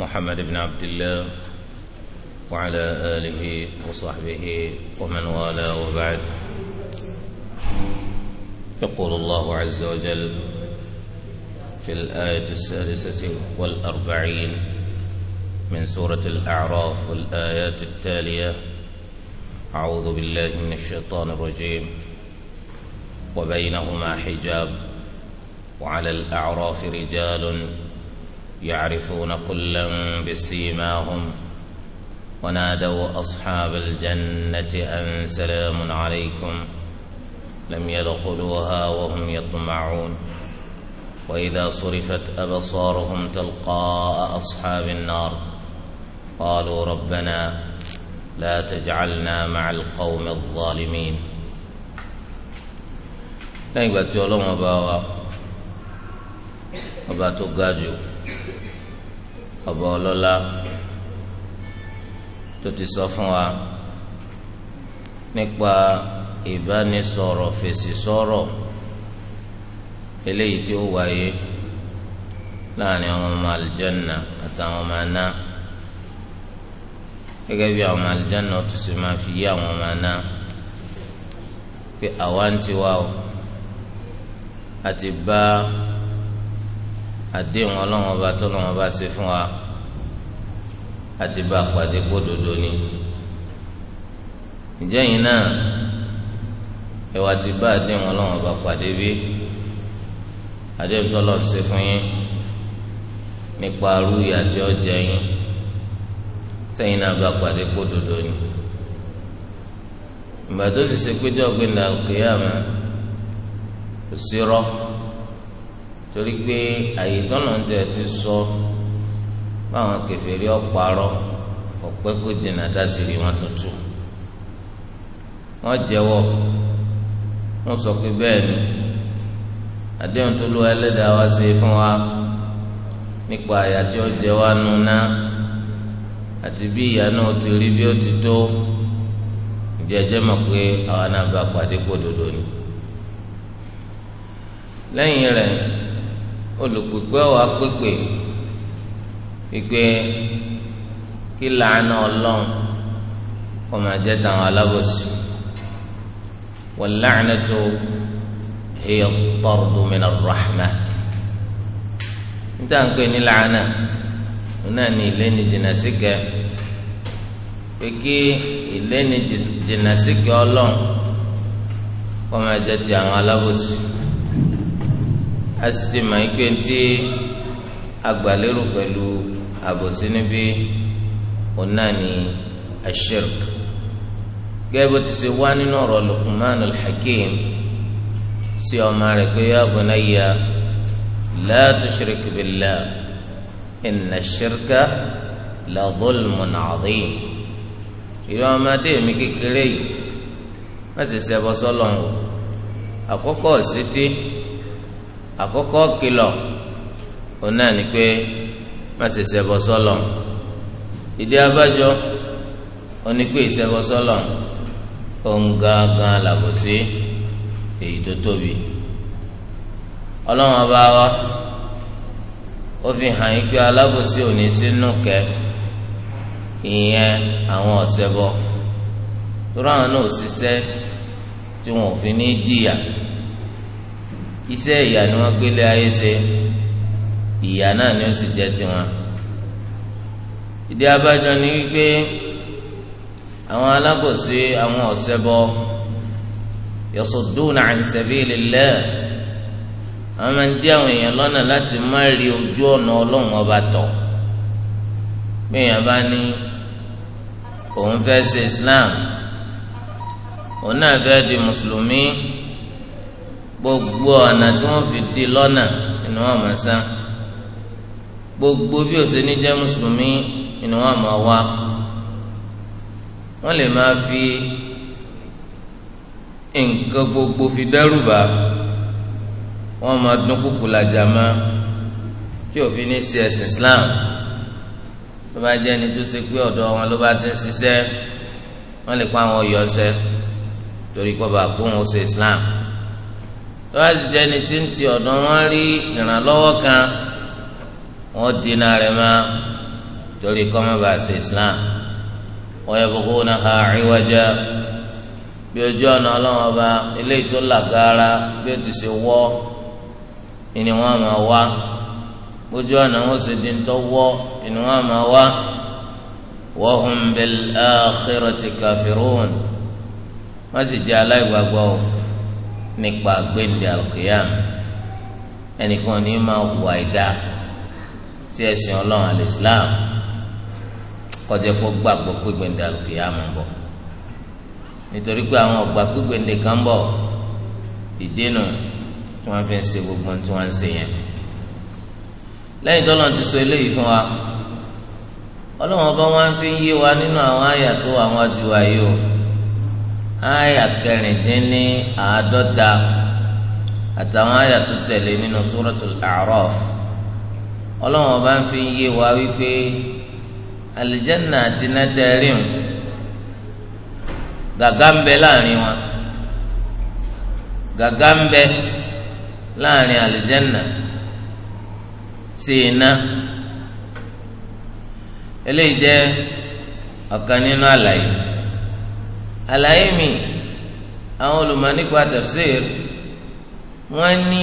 محمد بن عبد الله وعلى آله وصحبه ومن والاه وبعد يقول الله عز وجل في الآية السادسة والأربعين من سورة الأعراف والآيات التالية أعوذ بالله من الشيطان الرجيم وبينهما حجاب وعلى الأعراف رجال يعرفون كلا بسيماهم ونادوا أصحاب الجنة أن سلام عليكم لم يدخلوها وهم يطمعون وإذا صرفت أبصارهم تلقاء أصحاب النار قالوا ربنا لا تجعلنا مع القوم الظالمين لن يبتلون أبا أبا تقاجوا ọba ọlọ́lá tó ti sọ fún wa nípa ìbánisọ̀rọ̀ fèsì sọ̀rọ̀ eléyìí tí ó wáyé láàrin àwọn ọmọ àlùjànnà àtàwọn ọmọ aná gẹ́gẹ́ bí àwọn ọmọ àlùjànnà tó sì máa fi yí àwọn ọmọ aná pé àwa ń tiwa o àti bá àdéhùn ọlọ́run ọba tó lọ́wọ́ bá ṣe fún wa àti bá pàdé kódodo ni ǹjẹ́ yìí náà ẹ̀wà ti bá àdéhùn ọlọ́run ọba pàdé bí àdéhùn tó lọ́ọ́ ṣe fún yín nípa arú ìyà tí ó jẹ yín sẹ́yìn náà bá pàdé kódodo ni ìgbà tó sì ṣe péjọ gbẹ̀ndà òkè àmọ́ kò sí rọ́ọ̀ torí pé àyè tọ́nà ń tẹ̀ ti sọ báwọn kẹfẹ́rí ọ̀parọ́ ọ̀pẹ́ kó jìnnà tásìrì wọn tuntun wọ́n jẹ́wọ́ wọ́n sọ pé bẹ́ẹ̀ ni àdéhùn tó lọ ẹlẹ́dàá wá ṣe fún wa nípa àyà tí ó jẹ wá nu náà àti bí ìyá náà ti rí bí ó ti tó jẹjẹ mọ̀ pé àwa náà bá pàdé kó ni lẹ́yìn rẹ̀ olùpèpè ọ̀ apèpè pípé kí làánà ọlọ́run kọ́ máa jẹ́ tàwọn alábòsí wal la'natu hiya at-tardu min ar-rahmah níta ń pè ní làánà náà ní ilé ní jìnnà pé kí ilé ní jìnnà ọlọ́run kọ́ máa jẹ́ ti alábòsí a sì ti mọ̀ pé tí agbàlérò pẹ̀lú àbòsí níbí òun náà ni ashirk gẹ́gẹ́ bó ti ṣe wá nínú ọ̀rọ̀ Luqman al-Hakim sí ọmọ rẹ̀ pé ya bunayya la tushrik billah shirka la dhulmun adhim ìrọ̀ ọmọdé mi kékeré yìí má sì ṣẹbọ sọ́lọ́run àkọ́kọ́ ọ̀sítí. àkọ́kọ́ kìlọ̀ òun náà ni pé má ṣe ṣẹbọ sọ́lọ̀ ìdí abájọ òun pé ìṣẹbọ sọ́lọ̀ òun gangan làbòsí èyí tó tóbi ọlọ́run ọba wa ó fi hàn yín pé alábòsí ò ní sínú kẹ ìyẹn àwọn ọ̀sẹ̀ bọ̀ tó ráwọn náà ò ṣiṣẹ́ tí wọn ò fi ní jìyà. iṣẹ́ ìyà ni wọ́n gbélé ayé ṣe ìyà náà ni ó sì jẹ́ tiwọn. ìdí abájọ ni wípé àwọn alábòsí àwọn ọ̀sẹ̀bọ yasudduna an sabilillah àwọn máa ń dí àwọn èèyàn lọ́nà láti má rí ojú ọ̀nà ọlọ́run ọba tọ̀ bí èèyàn bá ní òun fẹ́ ṣe Islam òun náà fẹ́ di mùsùlùmí gbogbo ọ̀nà tí wọ́n fi di lọ́nà ìnú wọn máa sá gbogbo bí òsè ní jẹ́ mùsùlùmí ìnú wọn máa wá wọ́n lè máa fi nǹkan gbogbo fi dẹ́rù wọ́n máa dún kúkú làjà máa tí òfin ní sí ẹ̀sìn Islam tó bá jẹ́ ẹni tó ṣe pé ọ̀dọ̀ wọn ló bá ti ń ṣiṣẹ́ wọ́n lè pa àwọn ọ̀yọ́ ṣẹ́ torí kọ́ bá gbóhùn ó ṣe Islam tọ́wá sì jẹ́ ẹni tí ń ti ọ̀dọ̀ wọn rí ìrànlọ́wọ́ kan wọ́n dínà rẹ̀ mọ́ torí kọ́mọ́bà sí Islam wọ́n yẹ kókó náà ha àríwájá bí ojú ọ̀nà ọlọ́wọ́n ọba eléyìí tó làgàrà bí ó ti ṣe wọ́ ìní wọn máa wá ojú ọ̀nà wọn sì di tó wọ́ ìní wọn máa wá wa hum bil akhirati kafirun wọ́n sì jẹ́ aláìgbàgbọ́ o nípa gbẹ̀ndẹ̀ alqiyam ẹnìkan ní ma wà ìdá sí ẹ̀sìn ọlọ́run alìsílám kọjá kó gbàgbọ́ pé gbẹ̀ndẹ̀ alqiyam ń bọ̀ nítorí pé àwọn ọ̀gbà pé gbẹ̀ndẹ̀ kan ń bọ̀ ìdénà tí wọ́n fi ń ṣe gbogbo tí wọ́n ń ṣe yẹn lẹ́yìn tó lọ́n ti sọ eléyìí fún wa ọlọ́run ọba wọn fi ń yé wa nínú àwọn àyà àwọn àjùwà yìí o àyà kẹrìndínlẹ́ àádọ́ta àtàwọn àyà tó tẹ̀lé nínú suratul A'raf ọlọ́run ọba ń fi yé wa wípé alìjẹ́nà àti nẹ́tẹ̀ẹ́rìm gàgá ń bẹ láàrin wọn gàgá ń bẹ láàrin alìjẹ́nà sí eléyìí jẹ́ ọ̀kan nínú àlàyé àlàyé mi àwọn olùmọ̀ nípa tafsir wọ́n ní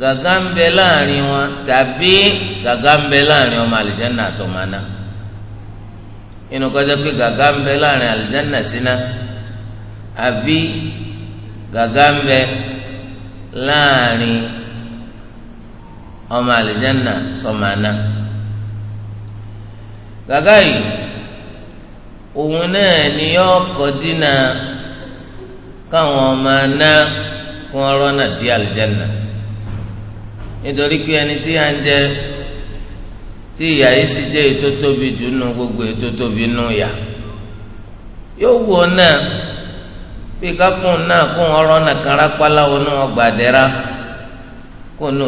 gàgà ń bẹ láàrin wọn tàbí gàgà ń bẹ láàrin ọmọ àlìjáná àtọmọná inú kọjá pé gàgà ń bẹ láàrin àlìjáná síná àbí gàgà ń bẹ láàrin ọmọ àlìjáná sọmọná gàgà yìí. òun náà ni yọ kọ dínà káwọn ọmọ aná kí wọn rọnà di àlùjáná nítorí pé ẹni tí à ń jẹ tí ìyá yìí jẹ ètò tóbi jù nù gbogbo ètò tóbi nù yà yóò wò náà bí kákùn náà ọrọ wọn rọnà kárápálá wọnú ọgbà dẹra kó lọ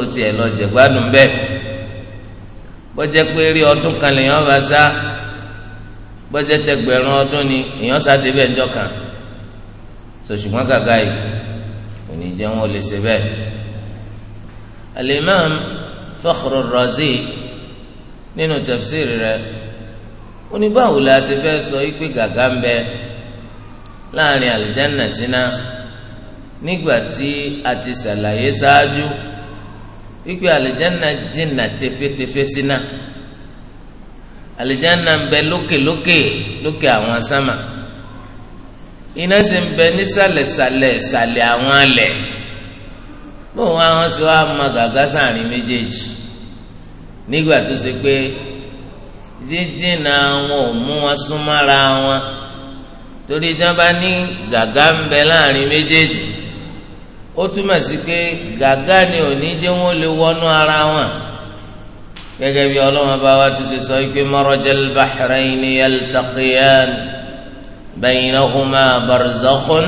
pé rí ọdún kan bọ́jẹ́ tẹgbẹ̀rún ọdún ni èèyàn sáde bẹ́ẹ̀ ńjọ́ kan sòṣùgbọ́n gàgà yìí kò ní jẹ́ wọn ò lè ṣe bẹ́ẹ̀. Al-Imam Fakhru Razi nínú tafsir rẹ̀ ó ní báwo la ṣe fẹ́ sọ pé gàgà ń bẹ láàrin àlùjánnà síná nígbà tí a ti ṣàlàyé ṣáájú wípé àlùjánnà jìnnà tẹfẹtẹfẹ síná. àlìjáná na bẹ lókè lókè lókè àwọn asama. iná se ń bẹ sàlẹ̀ àwọn alẹ̀ bóun àwọn sì wá ma gàgá méjèèjì nígbà tó se pé jíjìnà wọn ò mú wọn wọn torí ní láàrin méjèèjì ó túmọ̀ sí pé ni jẹ́ lè ara wọn. gẹ́gẹ́ bí ọlọ́wọ́n bá wa ti ṣe sọ pé marajal bahrayni yaltaqiyan baynahuma barzakhun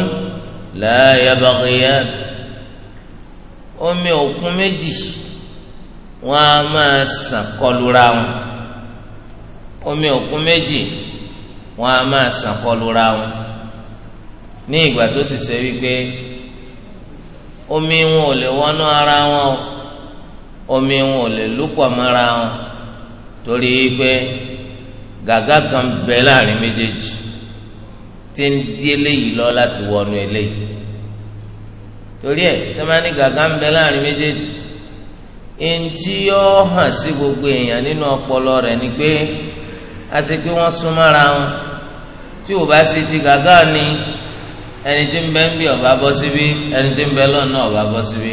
la yabghiyan omi òkun méjì wọn a máa sàn kọlura wọn omi òkun méjì wọn a máa sàn kọlura wọn ní ìgbà tó sì ṣe wípé omi wọn ò lè wọnú ara wọn o omi wọn ò lè lúpọ̀ mọ́ra wọn torí pé gàgá kan bẹ láàrin méjèèjì tí ń di eléyìí lọ láti wọnú eléyìí torí ẹ tẹ́ bá ní gàgá ń bẹ láàrin méjèèjì ntí yóò hàn sí gbogbo èèyàn nínú ọpọlọ rẹ̀ ni pé a sì pé wọ́n sún mọ́ra wọn tí ò bá sí ti gàgá ni ẹni tí ń bẹ ń bí ọba bọ́ síbí ẹni tí ń bẹ lọ́nà ọba bọ́ síbí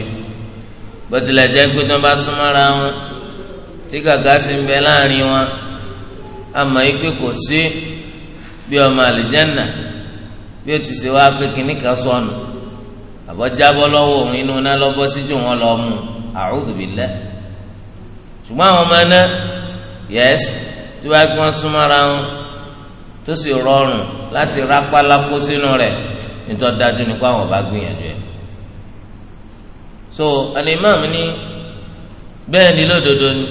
bọ́tìlẹ̀ jẹ́ pé tí wọ́n bá súnmọ́ra wọn tí gàgá sì ń bẹ láàrin wọn àmọ́ ikpe kò sí bí ọmọ àlìjẹ́nà bí o ti ṣe wá pé kìnnì kan sọnù àbọ̀jábọ́ lọ́wọ́ òun inú iná lọ́bọ́ síjú wọn lọ mú a'udhu ṣùgbọ́n àwọn ọmọ iná yẹ́s tí wọ́n gbọ́n súnmọ́ra wọn tó sì rọrùn láti rápálákó sínú rẹ̀ nítorí dájú ni pé àwọn ọba gbìyànjú ẹ̀. so alimam ni bẹ́ẹ̀ ni lódodo ni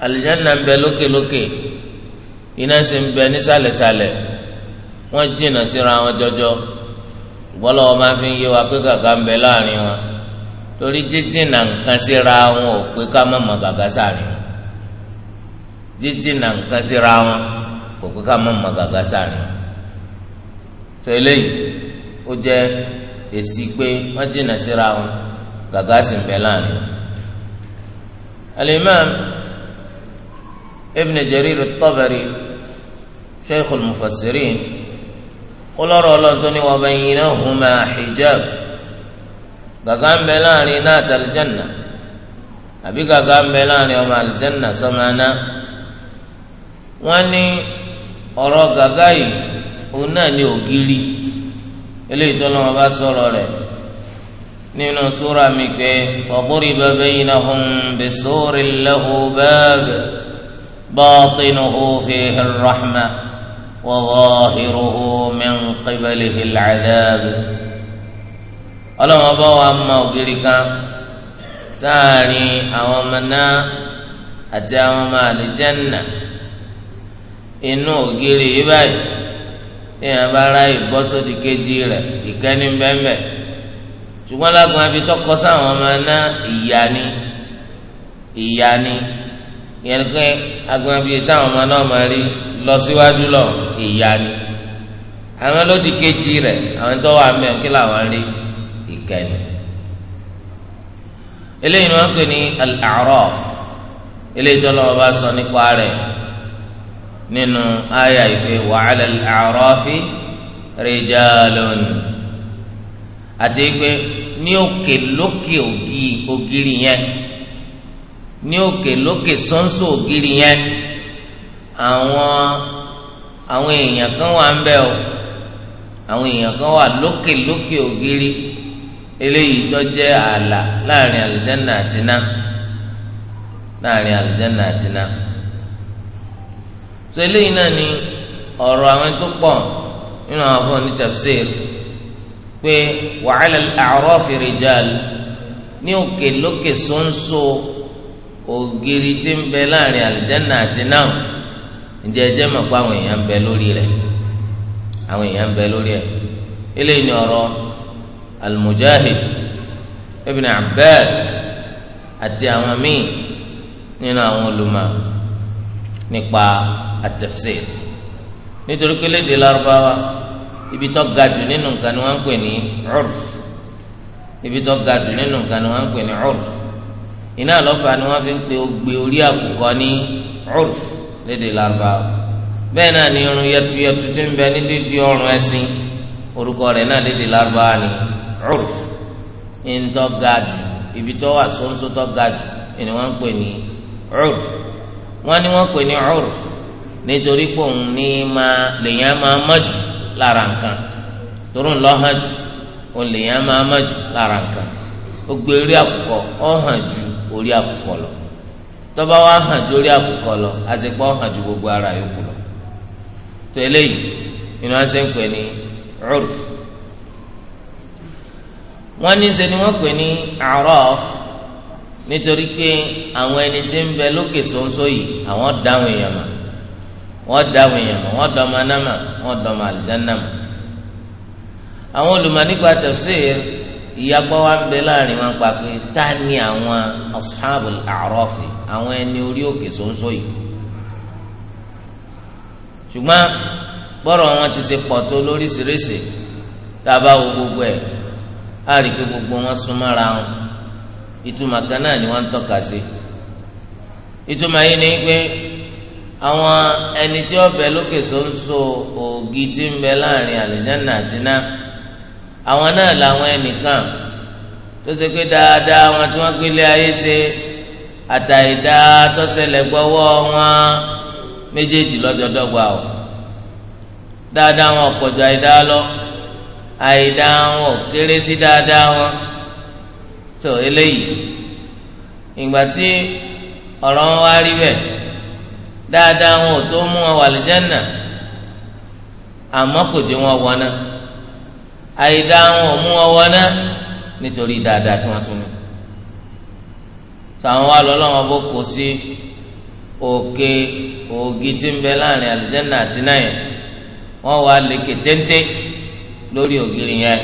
alijanna bẹ lókèlókè iná sì ń bẹ jìnnà síra wọn jọjọ máa fi ń yé wa pé kàkà ń bẹ láàrin wọn torí jíjìnnà nǹkan síra wọn ò pé ká mọ gàgà sáàrin wọn jíjìnnà nǹkan síra wọn kò pé ká mọ gàgà sáàrin wọn gàgá sì ń bẹ láàrin. alimam ibn jarir at-tabari sheikh al-mufassirin kólọ́rọ̀ ọlọ́run tó ní wa baynahuma hijab gàgá ń bẹ láàrin náà tàlìjánà àbí gàgá ń bẹ láàrin ọmọ àlìjánà sọmaná wọn ní ọ̀rọ̀ gàgá yìí òun náà ní ògiri eléyìí tó lọ́wọ́ bá sọ̀rọ̀ rẹ̀ nínú súra mi pé faduriba baynahum bisurin lahu bab batinuhu fihi rahma wa zahiruhu min qibalihi al'adab. ọlọ́wọ́n bá wa ma ògiri kan sáàrin àwọn ọmọ náà àti àwọn ọmọ àlìjẹ́nà inú ògiri yìí báyìí tí yẹn bá ráyè bọ́ kejì rẹ̀ ìkẹ́ni bẹ́ẹ̀ bẹ́ẹ̀ ṣùgbọ́n lágùn àfi tọkọ sáwọn ọmọ náà ìyá ni ìyá ni yẹn ni pé agbọn àfi táwọn ọmọ náà máa rí lọ síwájú lọ ìyá ni àwọn ló di kejì rẹ àwọn tó wà mẹ kí làwọn rí ìkẹyìn eléyìí ni wọn pè ní al-A'raf eléyìí tó lọ́wọ́ bá sọ nípa rẹ̀ nínú àyà ìpè wa 'ala al-a'rafi rijalun àti pé. ní òkè lókè ogiri ògiri yẹn ní òkè lókè sọ́nsọ́ ògiri yẹn àwọn àwọn èèyàn kan wà ń bẹ o àwọn èèyàn kan wà lókè lókè ògiri eléyìí tó jẹ́ ààlà láàrin so eléyìí náà ni ọ̀rọ̀ àwọn tó pọ̀ nínú àwọn afọ pé wa 'ala al-a'rafi rijal ní òkè lókè sọ́nsọ́ ògiri tí ń bẹ láàrin àlìjáná àti náà ǹjẹ́ ẹjẹ́ mọ̀ pé àwọn èèyàn ń bẹ lórí rẹ̀ àwọn èèyàn ń bẹ lórí ẹ̀ eléyìí ni ọ̀rọ̀ al ibn Abbas àti àwọn míì nínú àwọn olùmọ̀ nípa at nítorí pé léde lárúbáwá ibi tó ga jù nínú nǹkan ni wọ́n ń pè ní urf ibi tó ga jù nínú nǹkan ni wọ́n ń pè ní urf iná lọ́fà ni wọ́n fi ń pe ogbe orí àkùkọ ní urf lédè Lárúbáwá bẹ́ẹ̀ náà ni irun yẹtuyẹtu ti ń bẹ ní dídí ọrùn ẹṣin orúkọ rẹ̀ náà lédè Lárúbáwá ni urf ntọ́ ga ibi tó wà sọ́nsọ́ tó ga ni wọ́n ń pè ní urf wọ́n ní wọ́n pè ní urf nítorí pé ní máa lèyàn máa mọ̀ jù. lára nǹkan toró ńlọ hàn jù olè yẹn máa má jù lára nǹkan ó gbé orí lọ tọ́ba wa hàn ju orí lọ àtìpọ́ hàn gbogbo ara yòókù lọ tó eléyìí inú wa ń pè ní ní ni pè ní araf nítorí pé àwọn ẹni tí ń bẹ lókè sọ́nsọ́ yìí wọ́n da àwọn èèyàn mọ̀ wọ́n dọ̀mọ anáma wọ́n dọ̀mọ àlìjáná mọ̀ àwọn olùmọ̀ nípa tafsir ìyapa wa ń bẹ láàrin wọn pa pé ta ni àwọn ashabul a'rafi àwọn ẹni orí òkè sóńsó yìí ṣùgbọ́n bọ́rọ̀ wọn ti ṣe pọ̀ tó lóríṣiríṣi tá a bá wo gbogbo ẹ̀ á rí i pé gbogbo wọn súnmọ́ra wọn ìtumọ̀ kan náà ni wọ́n ń tọ́ka sí ìtumọ̀ yìí ni pé àwọn ẹni tí ó bẹ lókè sóńsó òògì tí ń bẹ láàrin àlìjáná àti iná àwọn náà làwọn ẹnìkan tó ṣe pé dáadáa wọn tí wọn gbélé ayé ṣe àtàìdá tó gbọ́wọ́ wọn méjèèjì lọ́jọ́dọ́gba o dáadáa wọn ọ̀pọ̀jọ àìdá lọ àìdá wọn kéré sí dáadáa wọn tó eléyìí ìgbà tí ọ̀rọ̀ wọn wá rí bẹ́ẹ̀ dáadáa wọn ò tó mú wọn wà lìjánà àmọ́ kò jẹ́ wọn wọná àìdá wọn ò mú wọn wọná nítorí dáadáa tí wọ́n tún ní. sàwọn wa lọ́lọ́ wọn bó kó sí òkè òògì tí ń bẹ láàrin àlìjánà àti náà yẹn wà lékè téńté lórí ògiri yẹn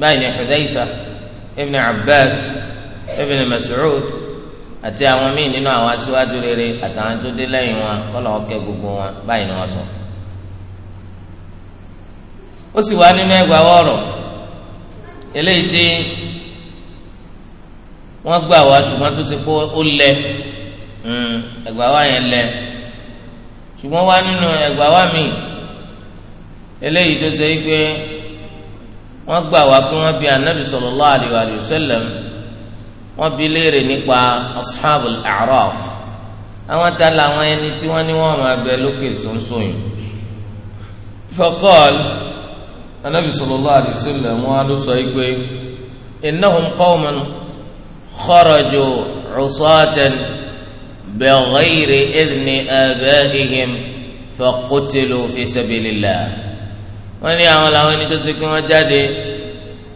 báyìí ní Hudhayfa ibn Abbas ibn Mas'ud àti àwọn míì nínú àwọn aṣíwájú rere àtàwọn tó dé lẹ́yìn wọn kọ́lọ̀ ọ̀kẹ́ gbogbo wọn báyìí ni wọ́n sọ. ó sì wá nínú ẹgbàá ọ̀rọ̀ eléyìí tí wọ́n gbà wá ṣùgbọ́n tó ti kó ó lẹ hmm, ẹgbàá wa yẹn lẹ ṣùgbọ́n wá nínú ẹgbàá wa míì eléyìí tó ṣe é pé wọ́n gbà wá pé wọ́n bí anabi sallallahu alaihi wa sallam wọ́n bi léèrè nípa ashabul araf àwọn ta làwọn ẹni tí wọ́n ní wọ́n máa bẹ lókè sọ́nsọ́n yìí faqal anabi sallallahu alayhi wa sallam wọn á ló sọ yìí pé innahum qawman kharaju cusatan bighayri idni abaihim faqutilu fi sabilillah ní àwọn làwọn ẹni tó ti pín wọn jáde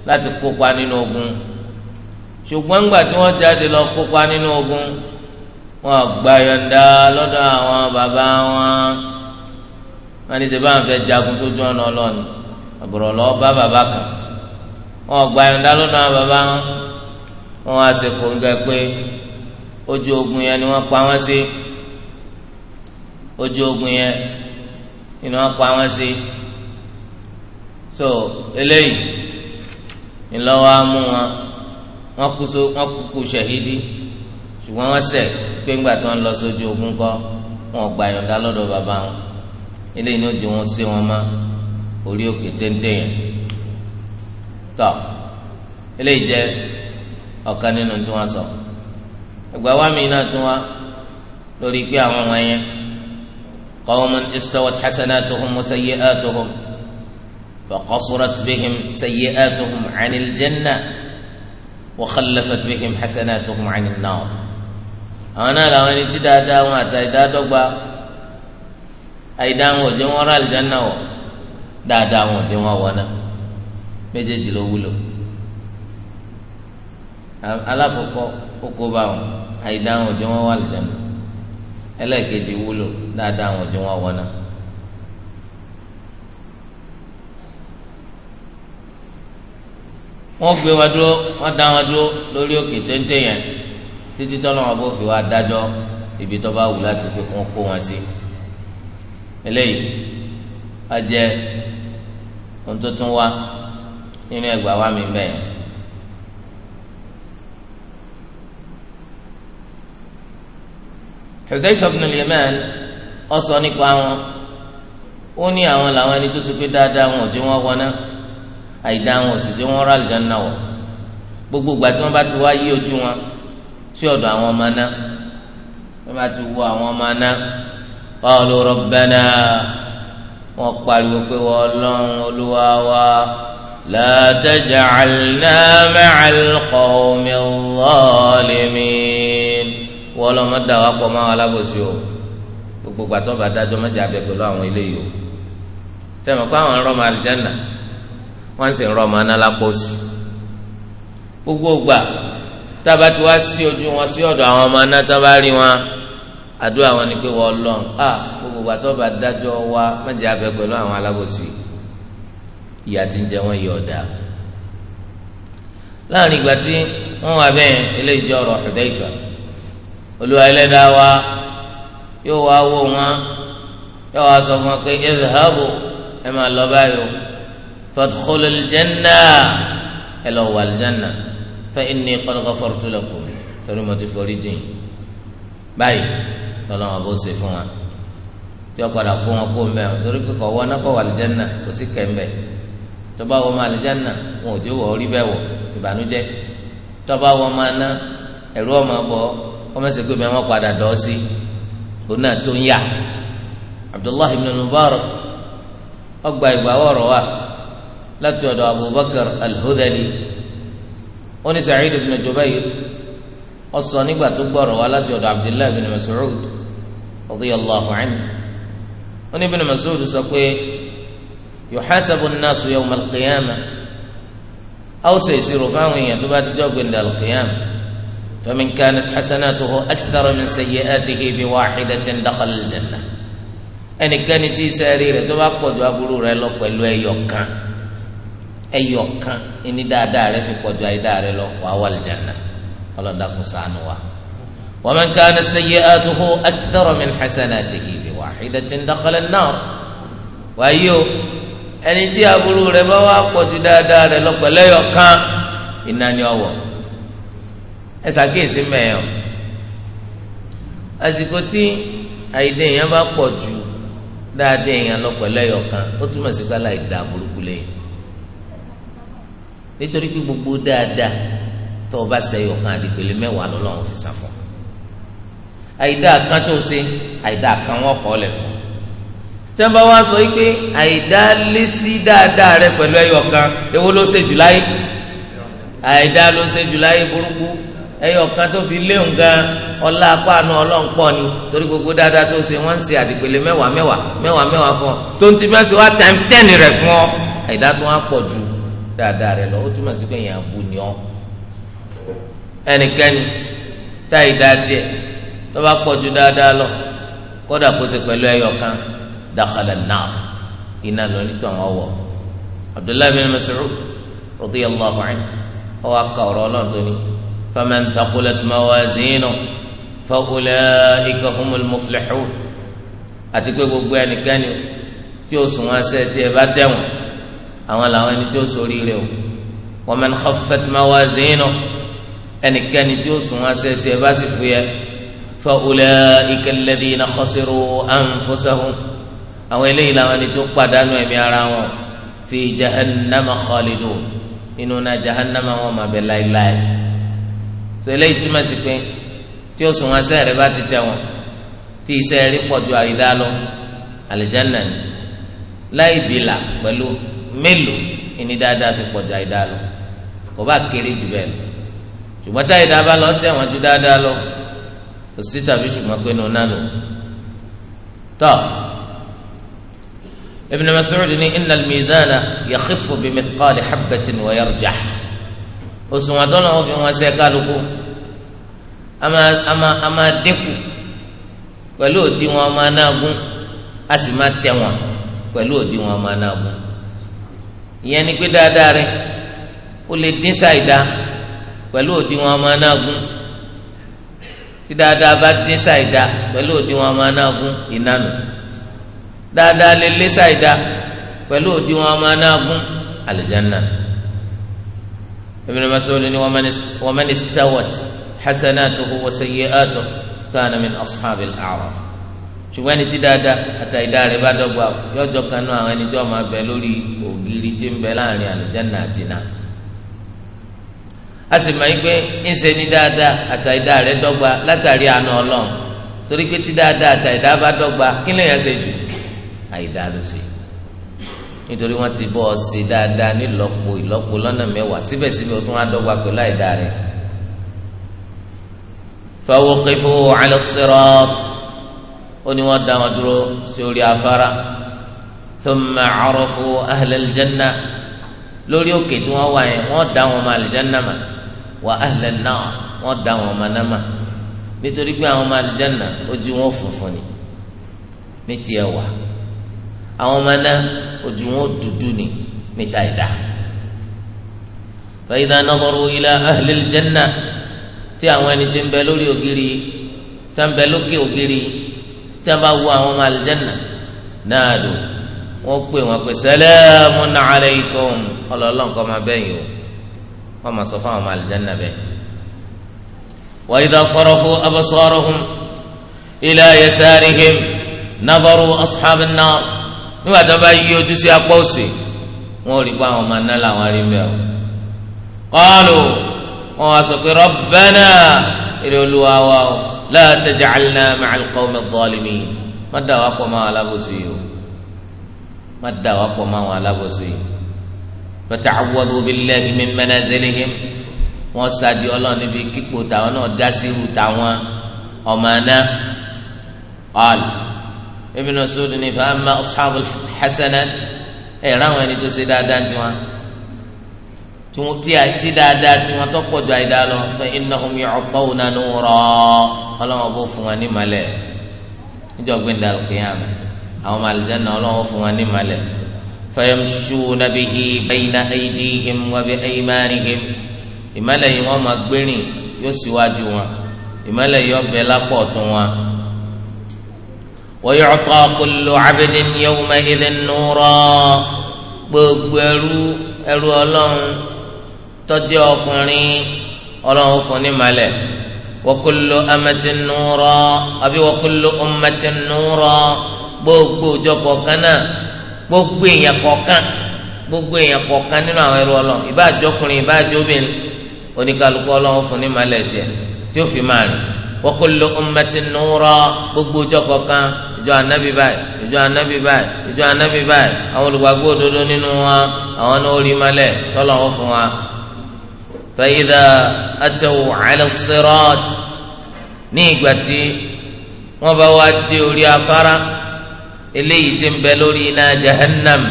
láti kópa nínú ogun ṣùgbọ́n ńgbà tí wọ́n jáde lọ kópa nínú ogun wọn gba yọ̀ǹda lọ́dọ̀ àwọn bàbá wọn wọn ní sèbáà fẹ́ jagun sójú ọ̀nà ọlọ́ọ̀ni àbúrò lọ́ọ́ bá bàbá kan wọn gba yọ̀ǹda lọ́dọ̀ àwọn bàbá wọn wọn wá sí kóńgá pé ojú ogun yẹn ni wọ́n pa wọ́n sí ojú ogun yẹn ni wọ́n pa wọ́n sí so eléyìí ńlọ́wọ́ á mú wọn wọ́n kú so wọ́n kú kú ṣahidi ṣùgbọ́n wọ́n ṣẹ̀ pé ńgbà tí wọ́n lọ sójú ogun kọ́ wọn gba ìyọ̀ǹda lọ́dọ̀ bàbá wọn eléyìí ni ó di wọn sí wọn má orí òkè téńté yẹn tọ́ eléyìí jẹ́ ọ̀kan nínú tí wọ́n sọ ẹgbà wa mi náà tún wá lórí pé àwọn wọn yẹn qawmun istawat hasanatuhum wa sayyi'atuhum fa qasurat bihim sayyi'atuhum 'anil jannah. وخلفت بهم حسناتهم عن النار أنا لو أن تدا دا ما تدا دغبا أي دا مو جن ورا الجنة و دا دا مو جن وانا méjèèjì ló wúlò alákòókò kókó bá wọn àìdá wọn ò jẹ wọn wà lùjọ náà ẹlẹ́ẹ̀kejì wúlò dáadáa wọn ò jẹ wọn wọ náà. wọ́n gbé wọn dúró wọ́n dá wọn dúró lórí òkè téńté yẹn títí tọ́lọ́ wọn bó fi wá dájọ́ ibi tó bá wù láti fi kún kó wọn sí. eléyìí a jẹ ohun tó tún wá nínú ẹgbàá wa mi bẹ́ẹ̀. Hudayfa ibn al-Yaman ó nípa wọn ó ní àwọn làwọn ẹni tó ṣe pé dáadáa wọn ò tí wọ́n wọná àìdá wọn ò sì dé wọn rà lìjánná wọ gbogbo ìgbà tí wọn bá ti wá yí ojú wọn sí ọ̀dọ̀ àwọn ọmọ náà wọn bá ti wo àwọn ọmọ náà qalu rabbana wọn pariwo pé wọn lọ́n olúwa wa la taj'alna ma'al qawmi zalimin wọn lọ mọ dàwọn pọ̀ mọ́ àwọn alábòsí o gbogbo ìgbà tí wọn bá dájọ́ mọ́jà bẹ̀ pẹ̀lú àwọn eléyìí o tẹ̀mọ̀ kó àwọn ọ̀rọ̀ mọ àlìjánná wọ́n sì ń rọ ọmọ náà lápò sí gbogbo gbà tába tí wàá sí ojú wọn sí ọ̀dọ̀ àwọn ọmọ náà tá bá rí wọn àdúrà wọn ni pé wọ́n lọ à gbogbo gbà tó bá dájọ́ wa mẹ́jẹ̀ abẹ pẹ̀lú àwọn alábòsí ìyá tí ń jẹ wọn yìí ọ̀dà láàrin ìgbà tí wọ́n wà bẹ́ẹ̀ eléyìí ọ̀rọ̀ Hudayfa olúwa ẹlẹ́dàá wa yóò wá wò wọn yóò wá sọ fún wọn pé idhabu ẹ máa lọ báyìí o fadkhulu aljanna ẹ lọ wà aljanna fa inni qad ghafartu lakum torí mo ti forí jìn báyìí lọ́lọ́wọ́ bó ṣe fún wa tí wọ́n padà kó wọn kó mbẹ́ wọn torí kíkọ́ wọn náà kọ́ wà aljanna kò sí kẹ́mbẹ́ tọ́ba wọn máa aljanna wọn ò tí wọ́n rí bẹ́ẹ̀ wọ̀ ìbànújẹ́ tọ́ba wọn máa ná ẹ̀rú ọmọ bọ́ ọmọ ẹsẹ̀ pé bẹ́ẹ̀ wọ́n padà dọ́ sí òun náà tó ń yà Abdullahi ibn Mubarak ọgbà ìgbà wọ̀rọ̀ wa láti ọ̀dọ̀ abubakar alhudali oní sa'id ibn jubair ó sọ nígbà tó gbọ́rọ̀ wá láti ọ̀dọ̀ abdullahi ibn mas'ud radiyallahu anhu oní ibn mas'ud sọ pé yuhasabu an-nasu yawm al-qiyamah aw saysiru fáwọn èèyàn tó bá ti jọ́ gbẹ̀ndẹ̀ al-qiyamah faman kanat hasanatuhu akthara min sayyi'atihi bi wahidatin dakhala al-jannah ẹnikẹ́ni tí sẹ́ẹ̀rì rẹ̀ tó bá pọ̀ ju rẹ̀ lọ pẹ̀lú ẹyọ kan ẹyọ kan ẹni dáadáa rẹ fi pọ̀jù àìdáa rẹ lọ wà wà lìjànà ọlọ́dà kò sànù wa. wa man kana sayyi'atuhu akthara min hasanatihi bi wahidatin dakhala an-nar. wáyé o ẹni tí aburú rẹ bá wà pọ̀jù dáadáa rẹ lọ pẹ̀lú ẹyọ iná ni ọwọ́ ẹ ṣàkíyèsí mẹ́yàn àsìkò tí àìdè èèyàn bá pọ̀jù dáadáa èèyàn lọ pẹ̀lú ẹyọ ó túmọ̀ sí pé aláìdá burúkú lẹ́yìn nítorí pé gbogbo dáadáa tó o bá sẹyọ kan àdìpẹ̀lẹ̀ mẹ́wàá lọ́lọ́run fi sàfọ́ àyídá kan tó ṣe àyídá kan wọ́n kọ́ lẹ̀ fún tẹ́ ń bá wá sọ pé àyídá lé sí dáadáa rẹ pẹ̀lú ẹyọ kan èwo ló ṣe jù láyé àyídá ló ṣe jù láyé burúkú ẹyọ kan tó fi léwu gan ọlá apáànù ọlọ́run pọ̀ ni torí gbogbo dáadáa tó ṣe wọ́n ń ṣe àdìpẹ̀lẹ̀ mẹ́wàá mẹ́wàá mẹ́wàá fún ọ dáadáa rẹ lọ ó túmọ̀ sí pé èèyàn bu ni ọ́ ẹnikẹ́ni táyì dáadé tó bá pọ̀ ju dáadáa lọ kódà kó ṣe pẹ̀lú ẹyọ kan dakhala an-nar iná lọ nítorí àwọn ọwọ́ Abdullahi bin Mas'ud radiyallahu anhu ọwọ́ aka ọ̀rọ̀ ọlọ́run tó ní faman thaqulat mawazinuhu fa ulaika humul muflihun àti pé gbogbo ẹnikẹ́ni tí ó sùn wọn sẹ́ẹ̀ tí bá tẹ̀wọ̀n àwọn làwọn ẹni tí ó sori rẹ o wa man khaffat mawazinuhu ẹnikẹ́ni tí ó sùn wọn ṣe tiẹ̀ bá sì fúyẹ́ fa ulaika alladhina khasiru anfusahum àwọn eléyìí làwọn ẹni tó pàdánù ẹ̀mí ara wọn fi jahannama khalidun inú na jahannama wọn mà bẹ láéláé tó eléyìí túmọ̀ sí pé tí ó sùn wọn ṣe rẹ bá ti tẹ wọn tí iṣẹ́ rí pọ̀ ju àyídá lọ àlìjáná ni láì bìlà pẹ̀lú mélòó ìní dáadáa fi pọ̀ ju àìdáa lọ kò bá kéré jù bẹ́ẹ̀ lọ ṣùgbọ́n táyì dáa bá lọ tẹ̀wọ̀n ju dáadáa lọ kò sí tàbí ṣùgbọ́n pé nù náà lò tọ́ Ibn Mas'ud ní innal mizana yakhiffu bi mithqali habbatin wa yarjah òṣùwọ̀n tó lọ́wọ́ fi wọn ṣe kálukú a máa dínkù pẹ̀lú òdiwọ̀n ọmọ anágún a sì máa tẹ̀wọ̀n pẹ̀lú òdiwọ̀n ọmọ anágún ìyẹn ni pé dáadáa rẹ ó lè dín ṣàìdá pẹ̀lú òdiwọ̀n ọmọ anágún tí dáadáa bá dín ṣàìdá pẹ̀lú òdiwọ̀n ọmọ anágún ìnánu dáadáa lè lé ṣàìdá pẹ̀lú òdiwọ̀n ọmọ anágún àlùjánnà. Ibn Mas'ud ni wa man istawat hasanatuhu wa sayyi'atuhu kana min ashabil a'raf. ṣùgbọ́n ẹni tí dáadáa àtàyídá rẹ̀ bá dọ́gba yọjọ́ kanú àwọn ẹni tí wọ́n máa bẹ lórí ògiri tí ń a sì máa ń gbé ńṣe ní dáadáa àtàyídá rẹ̀ dọ́gba látàrí àánú ọlọ́run torí pé tí dáadáa àtàyídá bá dọ́gba kí lè yẹn ṣe jù àyídá ló ti bọ́ ọ dáadáa lọ́nà mẹ́wàá síbẹ̀síbẹ̀ ó ní wọ́n dá wọn dúró sórí afárá thumma arafu ahlal janna lórí òkè tí wọ́n wà yẹn wọ́n dá wọn ọmọ àlìjánná mà wà ahlal nar wọ́n dá wọn ọmọ náà mà nítorí pé àwọn ọmọ àlìjánná ojú wọn funfun ni ní tiẹ̀ wà àwọn ọmọ náà ojú wọn dúdú ni níta ìdá. fa idha nadaru ila tí àwọn ẹni tí ń bẹ lórí ògiri tí wọ́n bẹ lókè ògiri tí a bá wo àwọn ọmọ alìjẹ́nà náà lò wọ́n pè wọ́n pè salamun alaykum ọlọ́ọ̀lọ́ nǹkan máa bẹ́ẹ̀ yìí o wọ́n máa sọ fún àwọn ọmọ alìjẹ́nà bẹ́ẹ̀. wa idha sarafu absarahum ila yasarihim nadaru ashaban nar nígbà tó bá yí ojú sí apá òsì wọn rí pa àwọn ọmọ náà làwọn arí bẹ́ẹ̀ o. wá sọ pé rabbana eré olúwa wa o la taj'alna ma'al qawmi adh-dhalimin má dà wá pọ̀ máa alábòsí yìí o má dà wá pọ̀ máa alábòsí yìí fata'awwadu billahi min manazilihim wọ́n sadi ọlọ́run níbi kíkó tàwọn náà dá sí tàwọn ọmọ aná ọ̀l Ibn Mas'ud ní fa amma ashabul hasanat ẹ̀ ráwọn ẹni tó ṣe dáadáa tiwọn tí wọn ti àti dáadáa tí wọn tó pọ̀jù àìdá lọ fẹ́ innahum yu'tawna nura ọlọ́wọ́n bó fún wọn ní malẹ̀ níjọ́ gbẹ̀ndà al-qiyam àwọn ọmọ àlùjáná ọlọ́wọ́n fún wọn ní malẹ̀ fayamshuna bihi bayna aydihim wa bi aymanihim ìmọ̀lẹ̀ yìí wọ́n máa gbẹ́rìn yóò síwájú wọn ìmọ̀lẹ̀ yìí ọbẹ̀ lápọ̀ tún wọn. wa yu'ta kullu 'abdin yawma idhin nura gbogbo ẹrú ẹrú ọlọ́run tọ́jú ọkùnrin ọlọ́run fún ní malẹ̀ wakulu amatin nura àbí wakulu ummatin nura gbogbo ọjọ́ kọ̀ọ̀kan náà gbogbo èèyàn kọ̀ọ̀kan gbogbo èèyàn kọ̀ọ̀kan nínú àwọn ẹrú ọlọ́run ìbáàjọ́ ọkùnrin ìbáàjọ́ obìnrin oníkàlùkù ọlọ́run fún ní malẹ̀ tiẹ̀ tí ó fi máa rìn wakulu ummatin gbogbo ọjọ́ kọ̀ọ̀kan ìjọ anabi báyìí ìjọ anabi báyìí ìjọ anabi báyìí àwọn olùgbàgbọ́ òdodo nínú wa àwọn náà ó rí malẹ̀ tọ́lọ́run فإذا أتوا على الصراط نيجتي وبوادي وليافرة إلي تنبلوري إلى جهنم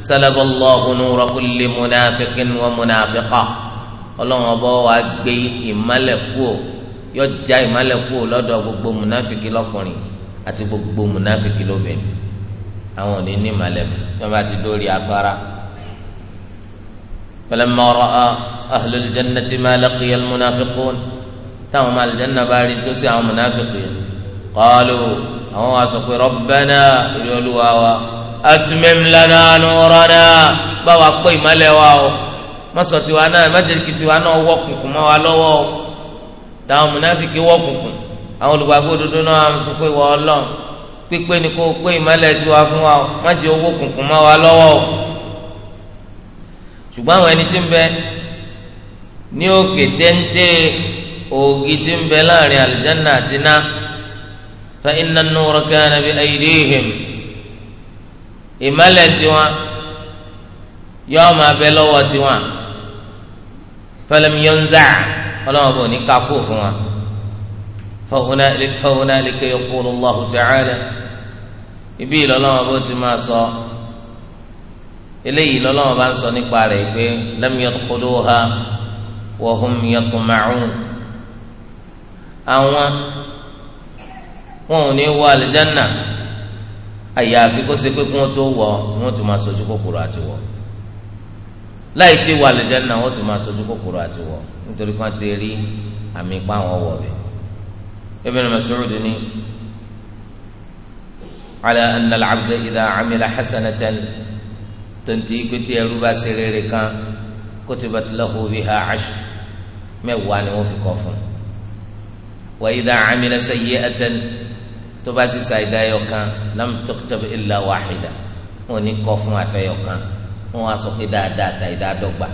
سلب الله نور كل منافق ومنافقة ọlọ́run ọba wa gbé ìmálẹ̀ kúò yọ já ìmálẹ̀ kúò lọ́dọ̀ gbogbo munafiki lọ́kùnrin àti gbogbo munafiki lóbìnrin àwọn ò ní ní ìmálẹ̀ mi tí wọ́n bá ti dórí afárá فلما رأى أهل الجنة ما لقي المنافقون تهم الجنة باري تسع منافقين قالوا هو أسقي ربنا يلوا أتمم لنا نورنا بوا قوي ملوا ما صوتوانا ما جركتوانا وقنكم ولوا تهم منافقين وقنكم àwọn olùgbàgbọ́ òdodo náà àwọn sọ pé wọ́n ọlọ́run pípé ni kò pé ìmọ̀lẹ̀ tiwa fún wa má jẹ́ owó kùnkùn mọ́ wa lọ́wọ́ o ṣùgbọ́n àwọn ẹni tí ń bẹ ní òkè téńté òògì tí ń bẹ láàrin àlùjáná àti iná fa inna an-nura kana bi aydihim ìmọ̀lẹ̀ tiwọn yóò máa bẹ lọ́wọ́ tiwọn falam ọlọ́wọ́ bò ní kakú fún wa fa hunalika yaqulu Allahu ta'ala ibi ìlọ́lọ́wọ́ bò ti máa sọ. So, eléyìí lọ́lọ́wọ́ bá ń sọ nípa rẹ̀ pé lam yadkhuluha wa hum yatma'un àwọn wọn ò ní wọ àlìjánà àyàfi kó ṣe pé kí wọ́n tó wọ̀ wọ́n tún máa sojú kòkòrò àti wọ̀ láì tí wọ àlìjánà wọ́n tún máa sojú kòkòrò àti wọ̀ nítorí kan ti rí àmì ipá wọn wọ̀ bẹ́ẹ̀. Ibn Mas'ud ni ala anna al-abda idha tonti pé tí ẹrú bá ṣe rere kan kutibat lahu biha ash mẹ́wàá ni wọ́n fi kọ́ fún un wa idha amila sayyi'atan tó bá sì ṣàìdá ẹyọkan lam tuktab illa wahida wọ́n ní kọ́ fún àfẹ́yọkan wọ́n á sọ pé dáadáa ta ìdá dọ́gba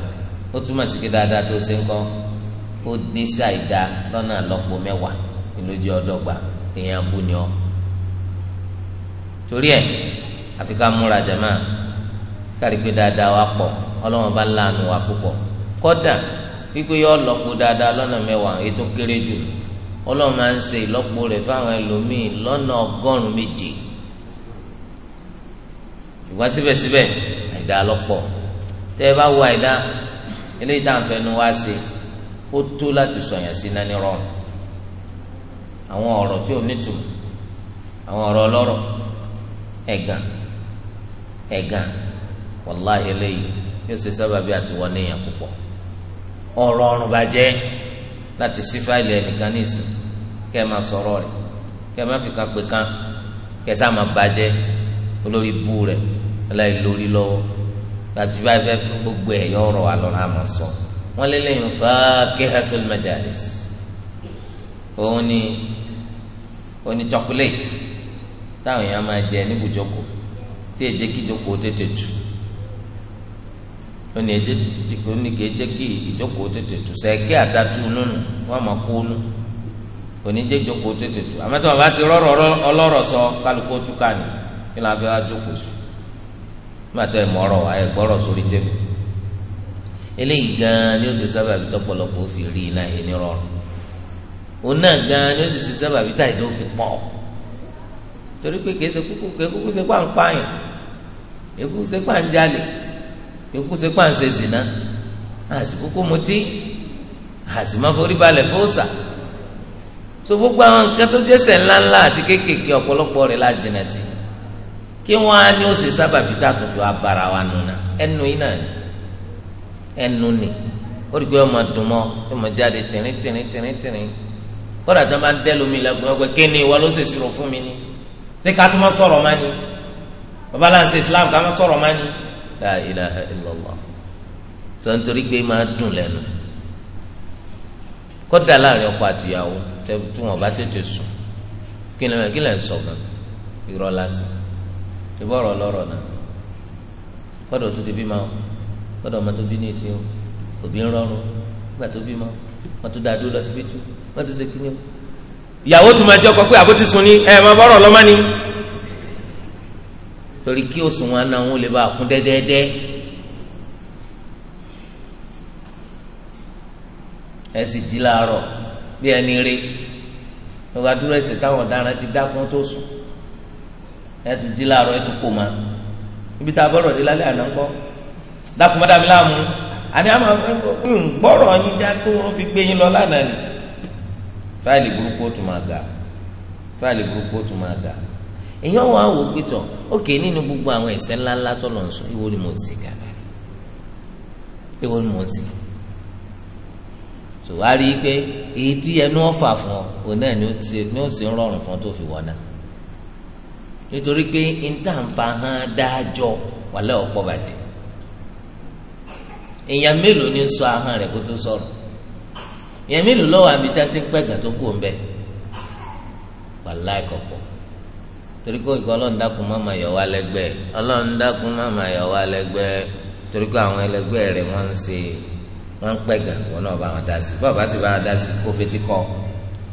ó túmọ̀ sí pé dáadáa tó ṣe ń kọ́ ó ní ṣàìdá lọ́nà lọ́pọ̀ mẹ́wàá ìlójú ọdọ́gba èèyàn bú ni ọ torí ẹ àfi ká múra jàmáà kárí pé dáadáa wa pọ̀ ọlọ́run bá láàánú wa púpọ̀ kọ́dà wípé yọ lọ́pọ̀ dáadáa lọ́nà mẹ́wàá ètò kéré jù ọlọ́run máa ń ṣe ìlọ́pọ̀ rẹ̀ fáwọn ẹlòmíì lọ́nà ọgọ́rùn-ún méje ìwà síbẹ̀síbẹ̀ àìdá lọ́pọ̀ tẹ́ ẹ bá wo àìdá eléyìí tá à ṣe ó tó láti sọ̀yàn sí náà ní àwọn ọ̀rọ̀ tí ò nítumọ̀ àwọn ọ̀rọ̀ ọlọ́rọ̀ ẹ̀gàn ẹ̀gàn wàláhì eléyìí yóò ṣe sábàbí àti wọlé yẹn púpọ̀ ọ̀rọ̀ ọ̀run bàjẹ́ láti sí fáìlì ẹnìkan ní ìsìn kẹ́ ẹ máa sọ̀rọ̀ rẹ̀ kẹ́ ẹ má fi kan pé kan kẹ́ ẹ sá máa bàjẹ́ olórí bú rẹ̀ ẹlẹ́yìn lórí lọ́wọ́ láti bá ẹgbẹ́ fún gbogbo ẹ̀ yọ ọ̀rọ̀ àlọ́run àmọ́ sọ wọ́n lé lẹ́yìn faqihatul majalis òun ni òun ni chocolate táwọn èèyàn máa jẹ níbùjókòó tí èjé kíjókòó tètè jù lónìí ètò oníkè jẹ́ kí ìjókòó tètè tù sẹ́ẹ̀kẹ́ àtàtù lónìí wọ́n máa kó nù òní jẹ́ ìjókòó tètè bá ti sọ kálukó tú ká kí ló ń wá jókòó sùn nígbà tí ẹ̀mọ́ sórí eléyìí gan-an ni ó sì sábà bí fi rí iná òun náà gan-an ni ó sì sábà bí fi pọ̀ torí pé kíkú sí pàǹsẹ̀ zìnà àsìkúkú mutí àsìmáforí balẹ̀ fóòsà so gbogbo àwọn nǹkan tó jẹ́sẹ̀ ńláńlá àti kéékèèké ọ̀pọ̀lọpọ̀ rẹ̀ la jìnà sí kí wọ́n á ní òsè sábàbí tá a tún fi wá bara wa nùnà ẹnu yìí náà ni ẹnu ni ó rí i pé ọmọ dùn mọ́ ọmọ jáde tìrín tìrín tìrín tìrín kódà tó máa ń dẹ́lómi lẹ́gbẹ̀ẹ́ ọgbẹ́ kí ni ìwọ ló ṣèṣì rò fún mi ni ṣé ká tó máa sọ̀rọ̀ máa ni babaláńsì Islam ká máa sọ̀rọ̀ máa ni la ilaha illallah tó ń máa dùn lẹnu kódà láàrin ọkọ àtìyàwó tí wọn bá tètè sùn kí ni kí lè sọ gan irọ́ lásán ìbọrọ lọ́rọ̀ náà tó ti bí ma kọdọ ọmọ tó bí ní ìsìn òbí ń rọrùn nígbà tó bí ma wọn tó dáa lọ síbi tú tó ṣe kí ni ìyàwó tó máa jẹ́ ọkọ pé sun ẹ̀ máa bọ́rọ̀ lọ́mọ́ ni. torí kí òṣùwọ̀n náà wọn lè bá kún dẹ́dẹ́dẹ́ ẹ sì jí láàárọ̀ bí ẹni rí lọ́wọ́ adúrò ẹsẹ̀ táwọn ọ̀daràn ti dákun tó sùn ẹ tún jí láàárọ̀ ẹ tún kò má ibi tá a bọ̀rọ̀ dé lálẹ́ àná ń gbọ́ dákun mọ́dá mi láàmú àní àmọ́ ń gbọ́rọ̀ yín já tó wọ́n fi gbé yín lọ lánàá ni fáìlì burúkú tún máa ga fáìlì burúkú tún máa ga èyàn wà wò pétọ ókè nínú gbogbo àwọn ẹ̀ṣẹ̀ ńláńlá tó lọ sùn ìwọ ni mò ń sìn gàdá ìwọ ni mò ń sìn tó wá rí i pé èyí tí ẹnu ọ̀fà fún ọ òun náà ni ó ti ní ó sì ń rọrùn fún ọ tó fi wọ nítorí pé ntàǹfà hàn dájọ wàlẹ́ ọ̀pọ̀ bàjẹ́ èèyàn mélòó ni ń sọ ahọ́n rẹ̀ kó tó sọ̀rọ̀ èèyàn mélòó lọ́wọ́ àbí tá ti ń pẹ̀gàn tó kù ń bẹ̀ wàlẹ́ àìkọ̀pọ̀ torí pé ìgbà ọlọ́run dákun má máa yọ̀ wá lẹ́gbẹ̀ẹ́ ọlọ́run dákun má máa yọ̀ wá lẹ́gbẹ̀ẹ́ torí pé àwọn ẹlẹgbẹ́ rẹ̀ wọ́n ń ṣe wọ́n ń pẹ̀gà wọn náà bá wọn dá sí bọ́ọ̀ bá sì bá wọn dá sí kó fetí kọ́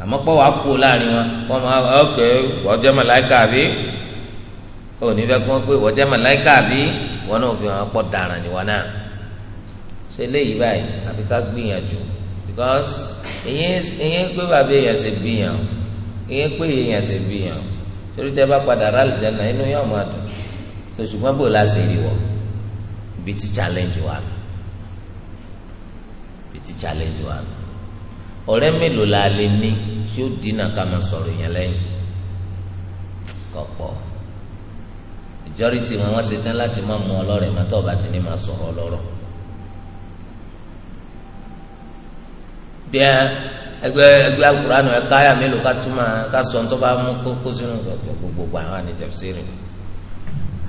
àmọ́ pọ́ wàá kú láàrin wọn wọ́n máa ok wọ́n jẹ́ màláìka àbí ó ní fẹ́ kí wọ́n pé wọ́n jẹ́ màláìka àbí wọn náà fi wọn pọ̀ dàrán ni wọn náà ṣe léyìí báyìí àfi ká gbìyànjú because ìyẹn pé bàbá èèyàn ṣe gbìyànjú ìyẹn pé èèyàn ṣe gbìyànjú torí tẹ bá padà rà lìjànà inú yóò máa dùn so ṣùgbọ́n bò láti rí wọ bí ti challenge wa nù bí ti challenge wa nù ọ̀rẹ́ mélòó la lè ní tí ó dínà ká máa sọ̀rọ̀ yẹn lẹ́yìn kọ̀pọ̀ majority wọn wọ́n ṣe tán láti máa mú ọlọ́rẹ̀ mọ́ tó ọba ti ní máa sọ̀rọ̀ ọlọ́rọ̀ ẹgbẹ́ ẹgbẹ́ alukuranu ẹka ya mélòó ká túmọ̀ ká sọ ní tó bá mú kókó sínú gbogbo àwọn àni tẹfsiri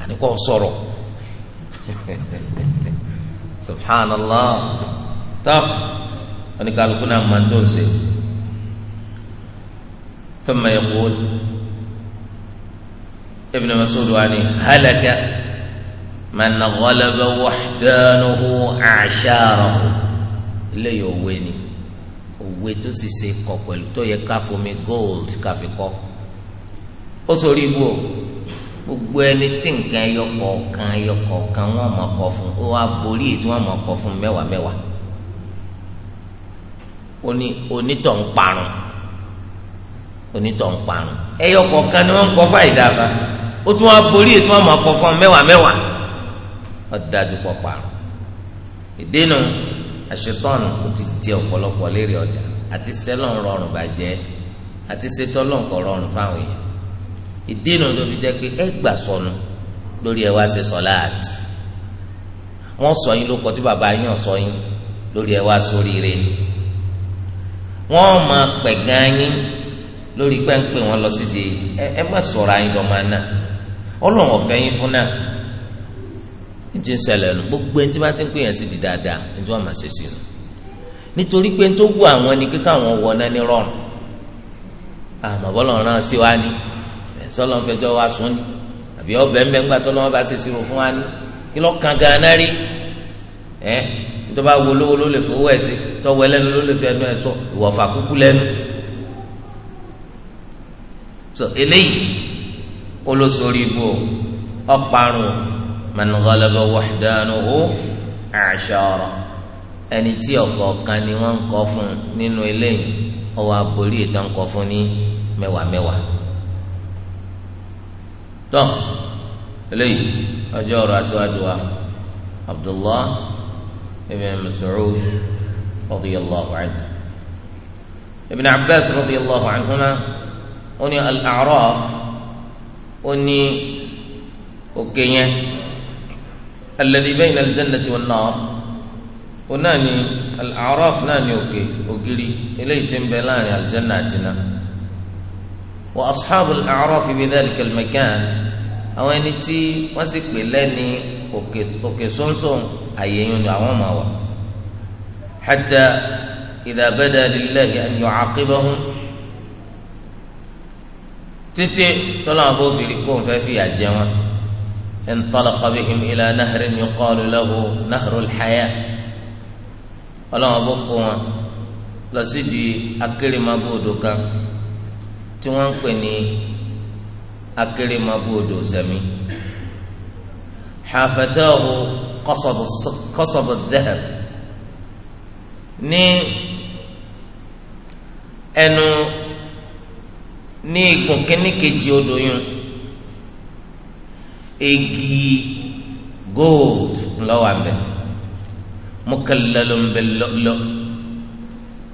àní kò sọ̀rọ̀ subhanallah tó oníkàlùkù náà máa ń tó ń ṣe ثم يقول ابن مسعود عني هلك من غلب وحدانه أعشاره eléyìí òwe ni òwe tó sì ṣe kọ pẹ̀lú tó yẹ ká fomi gold ká fi kọ ó sórí ibú o gbogbo ẹni tí nǹkan ẹyọ kọ̀ọ̀kan ẹyọ kọ̀ọ̀kan wọn mọ̀ kọ fún ó wá borí èyí tí wọn mọ̀ kọ fún mẹ́wàá mẹ́wàá oní onítọ̀ ń parun onítọ̀ ń parun ẹyọ kọ̀ọ̀kan ni wọ́n ń kọ fún àìdáfa ó tún wá borí èyí tí wọn mọ̀ kọ fún mẹ́wàá mẹ́wàá ó parun ìdènà àṣetọ́nù kò ti jẹ ọ̀pọ̀lọpọ̀ lérí ọjà àti sẹ́lọ̀n rọrùn bàjẹ́ àti ṣetọ́lọ̀n kò rọrùn fáwọn èèyàn ìdènà tó fi jẹ́ pé ẹ gbà sọnù lórí ẹ wá ṣe sọláàtì wọ́n sọ yín ló kọ tí bàbá yín ọ̀sọ́ yín lórí ẹ wá sórí rẹ ni wọ́n máa pẹ̀ yín lórí pẹ́ńpẹ́ wọn lọ sí di ẹ má sọ̀rọ̀ ayín lọ́ọ́ máa ọlọ́run ọ̀fẹ́ yín fún náà ntí ń ṣẹlẹ̀ nù gbogbo ẹni tí bá ti ń pè yẹn sí di dáadáa ntí wọ́n máa ṣe sí nù nítorí pé ń tó wù àwọn ni kíkọ́ àwọn wọ̀ náà ní rọrùn àmọ́ bọ́lọ̀ rán sí wa ni sọlọ ń fẹjọ́ wa sùn ni àbí ọbẹ̀ mẹ́ngbà tó lọ́wọ́ bá ṣe sí ro fún wa ni kí lọ́ọ́ kan gan-an rí ẹ́ nítorí bá wo lówó ló lè fowó ẹ̀ sí tọ́wọ́ ẹlẹ́nu ló lè fẹ́ ẹnu ẹ̀ sọ ìwọ̀fà kúkú lẹ́nu so eléyìí olóṣòrí ibo ọ̀parun o. من ghalaba وحدانه a'shara ẹni tí ọ̀kọ̀ọ̀kan ni wọ́n ń kọ́ fún nínú eléyìí ọwọ́ aborí ètò ń kọ́ fún ní mẹ́wàá mẹ́wàá. tọ́ eléyìí ọjọ́ ọ̀rọ̀ aṣáájú wa abdullah ibn mas'ud radiyallahu anhu ibn abbas radiyallahu anhuma ó ní al-a'raf ó ní òkè yẹn alladhi bayna aljannati wan nar o náà ni al-a'raf náà ni òkè ògiri eléyìí tí ń bẹ láàrin aljanna àti náà wa ashabu al-a'raf bi dhalika al-makan àwọn ẹni tí wọ́n sì pè lẹ́ni òkè sọ́nsọ́n àyè ni àwọn máa wà hatta idha bada lillahi an yu'aqibahum títí tọ́lá wọn bó fìrí fẹ́ fìyà jẹ wọn انطلق بهم إلى نهر يقال له نهر الحياة ọlọ́wọ́n bó kó wọn lọ sí di akérèmabó odò kan tí wọ́n ń pè ní akérèmabó odò sẹ́mi hafatahu kọsọbù dẹ́hẹ̀ ní ẹnu ní igun kínní odò yìí egi gold ńlọ́wọ́ abẹ mukallalun bil lu'lu'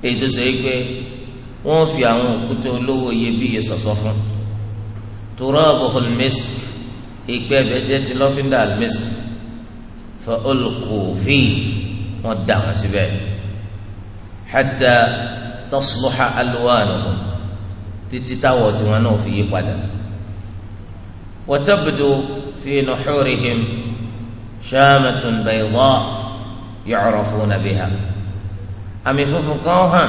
èyí tó sọ pé wọ́n fi àwọn òkúta olówó iyebíye sọ̀sọ́ fún turabuhul misk ìgbẹ́ ẹ̀bẹ̀ jẹ́ ti lọ́fíńdà al misk fa ulqu fi wọ́n dà wọ́n síbẹ̀ hatta tasluha alwanuhum títí táwọ̀ tiwọn náà fi yí padà wa tabdu. في نحورهم شامة بيضاء يعرفون بها أمي ففقوها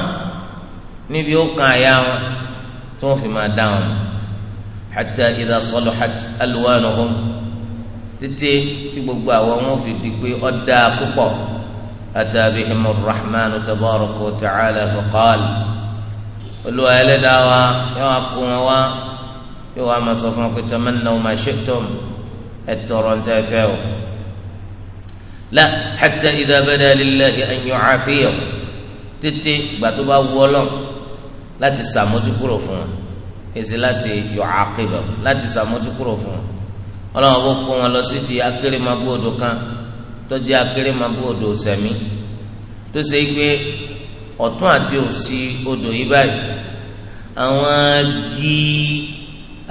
نبيوك أيام توفي ما دام حتى إذا صلحت ألوانهم تتي تبقى وموفي تبقى أدى فقا أتى بهم الرحمن تبارك وتعالى فقال قلوا يا لداوا يا أقوموا يا ما صفوك تمنوا ما شئتم ẹtọrọ ń tẹ fẹ o la hatta idha bada lillahi an yu'afiyahu títí gbà tó bá wù Ọlọ́run láti sàmójúkúrò fún wọn èsì láti yu'aqibahu láti sàmójúkúrò fún wọn Ọlọ́run bó kó wọn lọ sí di akérèmabóodò kan tó di akérèmabóodò sẹmí tó ṣe pé ọ̀tún àti òsì odò yìí báyìí àwọn bíi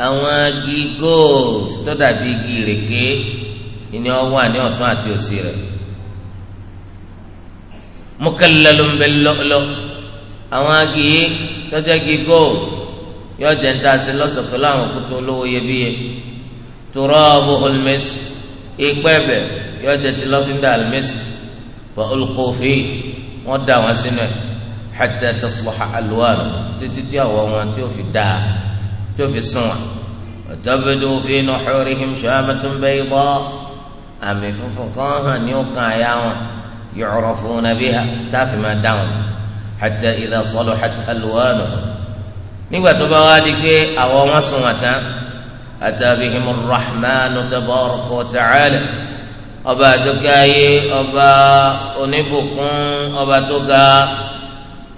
àwọn agi gold tó dàbí igi ìrèké ìní ọ wà ní ọ̀tún àti òsì rẹ̀ mukallalun bil lu'lu' àwọn agi tọ́jú agi gold yóò jẹ́ níta sí lọ́sọ̀kọ́ láwọn òkúta olówó iyebíye turabuhul misk ìpẹ́ẹ̀bẹ̀ yóò jẹ́ ti lọ́fíńdà al misk fa ulqu dà wọ́n sínú ẹ̀ hatta tasluha alwanu títí tí àwọ̀ wọn tí ó fi dáa tí ó fi sùn wọn ọ̀tọ́bẹ̀dọ̀ òfin inú ọ̀rẹ́ him ṣọ́ọ́bẹ̀tún bẹ́ẹ̀ bọ́ àmì funfun kan hàn ní ọkàn àyà wọn yọ̀rọ̀ fún nàbí táàfì máa dá wọn hàtà ìdá sọlọ hàtà àlùwánù nígbà tó bá wá di pé àwọn wọn sùn tán àtàbí himu rahmanu tabaraka wa ta'ala ọba àdókè ayé ọba oníbùkún ọba tó ga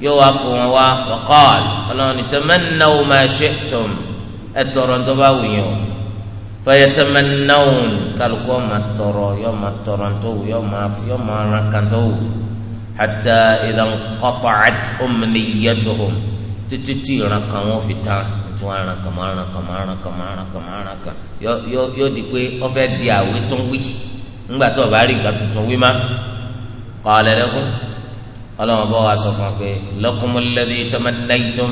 yóò wá kó wọn wá faqal ọlọ́run ní tamannaw ma shi'tum ẹ tọrọ ń tọ́ba wù yín o fayatamannaw kálukú ọmọ tọrọ yóò máa tọrọ ń tó wù yóò máa yóò máa rán kan tó wù hatta idha inqata'at umniyatuhum títí tí ìran kan wọn fi tán tí wọn ràn kàn máa ràn kàn máa ràn kàn máa ràn kàn máa ràn kàn yóò di pé ọfẹ di àwé tó ń wí ńgbà tó o bá rí nǹkan tuntun wí má kọ́ ọ lẹ́lẹ́kùn ọlọ́run bọ́ wa sọ fún wa pé lakumul ladhi tamannaytum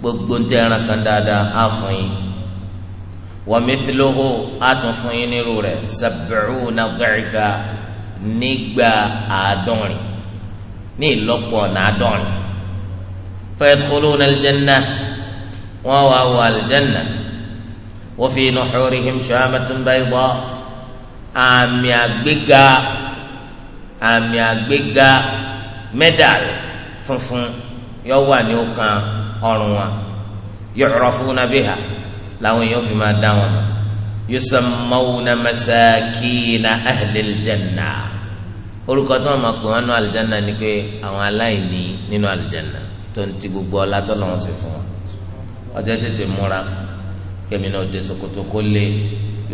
gbogbo ntẹ ẹran kan dáadáa á fún yín wa mithluhu á tún fún yín nírú rẹ̀ sab'una dhi'fa nígbà àádọ́rin ní ìlọ́pọ̀ nàádọ́rin fayadkhuluna al wọ́n wá wọ al-jannah wa fi nuhurihim shamatun bayda àmì àgbéga àmì àgbéga medal funfun yóò wà ní ọkàn ọrùn wọn yu'rafuna biha làwọn èèyàn fi máa dá wọn yusammawna masakina ahlil janna orúkọ tí wọn máa pè wọn nínú aljanna ni pé àwọn aláìní nínú aljanna tó ń ti gbogbo ọlá tó lọ́wọ́ sí fún wọn ọjọ́ tètè múra kẹ́mi náà dé ṣòkòtò kó lé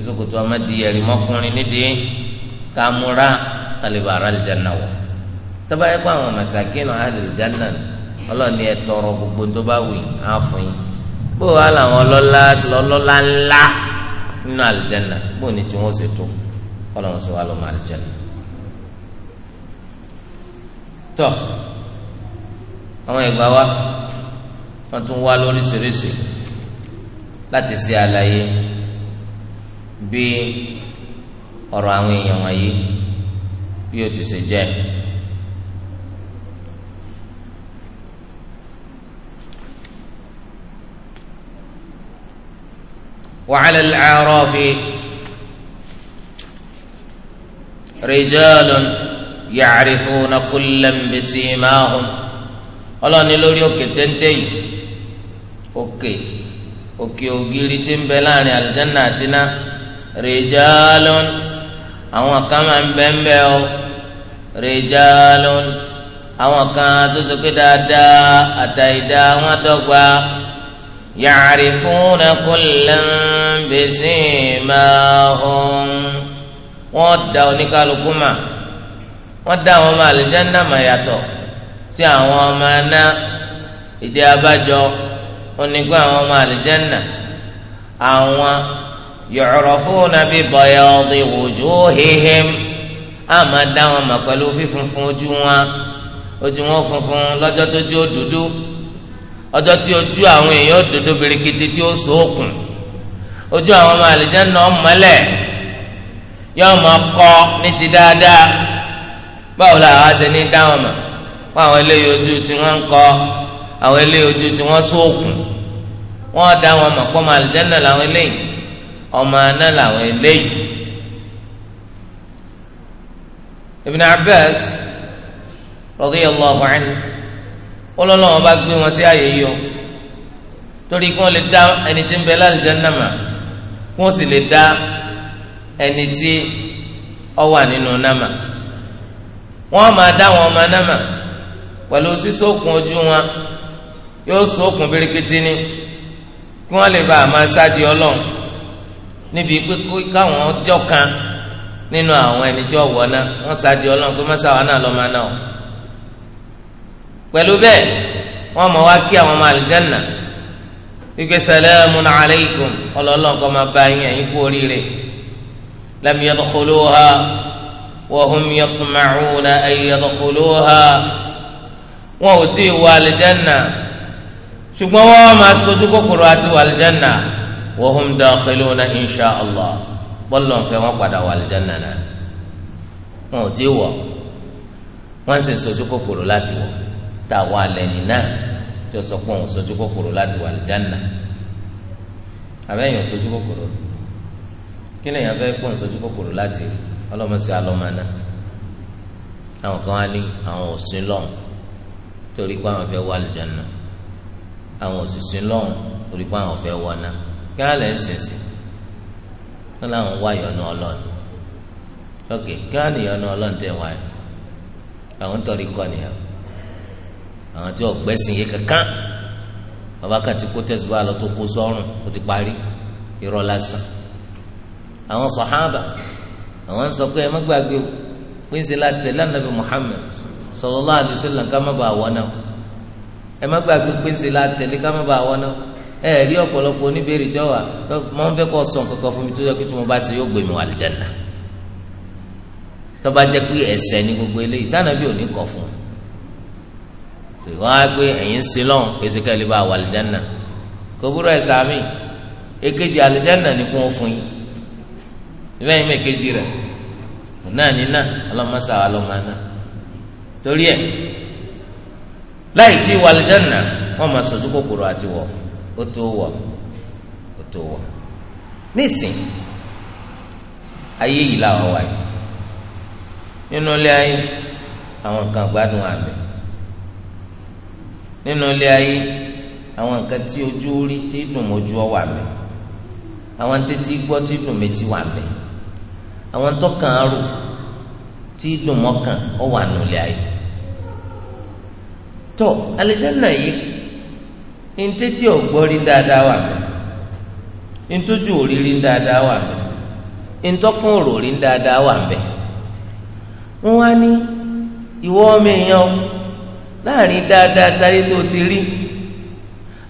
ṣòkòtò ọmọdé yẹrìmọ́kùnrin nídìí ká múra kálíbà ara aljanna wọ̀ tó bá yẹ kó àwọn masakin ahlul janna ọlọ́ọ̀ni ẹ tọrọ gbogbo tó bá wù yín á fún yín bó wàá làwọn ọlọ́lá lọ́lọ́lá ńlá nínú àlùjánnà bó ni tí wọ́n ṣe tó ọlọ́run sọ wà lọ́mọ àlùjánnà. tọ́ àwọn ìgbà wa wọ́n tún wá lóríṣiríṣi láti ṣe àlàyé bí ọ̀rọ̀ àwọn èèyàn wọ̀nyí bí ó ti ṣe jẹ́ ẹ̀. وعلى الأعراف رجال يعرفون كلا بسيماهم ọlọ́run ní lórí òkè téńté yìí òkè òkè ògiri tí ń bẹ láàrin àlùjáná àti iná rèjálón àwọn kan máa ń bẹ ń bẹ ọ rèjálón àwọn kan tó sọ pé dáadáa àtàìdá wọn dọ́gba yàrá fún nàkúlẹ́ńtì. بسيماهم wọ́n da oníkálukú mà wọ́n da àwọn ọmọ àlìjáná mà yàtọ̀ sí àwọn ọmọ aná ìdí abájọ onígbà àwọn ọmọ àlìjáná àwọn yu'rafuna bi bayadi wujuhihim àmà dá wọn mà pẹ̀lú fífunfun ojú wọn ojú wọn funfun lọ́jọ́ tó ju òdúdú ọjọ́ tí ojú àwọn èèyàn òdúdú birikiti tí ó sókùn ojú àwọn ọmọ àlìjáná ọmọlẹ̀ yóò máa kọ́ ní ti dáadáa báwo la wá ṣe ní dáhùn mọ̀ fún àwọn eléyìí ojú tí wọ́n ń kọ́ àwọn eléyìí ojú tí wọ́n sóògùn wọ́n dá wọn mọ̀ pọ́ ọmọ àlìjáná làwọn eléyìí ọmọ aná làwọn eléyìí. Ibn Abbas radiyallahu anhu ọlọ́lọ́wọ́n bá gbé wọn sí àyè yìí o torí kí wọ́n lè dá ẹni tí ń bẹ lálẹ́ jẹ́ nàmà. wọ́n sì lè dá ẹni tí ọ wà nínú nàmà wọn máa dá wọn ọmọ námà pẹ̀lú sísókun ojú wọn yóò sókun birikiti ni kí wọ́n lè bá a máa ṣáàdì ọlọ́run níbi pípé káwọn ọjọ́ kan nínú àwọn ẹni tí wọ́n wọ̀ náà wọ́n ṣáàdì ọlọ́run pé mọ́sáwá náà lọ́ máa náà pẹ̀lú bẹ́ẹ̀ wọ́n mọ̀ wá kí àwọn ọmọ àlùjánnà wípé salamun alaykum ọlọ́lọ́n kọ́ máa bá yín ẹ̀yin kú oríire lam yadkhuluha wa hum yatma'una an yadkhuluha wọn ò tí ì wọ àlìjánà ṣùgbọ́n wọ́n máa sojú kòkòrò àti wọ àlìjánà wa dakhiluna insha allah bọ́lọ̀ ń wọn padà wọ àlìjánà náà wọn ò tí ì wọ wọn sì sojú kòkòrò láti wọ táwa lẹ́yìn náà tí ó sọ pé òun sojú kòkòrò láti wà lìjánà àbẹ́yìn sojú kòkòrò kí lèyìn abẹ́ pé òun sojú kòkòrò láti ọlọ́mọsí alọ́mọaná àwọn kan á ní àwọn òsín lọ́hùn torí pé àwọn fẹ́ wà lìjánà àwọn òsín lọ́hùn torí pé àwọn fẹ́ wọná kí á lẹ́ ń kí láwọn wáyọ̀ ní ọlọ́ọ̀ni lọ́kè kí á nìyọ̀ ní ọlọ́ọ̀ni tẹ̀ wáyọ̀ àwọn tọ́rí kọ́ nìyọ̀ àwọn tí ọ̀gbẹ́sìn yẹ kankan bàbá kan ti kó tẹ̀síwá lọ tó kó sọ́run ó ti parí irọ́ lásán àwọn sọ̀hábà àwọn sọ pé ẹ má gbàgbé o pé la tẹ̀lé ànábì Muhammad sallallahu alaihi wasallam ká má bàa wọ náà ẹ má gbàgbé pé ń ṣe la tẹ̀lé ká má bàa wọ náà ẹ rí ọ̀pọ̀lọpọ̀ oníbèrè jọ́wà mọ́ ń fẹ́ kọ́ sọ nǹkan kan fún mi tó yẹ kí tí mo bá ṣe yóò gbé mi wà lìjẹ́ nà tọ́ba jẹ́ pé ẹ̀ṣẹ̀ ni gbogbo eléyìí sànà bí ò fún un tòwọ́n á gbé ẹ̀yìn ń sin lọ́hùn pèsè kẹ́lẹ́ bá wà àlìjáná kò búrọ̀ ẹ̀ sàmì èkejì ni kún fún yín ìfẹ́ yín mẹ́kejì rẹ̀ náà ní náà ọlọ́mọṣà wà lọ́mọ náà torí ẹ̀ láì tí wà àlìjáná wọ́n máa sọ̀tún kòkòrò àti wọ̀ ó tó wọ̀ ó tó wọ̀ nísìn ayé yìí làwọn wáyé nínú ilé ayé àwọn kan gbádùn àmì nínú ilé ayé àwọn nǹkan tí ojú rí tí dùn mojú ọ wà mẹ àwọn tètè gbọ́ tí dùn méjì wà mẹ àwọn tọkàn arò tí dùn mọkàn ọ wà nínú ilé ayé tó alẹ́jẹ́nà yìí ntẹ́tí ọ̀gbọ́rí dáadáa wà mẹ́ ntójú òrírí dáadáa wà mẹ́ ntọ́kùn òròrí dáadáa wà mẹ́ wọ́n á ní ìwọ ọmọ èèyàn láàrin dáadáa táyé tó ti rí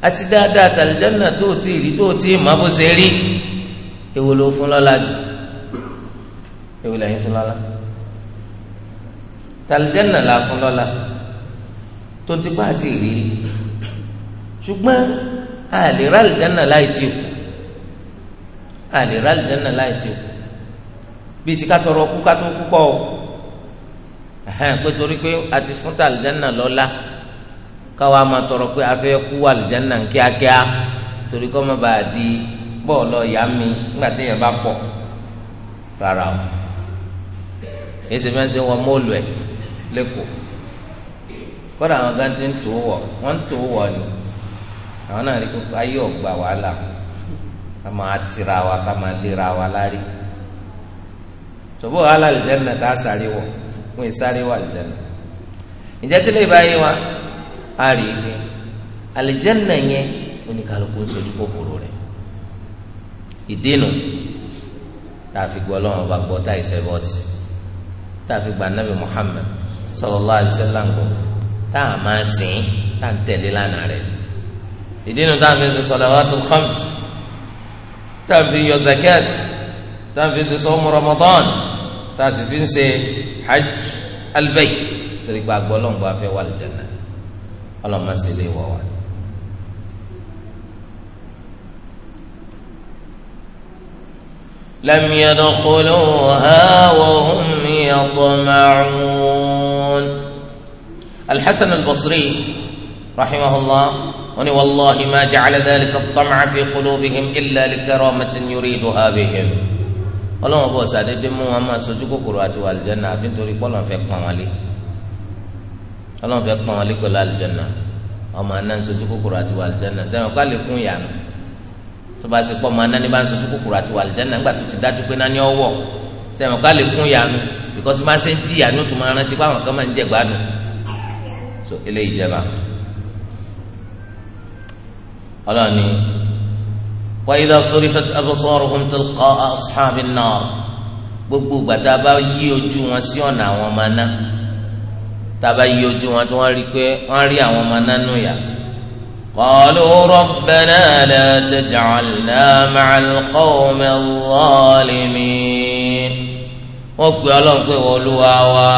àti dáadáa tàlìjánà tó ti rí tó ti má bó ṣe rí èwo ló fún lọ́la jù èwo lẹ́yìn fún lọ́la tàlìjánà la fún lọ́la tó ti bá ti rí ṣùgbọ́n àlè ràlìjánà láì ti kù àlè ràlìjánà láì ti kù bíi ti ká tọrọ kú ká tó kú kọ́ ọ. ẹn pé torí pé a ti fún ta àlùjáná ka káwa máa tọrọ pé a fẹ́ kú àlùjáná kíákíá torí kọ́ di bọ́ọ̀lù ọ̀yà mi nígbà tí èèyàn bá pọ̀ rárá o èsì ṣe mọ́ọ̀lù ẹ̀ lẹ́kọ̀ọ́ kọ́dà àwọn gan ti ń tó wọ̀ wọ́n ń tó wọ̀ ni àwọn náà rí kókó ayé ọ̀gbà wàhálà ká máa tira wa ká máa lera wa lárí tòbó wàhálà wọn ìsáré wà àlìjánà ǹjẹ́ tí lè báyìí wa a rí i pé àlìjánà yẹn oníkàlùkù ń sojú kòkòrò rẹ̀ ìdínú tá a fi gbọ́ lọ́wọ́ bá gbọ́ tá ìṣẹ́ bọ́ọ̀tì tá a fi gba nabi Muhammad sallallahu alaihi wasallam ńkọ́ tá a máa sìn tá a ń tẹ̀lé lánàá rẹ̀ ìdínú tá a fi ṣe salawatul khams yọ zakat tá a fi ṣe tá a sì fi ń ṣe hajj albayt torí pé àgbọ̀ ọlọ́mùbọ̀ afẹ́ wà lìjẹ̀nà ọlọ́mọ sì lè wọ̀ wá. لم يدخلوها وهم يطمعون الحسن البصري رحمه الله وني والله ما جعل ذلك الطمع في قلوبهم إلا لكرامة يريدها بهم ọlọ́wọ́n bọ̀ sàdédé mú wọn máa sojú kòkòrò àti wà àlùjáná àfi nítorí pé ọlọ́wọ́n fẹ́ pọ́n wọn lé ọlọ́wọ́n fẹ́ pọ́n wọn lé pẹ̀lú àlùjáná ọmọ aná ń sojú kòkòrò àti wà àlùjáná sẹ́wọ̀n ká lè kún ìyànà tó bá ṣe pọ́ ọmọ aná ní bá ń sojú kòkòrò àti wà àlùjáná nígbà tó ti dájú pé náà ní ọwọ́ sẹ́wọ̀n ká lè kún ìyànà because máa ṣe ń jí ìyànà tó máa rántí pé àwọn kan máa ń jẹ gbádùn so eléyìí وإذا صرفت أبصارهم تلقاء أصحاب النار gbogbo ìgbà tá a bá yí ojú wọn sí ọ̀nà àwọn ọmọ náà tá a bá yí ojú wọn tí wọ́n rí pé wọ́n rí àwọn ọmọ náà nù yá. qalu rabbana la taj'alna ma'al qawmi zalimin. wọ́n pe ọlọ́run pé ìwọ olúwa wa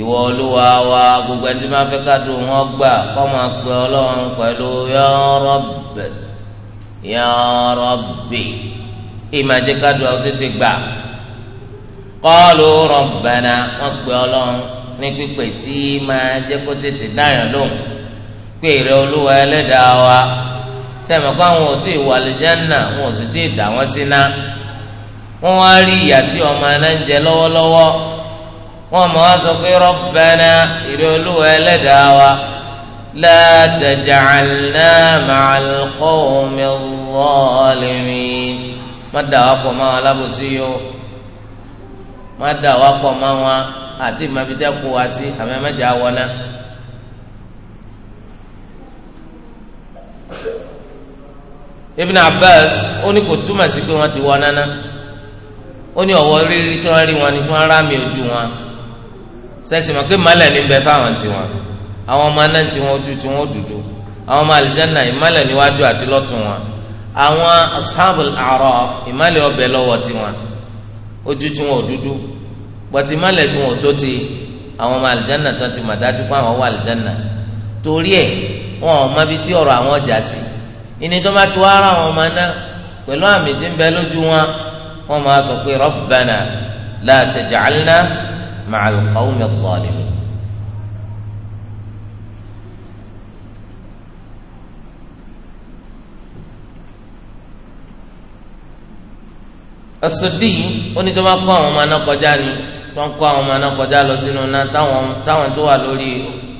ìwọ olúwa wa gbogbo ẹni tí wọ́n fẹ́ ká dùn wọ́n gbà kọ́ máa pe ọlọ́run pẹ̀lú ya Rabb. ya rabbi ìmọ̀ àti kádùá ó tètè gbà qalu rabbana wọ́n pe ọlọ́run ní pípẹ́ tí máa jẹ́ kó tètè dáyàn lóhùn pé ìrẹ́ olúwa ẹlẹ́dàá wa tẹ̀mọ̀ àwọn wọn ò sì tí ì dà wọ́n síná wọ́n wá rí ìyà tí ọmọ ń jẹ lọ́wọ́lọ́wọ́ wọ́n mọ̀ wá sọ pé ìrẹ́ olúwa ẹlẹ́dàá wa. لا تجعلنا مع القوم الظالمين má dà wá pọ̀ mọ́ wọn alábòsí yó má dà wá pọ̀ mọ́ wọn àti màbítẹ́ kó wá sí àmì mẹ́jà wọná. Ibn Abbas ó ní kò túmọ̀ sí pé wọ́n ti wọ nánà ó ní ọ̀wọ́ rírí tí wọ́n rí wọn ni tí wọ́n rámì ojú wọn sẹ́sìmọ̀ pé mọ́lẹ̀ ní bẹ fáwọn tiwọn àwọn ọmọ náà tí wọn ojú tí wọn dúdú àwọn ọmọ àlìjáná ìmọ́lẹ̀ níwájú àti lọ́tún wọn àwọn ashabul araf ìmọ́lẹ̀ ọbẹ̀ lọ́wọ́ tiwọn ojú tí wọn dúdú pọtì ìmọ́lẹ̀ tí wọn tó ti àwọn ọmọ àlìjáná tán ti mà dájú pé àwọn wà àlìjáná torí ẹ̀ wọn ò mọbi tí ọ̀rọ̀ àwọn ọjà sí ìní tó bá ti wá ara àwọn ọmọ náà pẹ̀lú àmì tí ń bẹ lójú wọn wọn máa sọ pé rabbana la As-Suddi oníjọba kó àwọn ọmọ náà kọjá ni wọ́n kó àwọn ọmọ náà kọjá lọ sínú náà táwọn táwọn tó wà lórí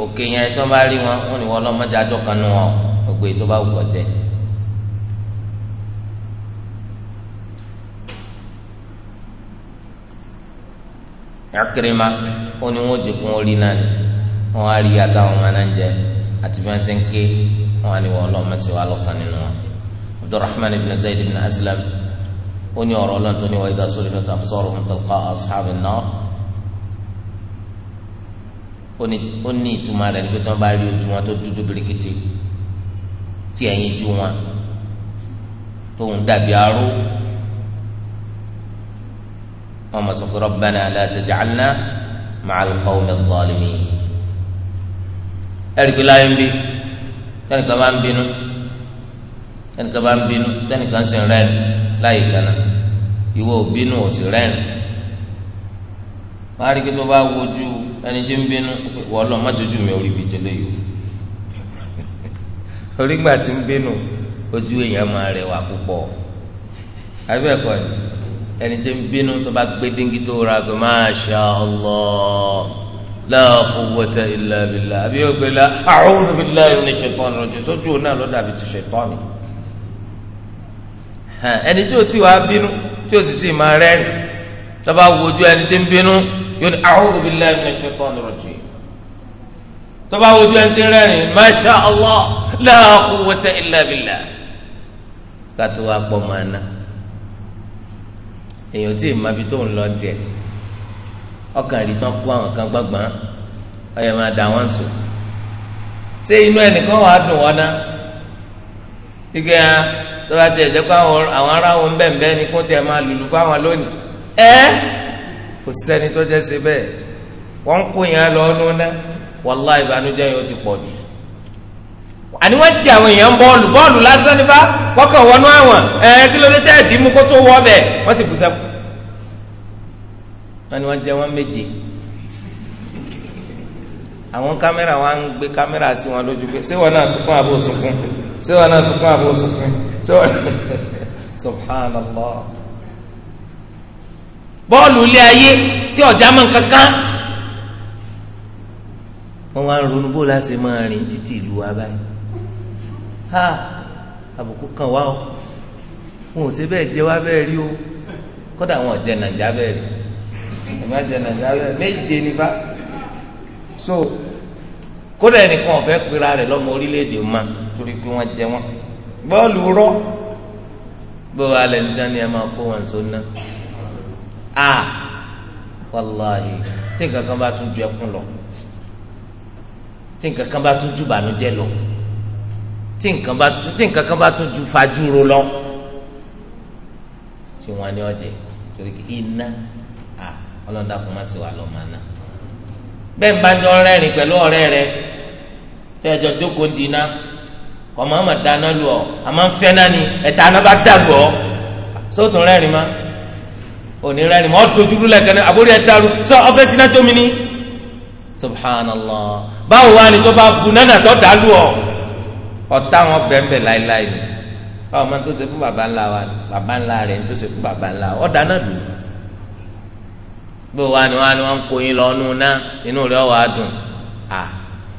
òkè yẹn tí wọ́n bá rí wọn wọ́n ní wọ́n lọ́mọdé àjọ kan nù wọn gbogbo ètò bá wù kọ́ jẹ́. Ikrima ó ní wọn jẹkun orí náà ni wọn á rí àtàwọn ọmọ náà jẹ àti bí wọn ṣe ń ké wọn á wọn lọ mẹsẹ wa lọkàn nínú wọn Abdurrahman ibn Zayd ibn Aslam ó ní ọ̀rọ̀ ọlọ́run tó ní wa idha surifat absaruhum talqa ashabin nar ó ní ìtumọ̀ rẹ̀ ní pé tí wọ́n bá rí ojú wọn tó dúdú birikiti tí ẹ̀yìn ju wọn tóun dàbí arú wọn mọ̀ sọ pé rabbana la taj'alna ma'al qawmi adh-dhalimin ẹ̀rí pé láyé ń bí tẹnìkan bá ń bínú tẹnìkan bá ń bínú tẹnìkan sì ń rẹ́rìn láì gánà ìwọ òbínú òsì rẹ́rìn máa rí kí tó bá wojú ẹni tí ń bínú wọ́n lọ má jojú mi orí ibi tẹ́lẹ̀ yìí orígbà tí ń bínú ojú èèyàn máa rẹwà púpọ̀ abẹ́ẹ̀kọ́ ẹni tí ń bínú tó bá gbé díngí tó ra pé masha Allah la quwwata àbí ògbélá a'udhu billahi minash shaitani rajim sójú náà lọ́dà bíi ti ṣètọ́ ẹni tí o ti wàá bínú tí o sì ti máa rẹ́rìn tọ́ba wojú ẹni tí ń bínú yóò ní a'udhu billahi minash shaitani rajim tọ́ba wojú ẹni tí ń rẹ́rìn masha allah la quwwata illa kátó wàá pọ̀ máa ná èèyàn tí ì fi tó ń lọ tiẹ̀ ọkàn rí tán kú àwọn kan máa dà wọ́n sùn ṣé inú ẹnìkan wàá dùn wọ́n tó bá tiẹ̀ jẹ́ pé àwọn ará ni kó tiẹ̀ máa lùlù fáwọn lónìí ẹ́ kò sẹ́ni tó jẹ́ ṣe bẹ́ẹ̀ wọ́n ń kó yẹn lọ lóná wàláhì ìbànújẹ́ yẹn ó ti pọ̀ jù. àní wọ́n ti àwọn èèyàn bọ́ọ̀lù bọ́ọ̀lù lásán nípa wọnú àwọn ẹ̀ kí ló dé tẹ́ mú kó tó wọ́ bẹ́ẹ̀ wọ́n sì bù sẹ́kù. wọ́n jẹ́ wọ́n méje àwọn kámẹ́rà wọn gbé kámẹ́rà sí wọn lójú pé ṣé wọn náà ṣé wọn náà sunkún àbò sunkún ṣé wọn subhanallah bọ́ọ̀lù ilé ayé tí ọ̀já mọ̀ kankan wọn wá ń ronú bó láti máa rìn títí ìlú wa báyìí ha àbùkù kan wá o wọn ò ṣe bẹ́ẹ̀ jẹ́ wá bẹ́ẹ̀ rí o kódà wọn ò jẹ nàìjà bẹ́ẹ̀ rí ẹ̀ má jẹ nàìjà bẹ́ẹ̀ méje ní bá so kódà ẹnìkan ọ̀fẹ́ pera rẹ̀ lọ́mọ orílẹ̀-èdè torí pé wọ́n jẹ wọ́n bọ́ọ̀lù rọ́ bó alẹ́ níta ni ẹ máa kó a wàláhì tí nǹkan kan bá tún ju ẹkún lọ tí nǹkan kan bá tún ju lọ tí nǹkan bá lọ tí wọn ọjẹ torí pé iná a ọlọ́dà kò má sí wa lọ́ọ́ máa ná bẹ́ẹ̀ bá jọ rẹ́rìn pẹ̀lú ọ̀rẹ́ tẹ́jọ jókòó dínà kọ́mọ́ àmọ̀ dáná lù ọ́ àmọ́ fẹ́ náà ni ẹ̀ta náà bá dàgbọ́ sóòtún rẹ́rìn má òní rẹ́rìn má ọ́ dojúrú lẹ́kẹ́ náà àbórí ẹ̀ dàrú sọ ọbẹ̀ tí náà tómi ní. subhanallah báwo wá ni tó bá bu nánà tó dá lù ọ́ ọ̀tá wọn bẹ̀ẹ̀bẹ̀ láéláé ni báwo máa tó ṣe fún baba ńlá wa baba ńlá rẹ̀ tó ṣe fún baba ńlá wa ọ̀dà náà dùn bó wá ni wá ni wọ́n kó yín lọ́nu náà inú rẹ̀ wàá dùn ah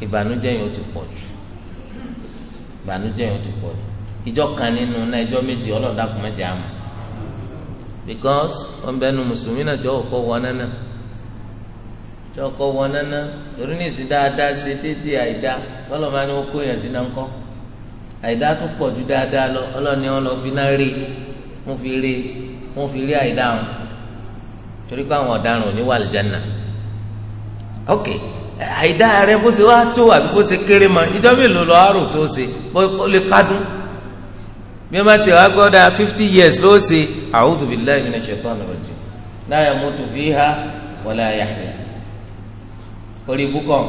ìbànújẹ́ yẹn ó ti pọ̀ jù ìbànújẹ́ yẹn ó ti pọ̀ jù ìjọ kan nínú náà ìjọ méjì ọlọ́dàkùn méjì àmọ́ because ọ̀nbẹ́nu mùsùlùmí náà tí ọkọ̀ wọ nánà tí ọkọ̀ wọ nánà torí ní ìsìn dáadáa ṣe dédé àìdá ọlọ́mọ ni wọ́n kó yẹn sí náà ń kọ́ àìdá tó pọ̀ ju dáadáa lọ ọlọ́ni wọn lọ fi náà rí wọn fi rí wọn fi rí àìdá wọn torí pé àwọn ọ̀daràn ò ní wà lìjánà ok àìdá rẹ bó ṣe wá tó àbí bó ṣe kéré ma ìjọ mélòó lọ àrò tó ṣe ó lè kádùn bí wọ́n bá ti wá fifty years ló ṣe a'udhu billahi minash shaitani rajim la yamutu fiha wala yahya orí ibùkọ́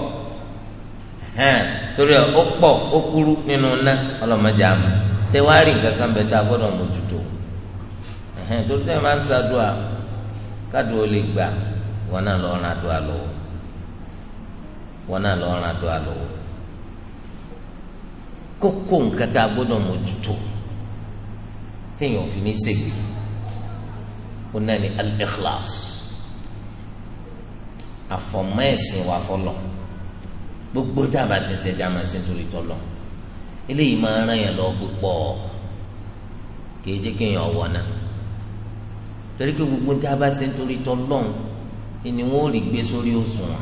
torí ẹ ó pọ̀ ó kúrú nínú ná ọlọ́mọdé àmọ́ ṣé wàá rí nǹkan kan tá a mójútó torí ẹ máa ń kádùn ó lè gbà wọn náà wọn náà lọ ràn àdúrà lọ́wọ́ kókó nǹkan tá a gbọ́dọ̀ mójútó téèyàn ò fi ní ṣègbè ó náà ní al-ikhlas àfọmọ́ ẹ̀sìn wà fọlọ́ gbogbo dábàá ti ṣe jáma sí nítorí tọ́lọ́ eléyìí máa ràn yẹn lọ púpọ̀ kìí jẹ́ kéèyàn ọ̀wọ́ náà torí pé gbogbo dábàá sí nítorí tọ́lọ́ ni wọ́n ò rí gbé sórí òṣùwọ̀n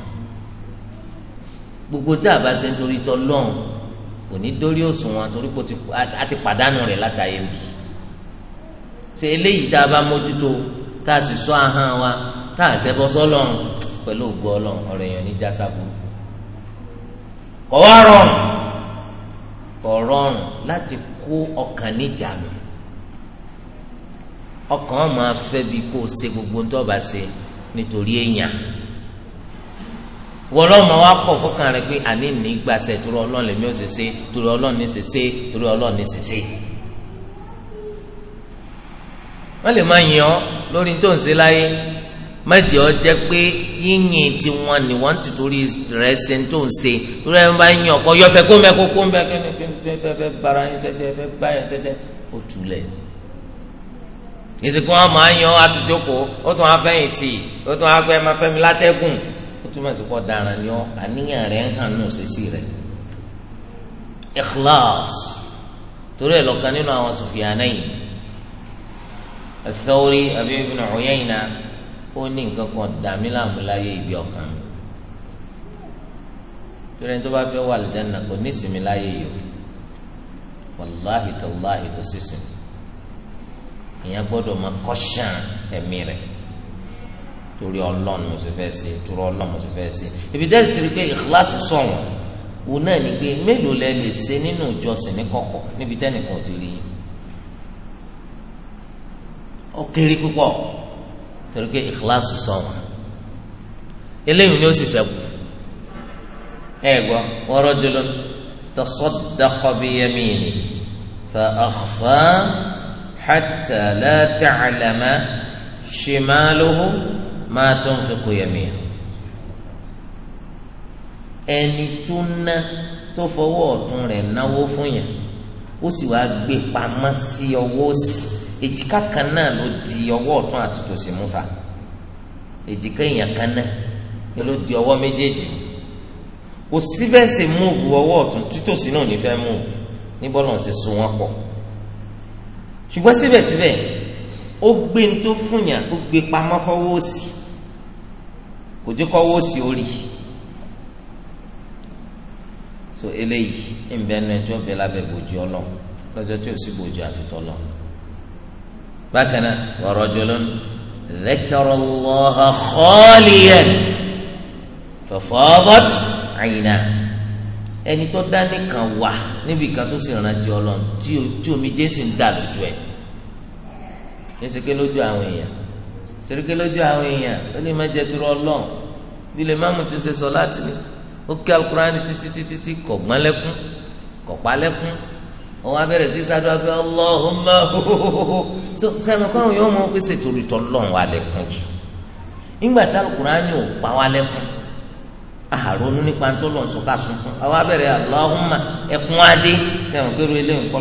gbogbo tí a bá ṣe nítorí tọlọ́run kò ní dórí òṣùwọ̀n torí kò ti pàdánù rẹ̀ látàyè bì ṣe eléyìí tá a bá mójútó tá a sì sọ ahọ́n wa tá a ṣẹbọ sọ́lọ́run pẹ̀lú ògbó ọlọ́run ọ̀rọ̀ èèyàn ní jásá burúkú rọrùn kọ̀ láti kó ọkàn níjànú ọkàn máa fẹ́ bí kó ṣe gbogbo ń tọ́ bá ṣe nítorí èèyàn wọ́n lọ́mọ wa kọ̀ fọ́kàn rẹ pé àní ní gbàsẹ̀ torí ọlọ́run lèmi ò ṣe ṣe torí ọlọ́run ní ṣe ṣe torí ọlọ́run ní ṣe ṣe. wọ́n lè máa yìn ọ́ lórí tó ń ṣe láyé mẹ́jẹ̀ ọ́ jẹ́ pé yíyìn tí wọ́n ní wọ́n ti torí rẹ̀ ṣe tó ń ṣe torí ẹ̀ ń bá yìn ọkọ yọ̀fẹ́ kó mẹ́ kó kó mẹ́ kí ni kí ni fẹ́ bara yín sẹ́jẹ́ fẹ́ bá yẹn sẹ́jẹ́ ó tulẹ̀ ìsìnkú wọn máa yàn àtúnjókòó ó tún wá fẹ́yìn ó tún wá fẹ́ máa fẹ́ látẹ́gùn túmọ̀ sí kọ́ daran ni ọ́ àníyàn rẹ̀ ń hàn ní òṣèṣì rẹ̀ ikhlas torí ẹ̀ lọ́kàn nínú àwọn Sufyanayn Ath-Thawri àbí Ibn Uyayna ó ní nǹkan kan dàmí láàmúláyé ibi ọkàn mi torí ẹni tó bá fẹ́ wà lẹ́dẹ́nà kò ní ìsinmi láyé yìí o wàláhìtàláhì kò sí ìyẹn gbọ́dọ̀ máa kọ́ṣàn ẹ̀mí rẹ̀ torí ọlọ́run mo sì fẹ́ ṣe torí ọlọ́run mo sì fẹ́ ṣe ibi tẹ́sí ti rí pé ìkíláàsì sọ̀wọ́n wò náà ni pé mélòó lẹ lè ṣe nínú ìjọsìn ní kọ̀kọ̀ níbi tẹ́nìkan ò ti rí yín ó kéré púpọ̀ torí pé ìkíláàsì sọ̀wọ́n eléyìí ni ó sì sẹ́kù ẹ gbọ́ wa rajulun tasaddaqa bi yamini fa akhfa hatta la ta'lama máa tó ń fi kó yẹmí ẹni tó ná tó fọwọ́ ọ̀tún rẹ̀ náwó fún yẹn ó sì wáá gbé pamọ́ sí ọwọ́ sí èjìká kan náà ló di ọwọ́ ọ̀tún àti tòsì mú fa èjìká èèyàn kan náà ni ló di ọwọ́ méjèèjì kò sí bẹ́ẹ̀ sì múùbù ọwọ́ ọ̀tún títòsí náà ní fẹ́ múùbù ní bọ́lọ̀ ṣe so wọn pọ̀ ṣùgbọ́n síbẹ̀síbẹ̀ ó gbé ní tó fúnyà ó gbé pamọ́ fọwọ́ sí kò jẹ́ kọ́ wó sí orí so eléyìí ìbẹ́nu ẹjọ́ bẹ lábẹ́ bòjú ọlọ lọ́jọ́ tí ò sí bòjú àfitọ́ lọ. bákan náà wa rajulun dhakara Allaha khaliyan fafadat aynahu ẹni tó dá nìkan wà níbi kan tó sì rántí Ọlọ́run tí omi jésì ń dà lójú ẹ̀ ní sèké lójú àwọn èèyàn torí pé lójú àwọn èèyàn ó lè má jẹ turu ọlọ́run bí lè má mú ti ṣe sọ láti ní ó kí alukurani títí títí tí kò gbọ́n lẹ́kún kò pa lẹ́kún òun abẹ́rẹ́ sí sádùá pé ọlọ́hùnmá so sẹ́mi kọ́ àwọn yóò mọ pé ṣètò ìtọ́ lọ́run wa lẹ́kún yìí nígbà tí alukurani ò pa wá lẹ́kún àrònú nípa tó lọ́n sọ ká sunkún àwọn ẹkún adé sẹ́mi pé eléyìí kọ́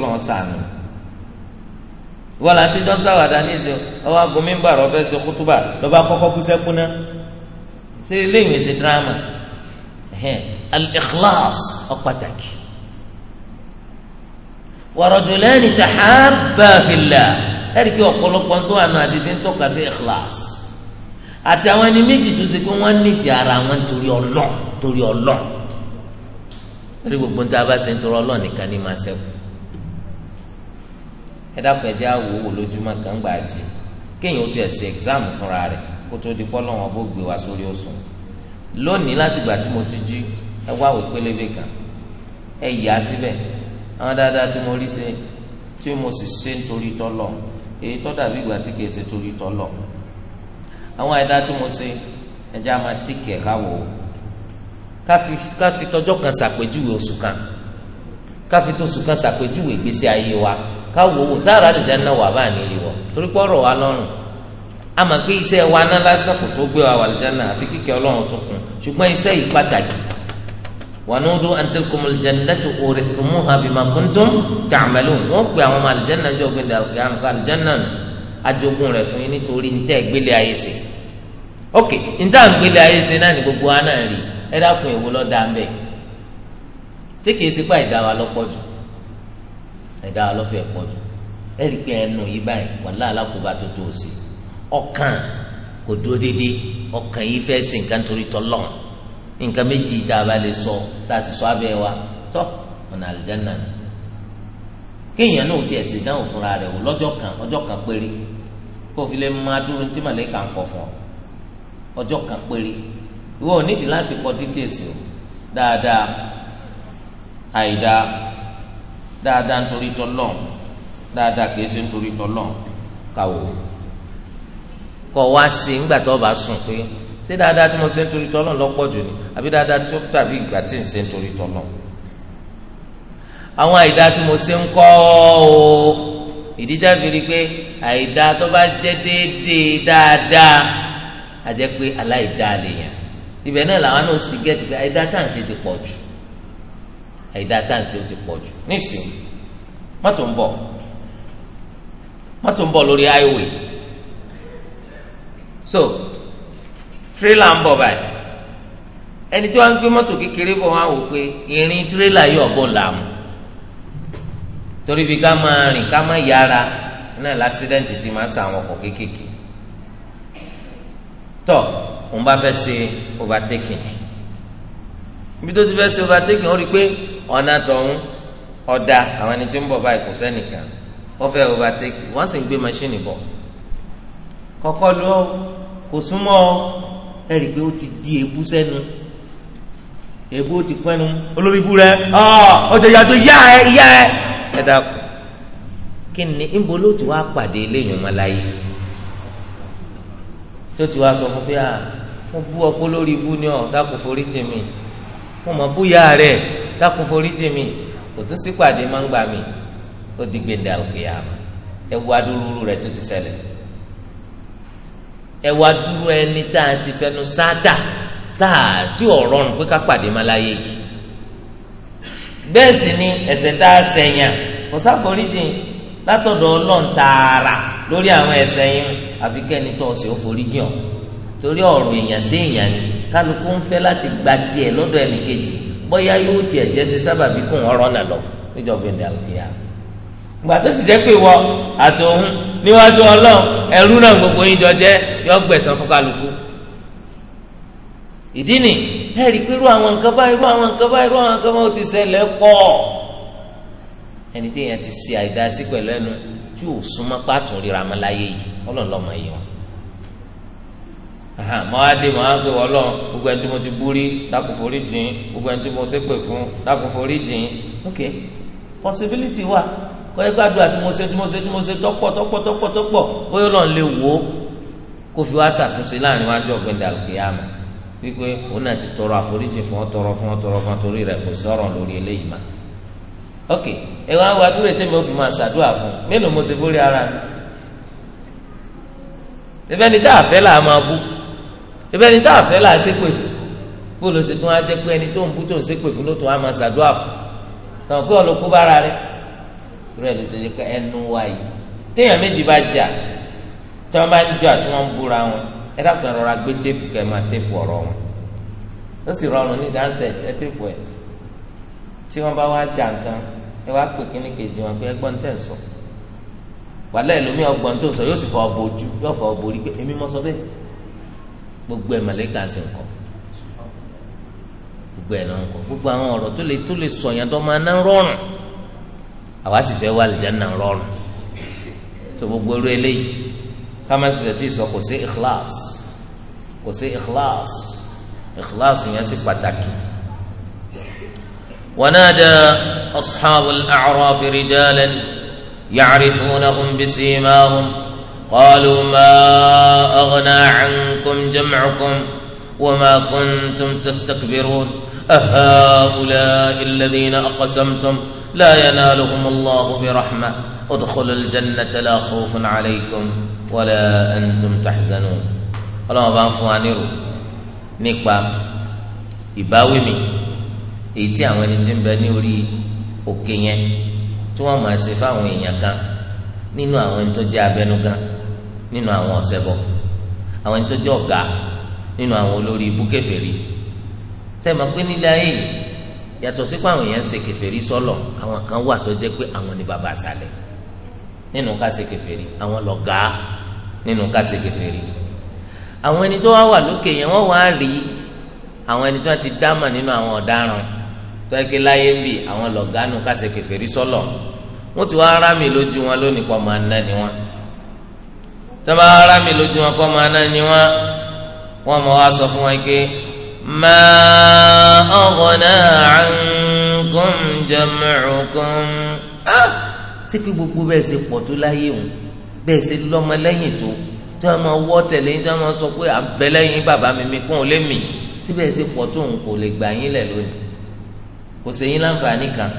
wọ́n láti jọ́ sáwàdà ní ìsìn ọwọ́ aago mímbà rọ fẹ́ ṣe kútúbà lọ́ba kọ́kọ́ kú sẹ́kú ná ṣe iléèwé ṣe dírámà al-ikhlas ó pàtàkì wa rajulani tahabba fillah ẹ̀rí kí ọ̀pọ̀lọpọ̀ tó wà nù àdìdí ń tọ́ka sí ikhlas àti àwọn ẹni méjì tó ṣe pé wọ́n nífẹ̀ẹ́ ara wọn torí ọlọ́ torí ọlọ́ torí gbogbo ń tá bá ṣe ń torí ọlọ́ nìkan ní máa ṣẹ́kù ẹ dákun ẹ jẹ́ àwò wò lójúmọ́ kan gbà jì kéèyàn ó ti ẹ̀sìn ẹ̀gzáàmù fúnra rẹ̀ kó tó di pọ́lọ́ wọn bó gbé wa sórí òsùn lónìí láti gbà tí mo ti jí ẹ wá wò pélébé kan ẹ yà á síbẹ̀ àwọn dáadáa tí mo rí ṣe tí mo sì ṣe nítorí tọ́lọ̀ èyí tó dàbí ìgbà tí kìí ṣe torí tọ́lọ̀ àwọn àìdá tí mo ṣe ẹja máa tíkẹ̀ káwọ̀ ká fi tọjọ́ kan ṣàpèjúwe oṣù kan káfíntó sùkàn sàpèjúwe ìgbésí ayé wa káwo wò sára àlùjáná wà bá nílé wọ torí pé ọ̀rọ̀ wa lọ́rùn a mọ̀ pé iṣẹ́ wa ná lásán kò tó gbé wa wà àlùjáná àfi kíkẹ́ ọlọ́run tó kún ṣùgbọ́n iṣẹ́ yìí pàtàkì wànúdú antilkum aljannatu urithumuha bima kuntum ta'malun wọn pe àwọn ọmọ àlùjáná jọ gbé dàgbé àǹkà àlùjáná nù ajogun rẹ fún yín nítorí ntẹ gbélé ayé ṣe ok náà ní gbogbo wa náà rí ẹ dákun èwo tí kìí ṣe pa ìdá wa lọ́pọ̀ ìdá wa lọ́fẹ̀ẹ́ pé ẹnu yìí báyìí wàhálà alákòóbá tó tó sí ọkàn kò dúró dédé ọkàn yìí fẹ́ ṣe nǹkan torí tọ́lọ́n nǹkan méjì tá a lè sọ tá sọ abẹ́ wa kan ọjọ́ kan péré kó o fi lè máa kan péré ìwọ ò nídìí láti kọ o dáadáa àìdá dáadáa nítorí tọlọ dáadáa kìí ṣe nítorí tọlọ kàwọ kọ wá sí ńgbà tó bá sùn pé ṣé dáadáa tí mo ṣe nítorí tọlọ lọ́pọ̀ jù ni àbí dáadáa tó tàbí ìgbà tí ń ṣe nítorí tọlọ àwọn àìdá tí mo ṣe ń kọ́ o ìdíjà fìrí pé àìdá tó bá jẹ́ déédéé dáadáa àjẹ́ pé aláìdá lèèyàn ibẹ̀ náà làwọn náà ti gẹ́tì pé àìdá tá à ń ṣe ti pọ̀ jù àìdá táǹsì ó ti pọ̀ jù nísìnyí mọ́tò ń bọ̀ mọ́tò ń bọ̀ lórí highway so tírélà ń bọ̀ báyìí ẹni tí wọ́n ń gbé mọ́tò kékeré bọ̀ wọ́n á wò pé irin tírélà yóò bọ̀ làmù torí bí ká máa rìn ká máa yára náà láksidẹ́ǹtì ti máa sa àwọn ọkọ̀ kéékèèké tọ́ òun bá fẹ́ ṣe overtaking ibi tó ti fẹ́ ṣe overtaking ó rí i pé ọ̀nà tọ̀hún ọ̀dà àwọn ẹni tí ń bọ̀ báyìí kò sẹ́nìkan wọ́n fẹ́ overtake wọ́n sì ń gbé machine bọ̀ kọ́kọ́ lọ kò ẹ rí pé ó ti di èébú sẹ́nu èébú ti pẹ́nu olórí ibú rẹ ọjọ́ ìyá tó yá ẹ yá ẹ ẹ kí ni níbo ló ti wá pàdé eléyìí ọmọ ti wá sọ fún pé à ni dákun forí jì mí kò tún sípàdé máa ń gbà mí ó di gbèndé àlùkìyà ẹ wá dúró rẹ tó ti ṣẹlẹ̀ ẹ wá dúró ẹni tá a ti fẹnu sáátà tá a tí ò rọrùn pé ká pàdé má láyé yìí sì ni ẹ̀ṣẹ̀ tá a ṣẹ̀yàn kò sáforíjìn látọ̀dọ̀ ọlọ́run tààrà lórí àwọn ẹ̀ṣẹ̀ yín àfi kẹ́ni tó ọ̀sẹ̀ ó foríjìn torí ọ̀rọ̀ èèyàn sí èèyàn ni kálukú ń fẹ́ láti gba tiẹ̀ lọ́dọ̀ ẹnìkejì bóyá yóò tiẹ̀ jẹ́ ṣe sábàbí kún ọ̀rọ̀ náà lọ níjọba ìdá òkèèyà gbà tó sì jẹ́ pé wọ àtòun níwájú ọlọ́run ẹrú náà gbogbo yín jọ jẹ́ yọ gbẹ̀sán fún kálukú ìdí ni ẹ rí i pé irú àwọn nǹkan báyìí irú àwọn nǹkan báyìí irú àwọn nǹkan báyìí ó ti ṣẹlẹ̀ pọ̀ ẹni tí èèyàn ti ṣe àìdásí pẹ̀lú ẹnu tí ò súnmọ́ pàtó ríra ọmọláyé yìí ọlọ́run lọ́mọ yìí wọn mọ adé mọ agbè wọlọ gbogbo ẹni tí mo ti búrí dákun forí jìn gbogbo ẹni tí mo ṣépè fún dákun forí jìn ok possibility wà kọ́ ẹgbẹ́ àdúrà tí mo ṣe tí mo ṣe tí mo ṣe tọ́pọ̀ tọ́pọ̀ tọ́pọ̀ tọ́pọ̀ bóyá Ọlọ́run lè wò ó kó fi wá ṣàtúnṣe láàrin wájú ọ̀gbẹ́ndà òkè àmọ́ wípé òun náà ti tọrọ àforíjì fún ọ tọrọ fún ọ tọrọ fún ọ torí rẹ kò sí ọ̀rọ̀ lórí eléyìí mà ok ẹ wá wá dúró ètè mi ó fi máa ṣàdúrà fún mélòó mo ṣe fórí ara mi ìfẹ́ni tá a fẹ́ là á máa bú ibẹ̀ ni tá a fẹ́ là á ṣépè fún bó ló ṣe tún á jẹ́ pé ẹni tó ń bú tó ń ṣépè fún ló tún á máa ṣàdúrà fún tàn kó ọlọ́kú bára rẹ̀ rẹ̀ ló ṣe jẹ́ pé ẹnu wa yìí téèyàn méjì bá jà tí wọ́n bá ń jà tí wọ́n ń búra wọn ẹ dàpọ̀ ìrora gbé téèpù kẹ́ máa téèpù ọ̀rọ̀ wọn ó sì rọrùn ní sunset ẹ téèpù ẹ̀ tí wọ́n bá wá jà nǹkan ẹ wá pè kíní kejì wọn pé ẹgbọ́n tẹ̀ ń sọ wàhálà ọgbọ́n tó sọ yóò sì fọ ọbọ ojú yóò fọ ọbọ orí pé èmi mọ́ sọ bẹ́ẹ̀ gbogbo ẹ mọlẹka sì ń kọ gbogbo ẹ náà ń kọ gbogbo àwọn ọ̀rọ̀ tó lè tó lè sọ yẹn tó máa ná rọrùn àwa sì fẹ́ wà lìjẹ náà rọrùn tó gbogbo orí eléyìí kámẹ́sì tẹ̀tí sọ kò sí ikhlas kò sí ikhlas ikhlas yẹn sì pàtàkì. ونادى أصحاب الأعراف رجالا يعرفونهم بسيماهم قالوا ما أغنى عنكم جمعكم وما كنتم تستكبرون أهؤلاء الذين أقسمتم لا ينالهم الله برحمة ادخلوا الجنة لا خوف عليكم ولا أنتم تحزنون ọlọ́run bá ń fún wa nírò nípa ìbáwí mi èyí tí àwọn ẹni tí ń bẹ ní orí òkè yẹn tí wọ́n máa ṣe fáwọn èèyàn kan nínú àwọn ẹni tó jẹ́ abẹnugan nínú àwọn ọ̀sẹ̀bọ àwọn ẹni tó jẹ́ ọ̀gá nínú àwọn olórí ibú kèfèrí sẹ́yìn máa pé nílé ayé yìí yàtọ̀ sí pé àwọn èèyàn ń ṣe kèfèrí sọ́lọ̀ àwọn kan wà tó jẹ́ pé àwọn ni bàbá àṣàlẹ̀ nínú ká ṣe kèfèrí àwọn lọ̀gá nínú ká ṣe kèfèrí àwọn ẹni tó wá wà lókè yẹn wọ́n wá rí àwọn ẹni tó wá ti dámà nínú àwọn ọ̀daràn tó yẹ kí láyé ń bì àwọn lọ̀gá nínú ká ṣe kèfèrí sọ́lọ̀ wọ́n ti wá rámì lójú wọn lónìí pọ̀ máa ń ná ni wọn tọ́ba ara mi lójú wọn kọ́ máa náà ni wọ́n wọ́n mọ̀ wá sọ fún wọn pé ma aghna ankum jam'ukum á tí pé gbogbo bẹ́ẹ̀ ṣe pọ̀ tó láyé òun bẹ́ẹ̀ ṣe lọ́mọ lẹ́yìn tó tí wọ́n máa wọ́ tẹ̀lé tí wọ́n máa sọ pé àbẹ̀lẹ́yìn bàbá mi mi kún un lé mi síbẹ̀ ṣe pọ̀ tó òun kò lè gbà yín lẹ̀ lónìí kò sí yín láǹfààní kan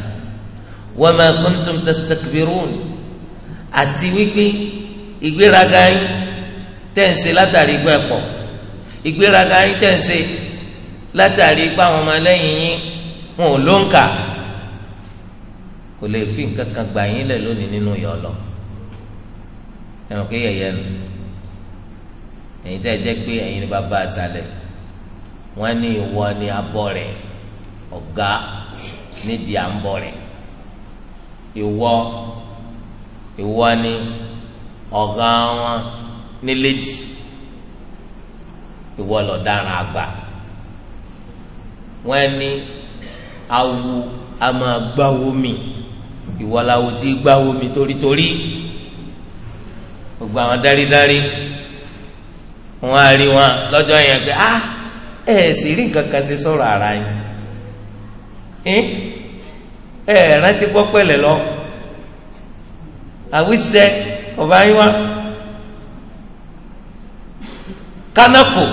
wa ma kuntum tastakbirun àti wípé ìgbéraga yín tẹ̀sẹ̀ látàrí igbá ẹ̀pọ̀ ìgbéraga yín tẹ̀sẹ̀ látàrí igbá àwọn ọmọlẹ́yìn yín wọn ò ló ń kà kò lè fi nǹkan kan gbà yín lẹ̀ lónìí nínú yọ̀ọ̀lọ̀ ẹ̀wọ̀n kí yẹ̀yẹ́ nu ẹ̀yin tẹ́ jẹ́ pé ẹ̀yin ni bàbá àṣàlẹ̀ wọ́n ní ìwọ ni abọ́ rẹ̀ ọ̀gá nídìí à ń bọ̀ rẹ̀ ìwọ ìwọ ni. ọ̀gá wọn ní lady ìwọ àgbà wọn ní a máa gbáwo mi ìwọ tí gbáwo mi torítorí gbogbo àwọn dáridári wọn lọ́jọ́ yẹn pé ah, ẹ sì ṣe sọ̀rọ̀ ara yín ẹ ẹ rántí ọ̀báyíwá kánápò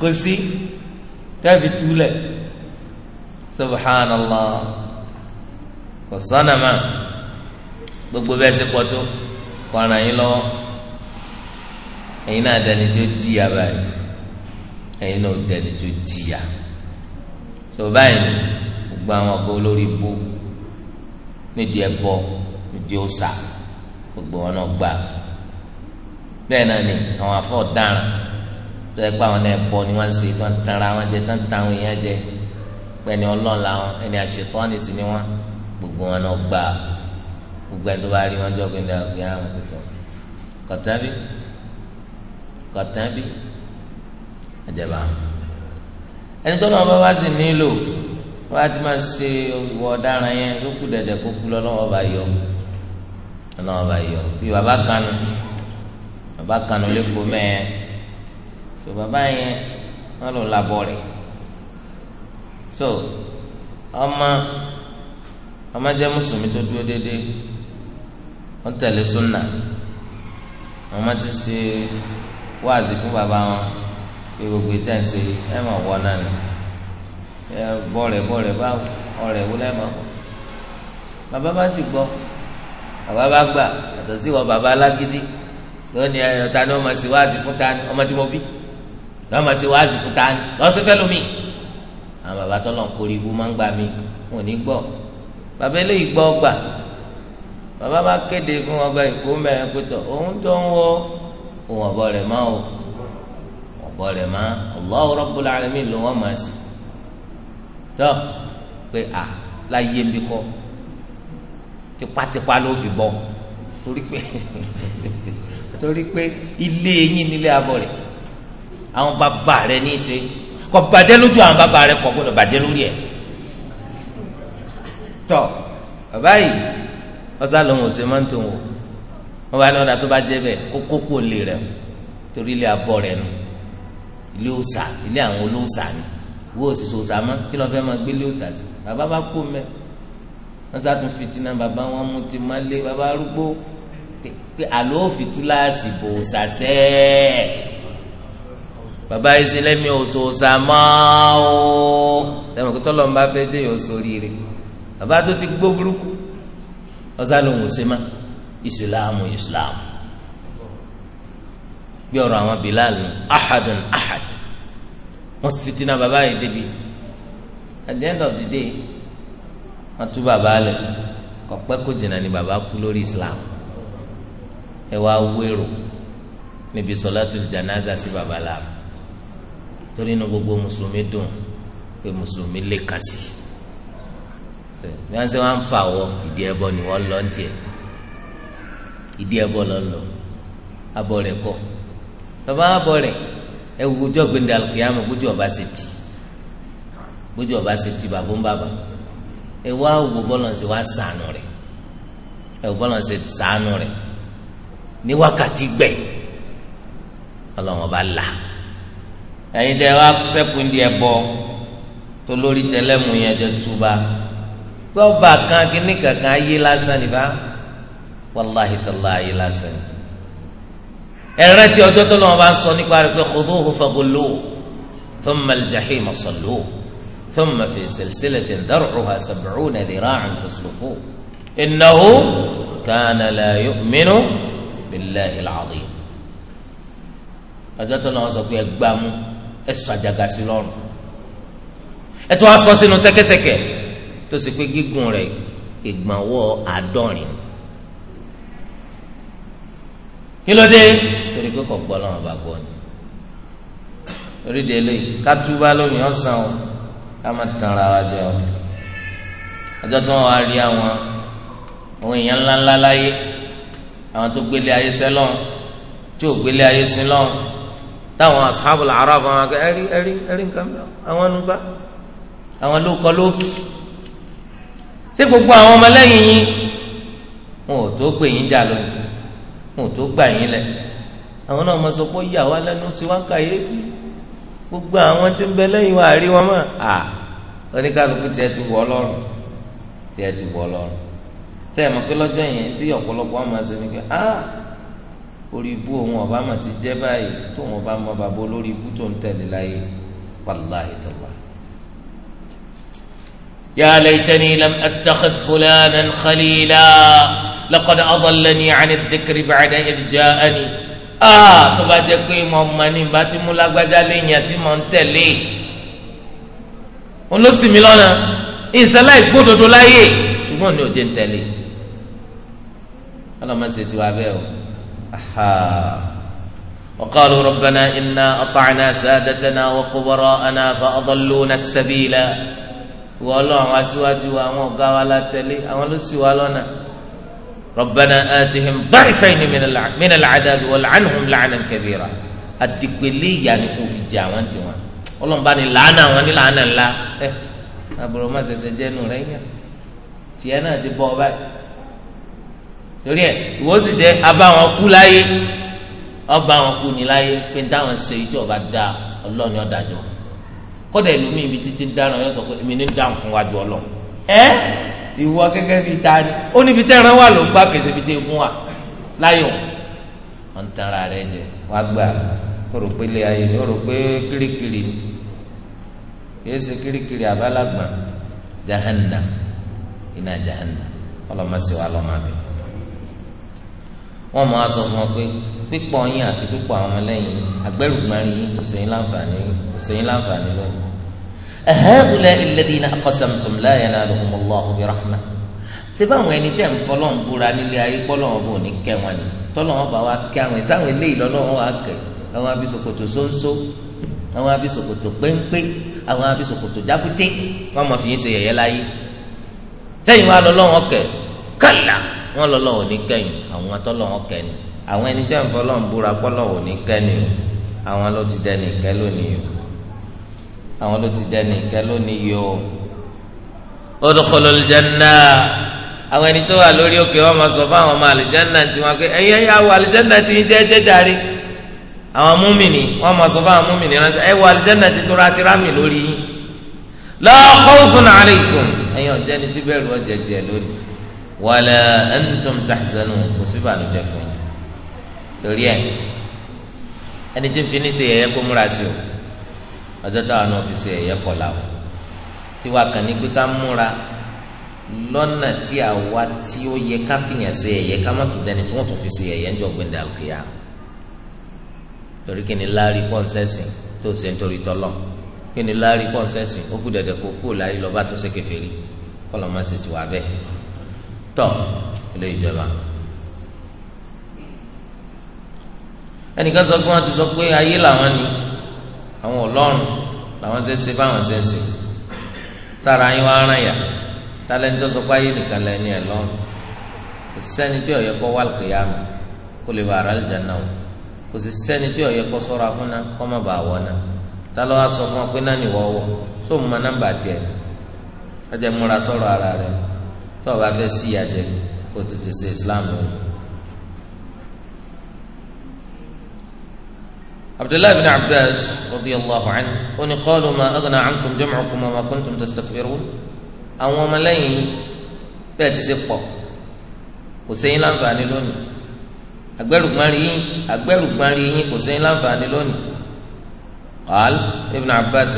kò sí tẹ́ẹ̀fì subhanallah kò gbogbo bẹ́ẹ̀ sì pọ̀ tó yín lọ́wọ́ ẹ̀yin náà dẹni tó jìyà báyìí ẹ̀yin náà dẹni tó tó báyìí gbogbo gbogbo wọn náà gbà bẹ́ẹ̀ náà ni àwọn afọ dáràn tó yẹ pé àwọn náà bọ ni wọn ń ṣe tán tanra wọn jẹ tán tan àwọn èèyàn jẹ pẹni Ọlọ́run làwọn ẹni àṣetọ ní sí ni wọn gbogbo wọn náà gbà gbogbo ẹni tó bá rí wọn jọ pé ní àgbẹ àwọn kòtò kọtàbí kọtàbí ẹjẹba ẹni tó náà bá wá sí nílò wọn á máa ṣe ìwọ ọ̀daràn yẹn ló kù dẹdẹ kó kú lọ lọ́wọ́ bá yọ ọlọ́wọ́n bá yọ bí baba kanu baba kanu lẹ́kọ̀ọ́ mẹ́ẹ̀ so baba yẹn wọ́n lọ labọ́ rẹ̀ so ọmọ ọmọ jẹ́ mùsùlùmí tó dúró déédéé wọ́n tẹ̀lé súnà ọmọ ti ṣe wáàzì fún baba wọn pé gbogbo ìtẹ̀ ń ṣe ẹ̀ mọ̀ wọ́n náà ni bọ́ọ̀rẹ̀ bọ́ọ̀rẹ̀ báwo ọ̀rẹ̀ wúlẹ̀ mọ́ baba bá sì gbọ́ bàbá bá gbà yàtọ̀ sí wọn bàbá alágídí lónìí ẹ̀yọ̀ ta ni ọmọ sí wáàzì fún ta ni ọmọ tí mo bí lọ́mọ sí wáàzì fún ta ni lọ́sẹ̀ fẹ́ lómi àwọn bàbá tó lọ́n kórìí ibú máa ń gbà mí wọn ò ní gbọ́ bàbá eléyìí gbọ́ gbà bàbá bá kéde fún ọba ìkó mẹ́rin pẹ̀tọ̀ òun tó ń wọ òun ọ̀bọ rẹ̀ máa o ọ̀bọ rẹ̀ máa Allahu Rabbul Alamin ló wọ́n máa sì tọ́ pé à láyé ń kọ́ tipátipá ló fi bọ́ torí pé torí pé ilé yín nílé abọ́ rẹ̀ àwọn bàbá rẹ̀ ní í ṣe kò bàjẹ́ lójú àwọn bàbá rẹ̀ kò gbọdọ̀ bàjẹ́ lórí ẹ̀ tọ́ bàbá yìí ọ̀sán lòun ò ṣe máa ń tó wọn wọn bá lọ́dà tó bá jẹ́ bẹ́ẹ̀ kó kókó lè rẹ̀ torí ilé abọ́ rẹ̀ nù ilé òòsà ilé àwọn olóòsà ni wọ́n ò sì sòòsà mọ́ kí lọ́ọ́ fẹ́ máa gbé ilé òòsà sí bàbá bá kú mẹ́ẹ̀ wọ́n sàtún fìtínà bàbá wọn mú ti má lé bàbá arúgbó pé àlọ́ fìtúláàsì bò sàṣẹ́ bàbá ìsìlẹ́mi òṣòṣà máa ó tẹ̀wọ̀n kí tọ́lọ́ ń bá fẹ́ jẹ́ yóò sóríire bàbá tó ti gbó burúkú ọ̀sán ló ń wò sí ma ìsìláàmù bí ọ̀rọ̀ àwọn Bilal nù ahadun ahad wọ́n sì fìtínà bàbá yìí débi at the end of the day wọ́n tú bàbá lẹ̀ kọ̀pẹ́ kò jìnnà ni bàbá kú lórí islam ẹ wá wérò níbi sọlátù janaza sí bàbá la torí inú gbogbo mùsùlùmí dùn pé mùsùlùmí lè kà sí bí fà wọ ìdí ẹbọ ni wọ́n lọ ń tiẹ̀ ìdí ẹbọ lọ lọ abọ́ rẹ̀ kọ́ bàbá abọ́ rẹ̀ ẹ wùjọ́ gbẹ̀ndàlùkìyàmù bójú ọba ṣe ti bójú ọba ṣe ti bàbá ń bàbá ẹ wá wò bọ́lọ̀ ṣe wá sànù rẹ̀ ẹ wò bọ́lọ̀ ṣe sànù rẹ̀ ní wákàtí gbẹ̀ ọlọ́run ọba là ẹ̀yin tẹ́ wá sẹ́kù ń di ẹ bọ́ tó lórí tẹlẹ́mù yẹn jẹ́ túba gbọ́ba kan kíní kankan ayé lásán nípa wàláhi tàlá ayé lásán nípa ẹ̀rẹ́ tí ọjọ́ tó lọ́wọ́ bá sọ nípa rẹ̀ pé khuduhu fagulluhu thumma al-jahima salluhu. ثم في سلسلة ذرعها سبعون ذراعا فاسلكوه إنه كان لا يؤمن بالله العظيم ọjọ́ tó náà sọ pé ẹgbàá mú ẹsọ àjàgà sí lọ́rùn ẹ tó wá sọ sínú sẹ́kẹ́sẹ́kẹ́ tó sì pé gígùn rẹ̀ ìgbọ̀nwọ́ àádọ́rin kí ló dé torí pé kò gbọ́ lọ́wọ́ bá gbọ́ ni orí délé kátúbá lónìí ọ̀sán o ká má tanra wa jẹ o ọjọ́ tí wọ́n wá rí àwọn ohun èèyàn ńláńlá láyé àwọn tó gbélé ayé sẹ́lọ̀n tí ò gbélé ayé sílọ̀n táwọn ashabul araf àwọn akẹ́ ẹ̀rí ẹ̀rí ẹ̀rí nǹkan mìíràn àwọn nu bá àwọn ló kọ́ lókì ṣé gbogbo àwọn ọmọlẹ́yìn yín wọn ò tó gbè yín jà lónìí wọn ò tó gbà yín lẹ̀ àwọn náà mọ̀ sọ pé yà wá lẹ́nu sí wá ń kàyéfì gbogbo àwọn tí ń bẹ lẹ́yìn wa àrí wọn mọ̀ à oníkàlùkù tiẹ̀ ti wọ̀ ọlọ́run tiẹ̀ ti wọ̀ ọlọ́run ṣe é mọ̀ pé lọ́jọ́ yẹn tí ọ̀pọ̀lọpọ̀ àmọ̀ ṣe ni pé á orí ibú òun ọba àmọ̀ ti jẹ́ báyìí tó òun ọba mọ bàbá olórí ibú tó ń tẹ̀lé láyé wàláhì tọ́lá. يا ليتني لم أتخذ فلانا خليلا لقد أضلني عن الذكر بعد إذ جاءني Ah, tó bá jẹ́ pé mo mọ ní bá ti mú lágbájá léyìn àti mo ń tẹ̀lé olóṣì mi lọ́nà ìsẹ́lá ìgbódodo láyè ṣùgbọ́n ní òjé ń tẹ̀lé ọlọ́mọ ti wá bẹ́ẹ̀ o وقالوا ربنا إنا أطعنا سادتنا وكبراءنا فأضلونا السبيل والله أسواجوا وقالوا لا تلي أولو سوالنا ربنا آتهم ضعفين من من العذاب والعنهم لعنا كبيرا àdìpẹ̀lẹ̀ ìyà ni kò fi jẹ àwọn tiwọn ọlọ́run bá ní làánà wọn ní làánà ńlá ẹ àbúrò má ṣẹ̀ṣẹ̀ jẹ́nu rẹ̀ yàn tìyẹ náà ti bọ́ ọ báyìí torí ẹ ìwọ sì jẹ abá wọn kú láyé ọba wọn kú ní láyé pé táwọn ṣe ìjọ ọba da ọlọ́run ni ọ̀dàjọ kọ́dà ìlú mi ibi títí dáná yọ sọ pé èmi ní dáhùn fún wájú ọlọ́run ẹ́ ìwọ gẹ́gẹ́ bíi taari ó níbi tẹ́ran wà ló ń gbà kèsè bíi tẹ́gun wà láyò wọn rẹ jẹ wàá gbà ó rò pé lè ayé ó rò kirikiri ṣe kirikiri jahanna iná jahanna ọlọmọsí wa lọmọbẹ wọn máa sọ fún ọ pé pípọ̀ yín àti pípọ̀ àwọn ọmọlẹ́yìn agbẹ́rùgbọ́n yín kò sẹ́yìn láǹfààní kò هؤلاء الذين أقسمتم لا ينالهم الله برحمة sibáwọn ẹni tẹ́ ń fọlọ́ ń búra nílé ayé pọ́lọ́wọ́n bò ní kẹ́ wọn ni tọ́lọ́wọ́n bá wa kẹ́ àwọn ìsáwọn eléyìí lọ́lọ́wọ́n wa kẹ́ àwọn abisokoto ṣóńṣó àwọn abisokoto péńpé àwọn abisokoto jákúté wọn mọ̀ fi ń ṣe yẹ̀yẹ́ láyé tẹ́yìn wa lọ́lọ́wọ́n kẹ́ kàlà wọn lọ́lọ́wọ́n ní kẹ́yìn àwọn tọ́lọ́wọ́n kẹ́ ni àwọn ẹni tẹ́ ń fọlọ́ búra pọ́lọ́wọ́n ní kẹ́ ni àwọn ló ti dẹ́ni kẹ́ lónìí àwọn ló ti dẹni ìkẹ́ lónìí yìí o udkhulul janna àwọn ẹni tó wà lórí òkè wọn máa sọ fún àwọn ọmọ àlìjánná tí wọn pé ẹyẹ yà wọ àlìjánná tí ń jẹ́ àwọn múmìnì wọn máa sọ fún àwọn múmìnì ránṣẹ́ ẹ wọ àlìjánná tí tóra ti rámì lórí yín la khawfun alaykum ẹ̀yin ọ̀jẹ́ ni tí bẹ́ẹ̀rù ọ̀jẹ̀ tiẹ̀ lónìí wala antum tahzanun kò sí ìbànújẹ́ fún yín lórí ẹ̀ ẹni tí ń fi ṣe yẹ̀yẹ́ kó múra sí o ọjọ́ táwọn náà fi ṣe ẹ̀yẹ pọ̀ làwọn tiwa kàn ní pé ká múra lọ́nà tí àwa tí ó yẹ ká fìyàn ṣe ẹ̀yẹ ká má tún dẹni tí wọ́n tún fi ṣe ẹ̀yẹ ń gbẹ̀dẹ̀ àlùkìyà torí kí ni láàrí pọ́ńsẹ́sì tó ṣe ń torí tọ́lọ̀ kí ni láàrí pọ́ńsẹ́sì ó kú dẹ̀dẹ̀ kó kú láàrí lọ́ba tó ṣe kẹfẹ́rí kọ́lọ́ má ṣe tiwa bẹ́ẹ̀ tọ́ ilé ìjọba. ẹnìkan sọ pé wọ́n ti sọ pé ayé làwọn ni àwọn ọlọ́run làwọn ṣe ń ṣe báwọn ṣe ń ṣe sára yín wàá ràn yà tálẹ́ni tó sọ pé ayé nìkan lẹ́ni ẹ̀ lọ́run kò sẹ́ni tí ọ̀yẹ́ kọ́ wà lùkìyà mọ́ kó lè bàa ràlìjà náà kò sì sẹ́ni tí ọ̀yẹ́ kọ́ sọ́ra fún náà kọ́ má bàa wọ̀ náà tálọ́ wá sọ fún ọ pé náà nìwọ́ wọ̀ tó mú ma nọ́mbà tiẹ̀ ẹ jẹ́ múra sọ̀rọ̀ ara rẹ̀ tó o bá fẹ́ sí ìyàjẹ́ o tètè ṣe Islam lónìí. عبد الله بن عباس رضي الله عنه أن قالوا ما أغنى عنكم جمعكم وما كنتم تستكبرون أو ملايين بيت سقة وسين لانفاني لوني أقبلوا ماليين أقبلوا ماليين وسين لانفاني لوني قال ابن عباس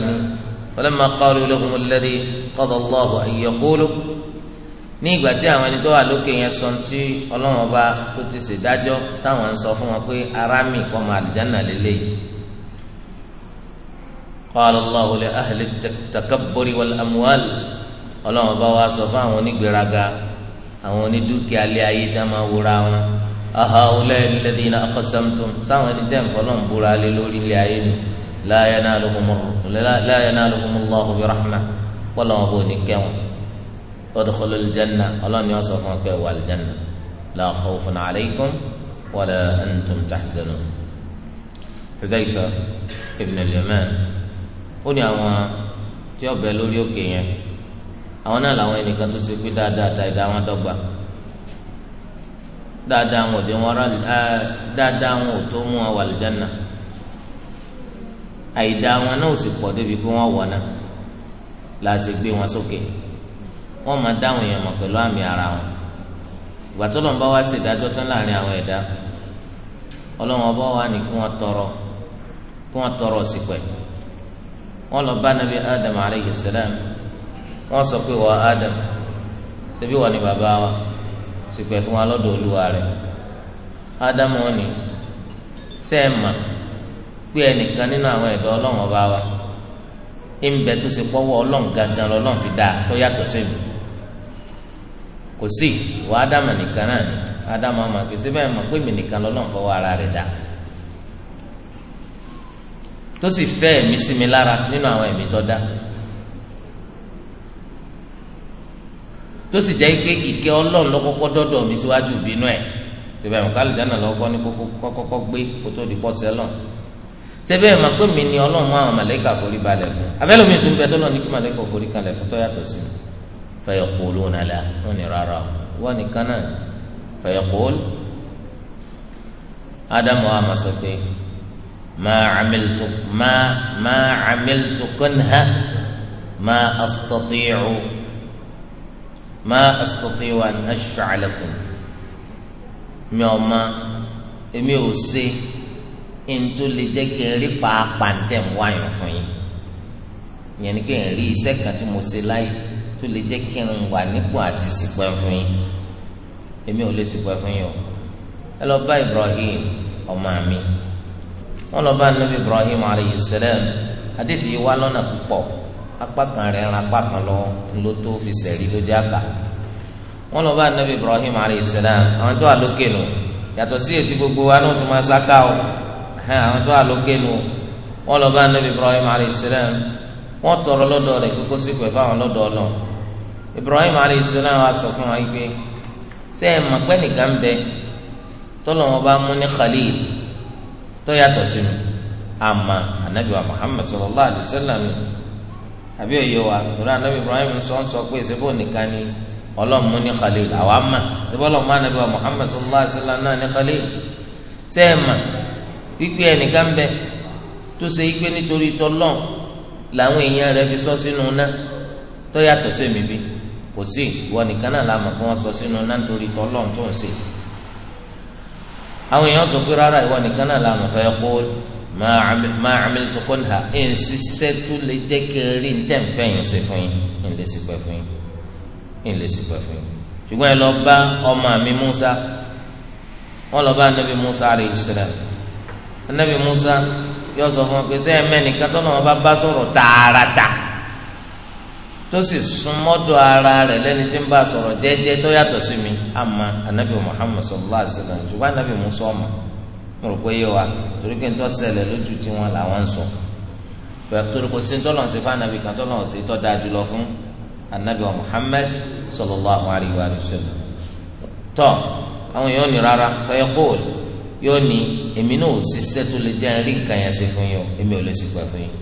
فلما قالوا لهم الذي قضى الله أن يقولوا ní ìgbà tí àwọn ẹni tó wà lókè yẹn sọ tí ọlọ́wọ́n ọba tó ti ṣèdájọ́ táwọn ń sọ fún wọn pé ará mi kọ́ máa àlùjáná lélẹ́yìí. qala Allahu li ahli takabburi wal amwal ọlọ́wọ́n ọba wa sọ fún àwọn onígbèraga àwọn onídùúkìá lé ayé tí a máa wúra wọn. ahaulai alladhina aqsamtum sáwọn ẹni tẹ́ ń fọlọ́ ń búra lé lórí ilé ayé ni la yanaluhumullahu bi rahmah wọ́n lọ́wọ́ bó ní ọdọkọlọ lìjẹnà ọlọ́ni ọ̀sọ̀ fún ọkẹ́ wà lìjẹnà la khawfun alaykum wala antum ابن Hudayfa ibn al-Yaman ó ní àwọn tí ó bẹ lórí òkè yẹn àwọn náà làwọn ẹnìkan tó ṣe pé dáadáa ta ìdá wọn dọ́gba dáadáa wọn ò dé wọn dáadáa wọn ò tó mú wọn wà lìjẹnà àìdá wọn náà ò sì pọ̀ débi pé wọ́n wọ̀ náà làá sì gbé wọn sókè. wọn máa dáhùn èèyàn mọ̀ pẹ̀lú àmì ara wọn ìgbà tó lọ́n bá wá sí ìdájọ́ tán láàrin àwọn ẹ̀dá ọlọ́run ọba tọrọ kí tọrọ sí lọ bá nabi adam aleyhi salam wọ́n sọ pé wọ́n adam ṣebí bàbá wa sì fún wa adam wọn ni pé ẹnìkan nínú àwọn ẹ̀dọ́ ọlọ́run ọba wa ń bẹ tó ṣe kò sí ìwà ádámà nìkan náà ni ádámà ọmọ kìsì bẹ́ẹ̀ mọ̀ pé mi nìkan lọ́lọ́run fọwọ́ ara rẹ̀ dá tó sì fẹ́ ẹ̀mí sí mi lára nínú àwọn ẹ̀mí tó dá tó sì jẹ́ pé ìkẹ́ ọlọ́run ló kọ́kọ́ dọ́dọ̀ mi síwájú ẹ̀ mọ̀ ní kọ́kọ́ gbé kó tó di pọ́ sẹ́lọ̀n mọ̀ pé mi ni ọlọ́run fayaquluna la wọn ni rárá wọn nìkan náà fayaqul ádámù wa máa sọ pé máa amiltu máa máa amiltu kunha máa astati'u máa astati'u an ashfa'a lakum mi ò ma èmi ò ṣe ntó lè jẹ́ kí n rí pàápàá ntẹ̀ wáyọ̀ fún yín yẹn ni kí n rí iṣẹ́ kan tí mo ṣe láyé tó lè jẹ́ kí n wà nípò àti sìpẹ́ fún yín èmi ò lè sìpẹ́ fún yín o ẹ lọ bá Ibrahim ọmọ mi wọn lọ bá nabi Ibrahim alayhi salam adétìyí wá lọ́nà púpọ̀ apá kan rẹ̀ ran apá kan lọ ló tó fi sẹ̀rí ló jẹ́ àgbà wọn lọ bá nabi Ibrahim alayhi salam àwọn tó wà lókè nù yàtọ̀ sí ètí gbogbo wa náà tó máa o àwọn tó wà lókè nù wọn lọ bá nabi Ibrahim alayhi salam wọ́n tọrọ lọ́dọ̀ rẹ̀ kókó sí pẹ̀ fáwọn lọ́dọ̀ ọlọ́run Ibrahim aleyhisselam wa sọ fún wa pé ṣé ẹ mọ̀ pé nìkan ń bẹ tọ́lọ̀ wọn bá mú ní khalil tó yàtọ̀ sínú àmà anabi wa Muhammad sallallahu alayhi àbí òye wa torí anabi Ibrahim sọ ń sọ pé ìṣẹ́bó nìkan ni ọlọ́run ní khalil àwa mà ṣẹ́bó ọlọ́run mú anabi wa Muhammad náà ní khalil ṣé ẹ mọ̀ pípé ẹnìkan ń bẹ tó ṣe é gbé nítorí tọ́lọ́run làwọn èèyàn rẹ̀ fi sọ sínú ná tó yàtọ̀ sí mi bí kò sí ìwọ nìkan náà làmọ̀ kí wọ́n sọ sínú ná nítorí tọ́lọ́n tó ń ṣe àwọn èèyàn sọ pé rárá ìwọ nìkan náà làmọ̀ fẹ́ kó máa àmìlẹ̀ tó kọ́ ní ha ẹ̀ ń ṣiṣẹ́ tó lè jẹ́ kí n rí ní tẹ̀m̀fẹ́ yẹn ṣe fún yín ń lè ṣe pẹ́ fún yín ń lè ṣe pẹ́ fún yín ṣùgbọ́n ẹ lọ bá ọmọ mi Musa wọ́n lọ bá anabi Musa alayhi salam anabi Musa. yóò sọ fún wọn pé sẹ́yìn mẹ́nìkan tó lọ́wọ́ bá bá sọ̀rọ̀ tààràtà tó ara rẹ̀ lẹ́ni tí ń bá sọ̀rọ̀ jẹ́jẹ́ tó yàtọ̀ sí mi anabi muhammed sallallahu alayhi wa sallam ṣùgbọ́n anabi musa ọmọ mo rò pé yé wa torí pé nítorí lójú tí wọn làwọn ń sọ anabi muhammed sallallahu alayhi wa sallam tọ́ àwọn èèyàn ní rárá yóò ní èmi náà ò ṣiṣẹ́ tó lè jẹ́ rí nǹkan yẹn ṣe fún yín o èmi ò lè ṣe gbà fún yín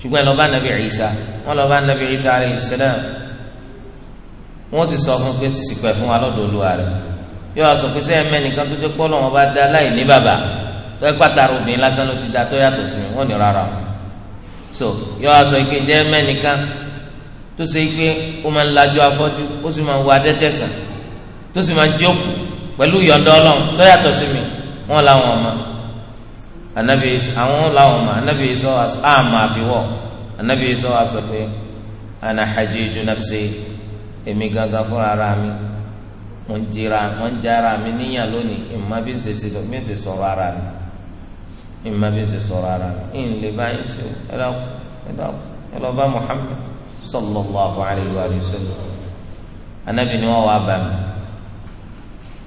ṣùgbọ́n ẹ lọ bá nàbí Ìsá wọn lọ bá nàbí Ìsá alayhi salam wọn sì sọ fún pé ṣìpẹ̀ fún wa lọ́dọ̀ olúwa rẹ̀ yóò wá sọ pé sẹ́yìn mẹ́nìkan tó jẹ́ pọ́ lọ́wọ́ bá dá láì ní bàbá tó ẹ pàtàkì obìnrin lásán ló ti dá tó yàtọ̀ sí mi wọ́n ní rárá so yóò wá sọ pé jẹ́ mẹ́nìkan tó ṣe pé ó máa ń lajú afọ́jú ó sì máa ń wọ adẹ́tẹ̀sán tó sì máa ń jókòó pẹ̀lú ìyọ̀ndọ́ ọlọ́run tó yàtọ̀ sí mi wọn làwọn ọmọ anabi àwọn làwọn ọmọ anabi sọ aṣọ àmà àfiwọ anabi sọ aṣọ pé ana hajiju nafsi èmi gangan fúnra ara mi mo ń jira mo ń jara mi níyà lónìí ìmọ̀ bí n ṣe ṣe mi ṣe sọ̀rọ̀ ara mi ìmọ̀ bí n ṣe sọ̀rọ̀ ara mi ìyìn lè bá yín ṣe ẹ lọ bá Muhammad sallallahu alayhi wa sallam anabi ni wọn wà bá mi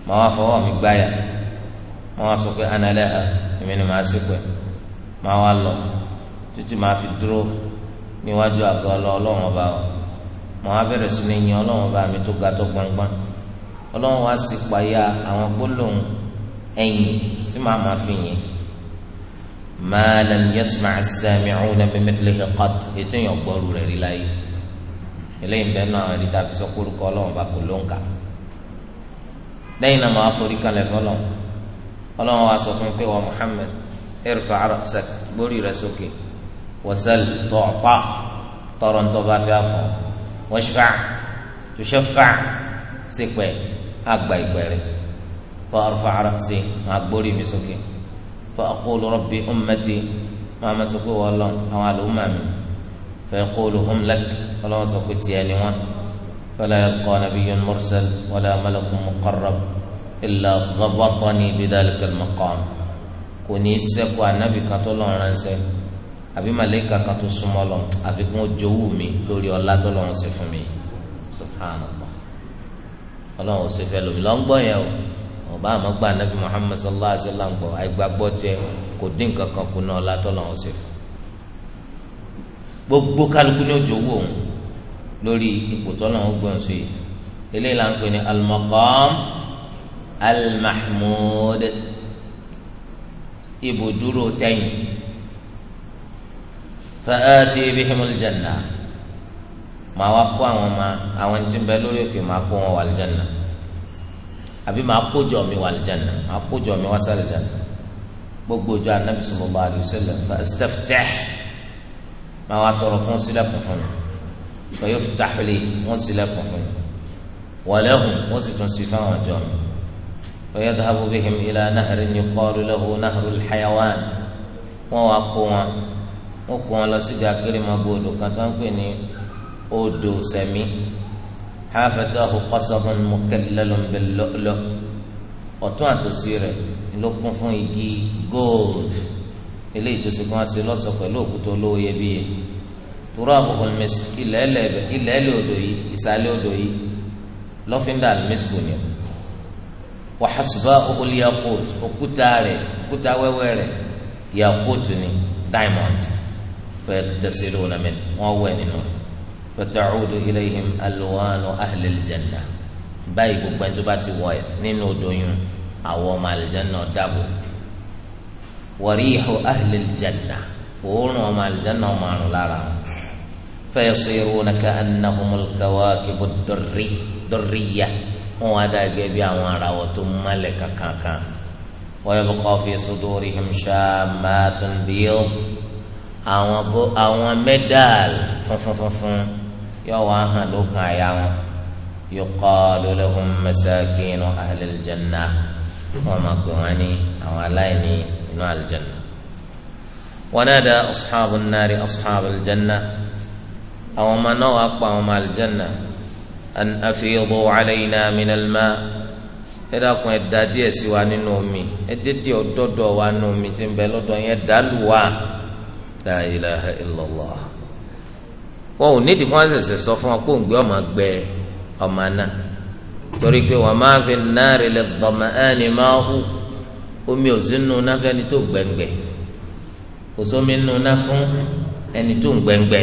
màá wà fọwọ́ mi gbáyà wọn á sọ pé analẹ́ha èmi ni màá sì pẹ́ màá wá lọ títí màá fi dúró níwájú àgọ́ ọlọ́run ọba wa màá bẹ̀rẹ̀ sí ní yan ọlọ́run ọba mi tó ga tó gbọ̀ngbọ̀n ọlọ́run wá sì payá àwọn gbólóhùn ẹ̀yìn tí màá máa fi yìn ma lam yasma as-sami'una bimithlihi qat ètò yẹn gbọ́rù rẹ̀ rí láyé eléyìí bẹ́ẹ̀ náà àwọn ẹ̀dítà fi sọ kórukọ ọlọ́run bá kò ló ń kà lẹ́yìn náà máa forí kalẹ̀ fọlọ́ ọlọ́run wa sọ fún pé wa muhammed irfa arasak gbórí rẹ sókè wasal tọ́ọ̀pá tọrọ ń tọ́ba fẹ́ fún wọ́ṣfà tuṣẹ́fà sípẹ́ àgbà ìpẹ́rẹ́ fa arfa arasi máa gbórí mi sókè fa aqulu rabbi ummati máa ma sọ pé wọ́n lọ àwọn àlùmọ́ mi fa aqulu hum ọlọ́run sọ pé tiẹ̀ ni wọ́n fala yabqa nabiyyun mursal wala malakun muqarrab illa ghabatani bidhalika al-maqam kò ní í sẹ́kù ànábì kan tó lọ́n ránṣẹ́ àbí màlẹ́kà kan tó súnmọ́ lọ àfi kí wọ́n jowú mi lórí ọlá tó lọ́n ṣe fún mi subhanallah ọlọ́run ò ṣe fẹ́ lómi lọ́n gbọ́ yẹn o ọba àmọ́ gba ànábì muhammad sallallahu alayhi wa sallam gbọ́ àìgbàgbọ́ tiẹ̀ kò dín nǹkan kan kù ọlá tó lọ́n ṣe fún gbogbo kálukú ní ojú owó òun lórí ipò tó lọ́n gbọ́n al-mahmud ibùdúró tẹ̀yìn fa'ati bihimul janna màá wá kó àwọn ọmọ àwọn tí ń bẹ lórí òkè màá kó wọn wà lìjànà àbí màá kójọ mi wà lìjànà màá kójọ mi wá sálì jànà gbogbo ojú anabi sallallahu alaihi wasallam fa istaftah màá wá tọrọ kún sílẹ̀kùn fún mi fa yuftah li wọn sílẹ̀kùn fún mi wa lahum wọn sì tún sí fáwọn ọjọ mi. ويذهب بهم إلى نهر يقال له نهر الحيوان وواقوا وقوا لسجا كريم أبودو كتنقني أودو سمي حافتاه قصب مكلل باللؤلؤ ọ̀tún àtòsí rẹ̀ ló kún fún igi gold eléyìí tó ti kún wá sí lọ́sọ̀ pẹ̀lú òkúta olówó iyebíye tòrọ àbùkù ilẹ̀ ẹlẹ́ odò yìí ìsàlẹ̀ odò yìí lọ́fíńdà alimisikù ni o. وحسباؤه الياقوت òkúta rẹ̀ òkúta wẹ́wẹ́ rẹ̀ yaqut ni diamond فيغتسلون منه wọ́n wẹ̀ nínú rẹ̀ فتعود إليهم ألوان أهل الجنة báyìí gbogbo ẹni tó bá ti wọ̀ nínú odò àwọn ọmọ àlìjáná dàbò warihu ahli aljanna òórùn ọmọ àlìjáná ọmọ àrùn lára fayasiruna ka annahumul kawakibu ad-durri durriya wọn wá dá gẹ́gẹ́ bí àwọn arawọ̀ tó mọ́lẹ̀ kankankan wọ́n yẹ kọ́ fi sudurihim shammatun biyu àwọn bó àwọn mẹ́dàl funfunfunfun yóò wá hàn lókun àyà wọn yuqalu lahum masakinu ahlil wọn máa pè wọn ní àwọn aláìní inú aljanna. ونادى أصحاب النار أصحاب الجنة أو من نوى أقوى الجنة أن أفيضوا علينا من الماء ẹ dákun ẹ da díẹ̀ sí wa nínú omi ẹ dédé ọdọdọ wa nínú omi tí ń bẹ lọ́dọ̀ yẹn dàlù wa la ilaha illallah wọn ò nídìí kí wọn ṣẹ̀ṣẹ̀ sọ fún wa kó ń gbé ọmọ gbẹ ọmọ náà torí pé wọn máa fi náàrí lè dọmọ ẹni máa hù omi ò sí nu náà fẹni tó gbẹngbẹ kò sómi nu náà fún ẹni tó gbẹngbẹ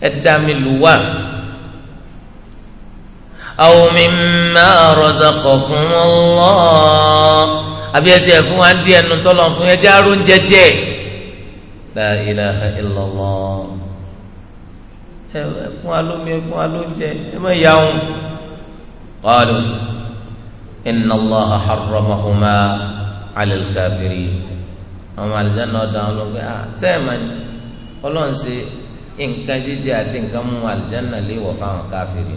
ẹ mi lu wá aw mimma razaqakumullah àbí ẹ ti ẹ̀ fún wa ń di ẹnu tọ́lọ̀ fún yẹn jẹ́ àrùn jẹjẹ la ilaha illallah ẹ fún wa lómi ẹ fún wa lóúnjẹ ẹ má yà wọn. qalu inna allaha harramahuma ala al-kafirin àwọn ọ̀dà wọn ló ń gbé ọlọ́run ṣe nǹkan jíjẹ àti nǹkan mú àlùjáná léwọ̀ fáwọn káfíìrì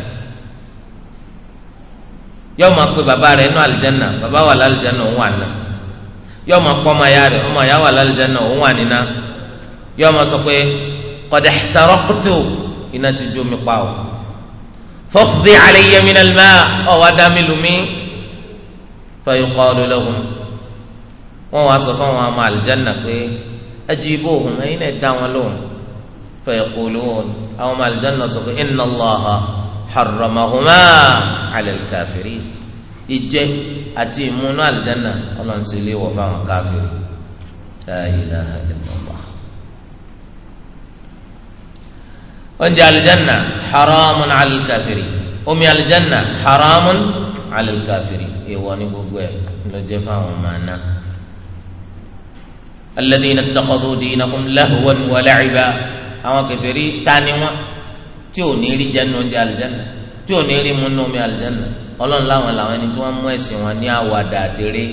yọ máa pe bàbá rẹ̀ nù àlìjáná bàbá wà lálìjáná òun wà nà yọ máa pọ́ ọmọ ya rẹ̀ ọmọ ya wà lálìjáná òun wà nínà yọ máa sọ pé qad ihtaraqtu iná ti jó mi pa o faqdi alayya minal ma' ọ̀ wá dá mi lù mí fa wọn wá sọ fún àwọn ọmọ àlìjáná pé ajibuhum ẹ̀yin náà dá wọn lóhùn fa yaqulun àwọn ọmọ àlìjáná sọ pé inna Allaha haramahuma alẹ́kàfẹ́rì ìjẹ àti ìmúnú àlìjáná ọlọ́nsẹ̀ ilé wọ̀ fáwọn káfẹ́rì láyìlá àdìmọ́bà. oúnjẹ àlìjáná haramun alẹ́kàfẹ́rì omi àlìjáná haramun alẹ́kàfẹ́rì èèwọ̀ ní gbogbo ẹ̀ lọ́jẹ́ fáwọn máa ná. الذين اتخذوا دينهم لهوا ولعبا àwọn kèfèrí ta ni wọ́n tí ò ní rí jẹnu oúnjẹ àlìjẹnà tí ò ní rí múnú omi àlìjẹnà ọlọ́run láwọn làwọn ẹni tí wọ́n mú ẹ̀sìn wọn ní àwàdà àtẹrẹ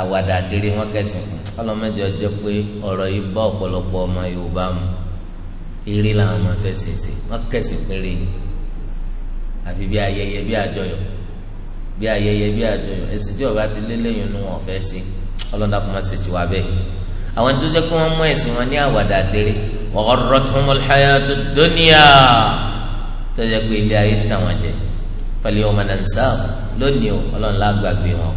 àwàdà àtẹrẹ wọn kẹsìn ọlọ́run mẹ́jọ jẹ́ pé ọ̀rọ̀ yìí bá ọ̀pọ̀lọpọ̀ ọmọ yorùbá mu eré làwọn máa fẹ́ sèse wọn kẹsìn péré àfi bí ayẹyẹ bí àjọyọ̀ bí ayẹyẹ bí àjọyọ̀ ẹ̀sìn tí ọba ti lé lẹ́yìn inú wọn fẹ́ sí ọlọ́run dàkú má ṣe tiwa bẹ́ẹ̀ àwọn tó jẹ́ kó wọ́n mú ẹ̀sìn wọn ní àwàdà àtẹ̀rẹ́ wa gharrathumul hayatud dunya tó jẹ́ pé ilé ayé tà wọ́n jẹ pẹ̀lú yawma nansahum lónìí o ọlọ́run lágbàgbé wọn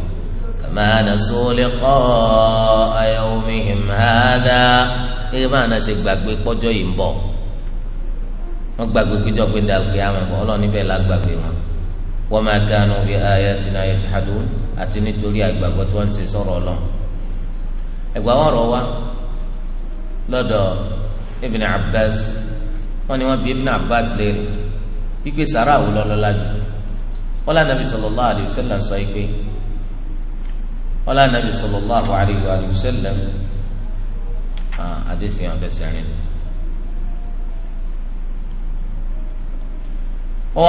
kama nasu liqa'a yawmihim hadha gẹ́gẹ́ bá àná ṣe gbàgbé pọ́jọ́ yìí ń bọ̀ wọ́n gbàgbé péjọ́ pé dàgbé àwọn ẹ̀kọ́ ọlọ́run níbẹ̀ lágbàgbé wọn wa ma kanu bi ayatina yajhadun àti nítorí àgbàgbọ́ tí wọ́n ń ṣe sọ̀rọ̀ ọlọ́run ẹgbà wọn rọ wa lọ́dọ̀ Ibn Abbas wọn ni wọn bi Ibn Abbas léèrè gbígbé sàrà àwùlọ lọlá jù wọn lànà bí sallallahu alayhi wa sallam sọ yìí pé wọn lànà bí sallallahu alayhi wa sallam àdéhùn àbẹsẹ rìn lọ.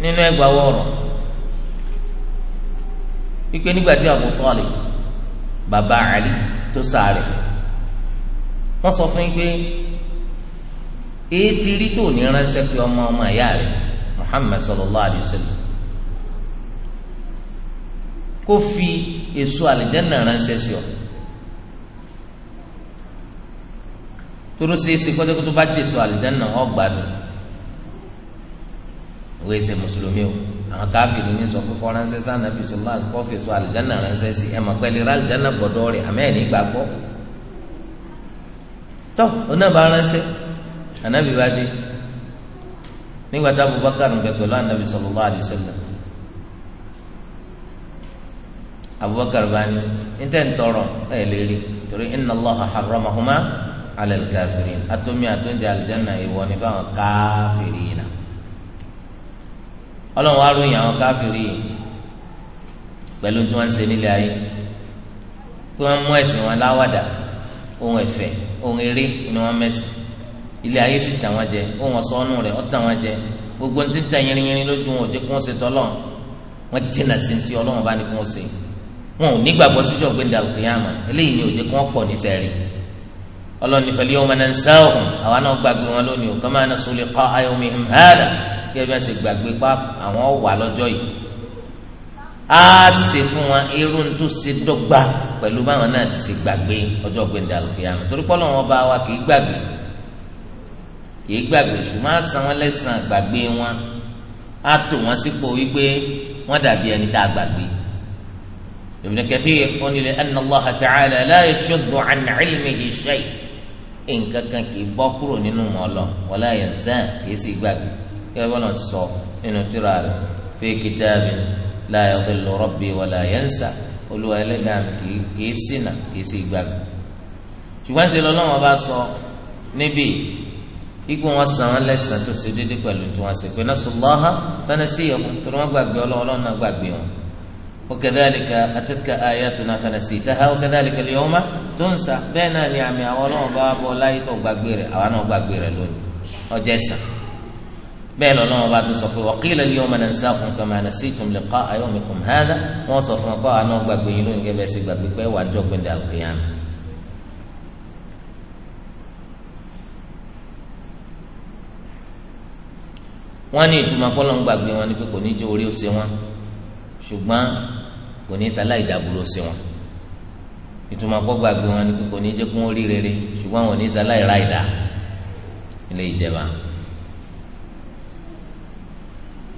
nínú ẹgbàá wọrọ wípé nígbà tí Abu Talib bàbá Ali tó sáré wọ́n sọ fún yín pé èyí ti rí tó ní ránṣẹ́ pé ọmọ ọmọ ìyá rẹ̀ Muhammad sallallahu alayhi wa sallam kó fi èso àlìjẹ́nà ránṣẹ́ sí ọ toro ṣeéṣe kọ́tẹ́kọ́tẹ́ bá jèso àlìjẹ́nà ọgbà mi wọ́n ṣe mùsùlùmí o àwọn káfíìnì ní sọ pé kọ́ ránṣẹ́ sáà nàbì sọ láti kọ́ fèsò àlìjáná ránṣẹ́ sí ẹ mọ̀ pẹ́lú àlìjáná gbọ́dọ̀ rẹ̀ àmẹ́ẹ̀ ní gbàgbọ́. tọ́ onáàbà ránṣẹ́ ànábì bá dé nígbà tá Abubakar ń bẹ pẹ̀lú ànábì sallallahu alaihi wasallam Abubakar bá ní ní tẹ́ ń tọrọ ẹ̀ lè rí torí inna Allaha harramahuma ala al-kafirin àtúnmí àtúnjẹ àlìjáná ìwọ ọlọ́run wá ròyìn àwọn káfíìrì pẹ̀lú tí wọ́n ń ṣe nílé ayé pé wọ́n mú ẹ̀sìn wọn láwàdà ohun ẹ̀fẹ̀ ohun eré ni wọ́n mẹ́sìn ilé ayé sì tà wọ́n jẹ ohun ọ̀sọ́nù rẹ̀ ó tà wọ́n jẹ gbogbo ní ti ta yínrínyínrín lójú wọn ò jẹ́ kó wọ́n ṣe tọ́lọ́ wọn jìnnà sí ti ọlọ́run bá ní kó wọ́n ṣe wọn ò nígbàgbọ́ síjọ́ gbẹ̀dà òkè yàmà eléyìí ni ò jẹ́ kó wọ́n pọ̀ níṣẹ́ rí ọlọ́run ní fẹ̀lẹ́ yawma nansahum àwa náà gbàgbé wọn lónìí o kama nasu liqa'a yawmihim hadha gẹ́gẹ́ bí wọ́n ṣe gbàgbé pa àwọn wà lọ́jọ́ yìí á ṣe fún wọn irú tó ṣe dọ́gba pẹ̀lú báwọn náà ti ṣe gbàgbé ọjọ́ gbẹ̀ndà al-qiyamah torí pé Ọlọ́run Ọba wa kì í gbàgbé kì í gbàgbé ṣùgbọ́n á san wọn lẹ́sàn gbàgbé wọn á tò wọn sípò wípé wọ́n dàbí ẹni tá a gbàgbé. Ibn Kathir ó ní li anna Allah ta'ala la yashuddu an nǹkan kan kì í bọ́ kúrò nínú mọ́ lọ wala yansa kì í sì gbàgbé kí sọ nínú fi kitabin la yadillu rabbi wala yansa olúwa ẹlẹ́dàá kì í ṣìnà kì í sì gbàgbé. ṣùgbọ́n ṣe lọ́lọ́wọ́n bá sọ níbí igbó wọn lẹ́sàn tó ṣe déédéé pẹ̀lú tí wọ́n ṣe pé وكذلك أتتك آياتنا فنسيتها وكذلك اليوم تنسى بين أن يعمي أولون باب ولا يتوقع بيري أو أنا أوقع بيري لوني أجيسا بين أولون باب نصف وقيل اليوم ننساكم كما نسيتم لقاء يومكم هذا موصف مقاء أنا أوقع بيري لوني كيف يسيق بابك بيري وأنجوك من القيامة wọ́n ní ìtumọ̀ kọ́lọ́ ń gbàgbé wọn ni pé kò ní jẹ́ orí ó ṣe wọn ṣùgbọ́n kò ní sáláì dàbúrò sí wọn ìtumọ̀ gbọ́gbàgbé wọn ni kò ní jẹ́ kó wọ́n rí rere ṣùgbọ́n wọn ò ní sáláì ra ìdá ilé ìjẹba.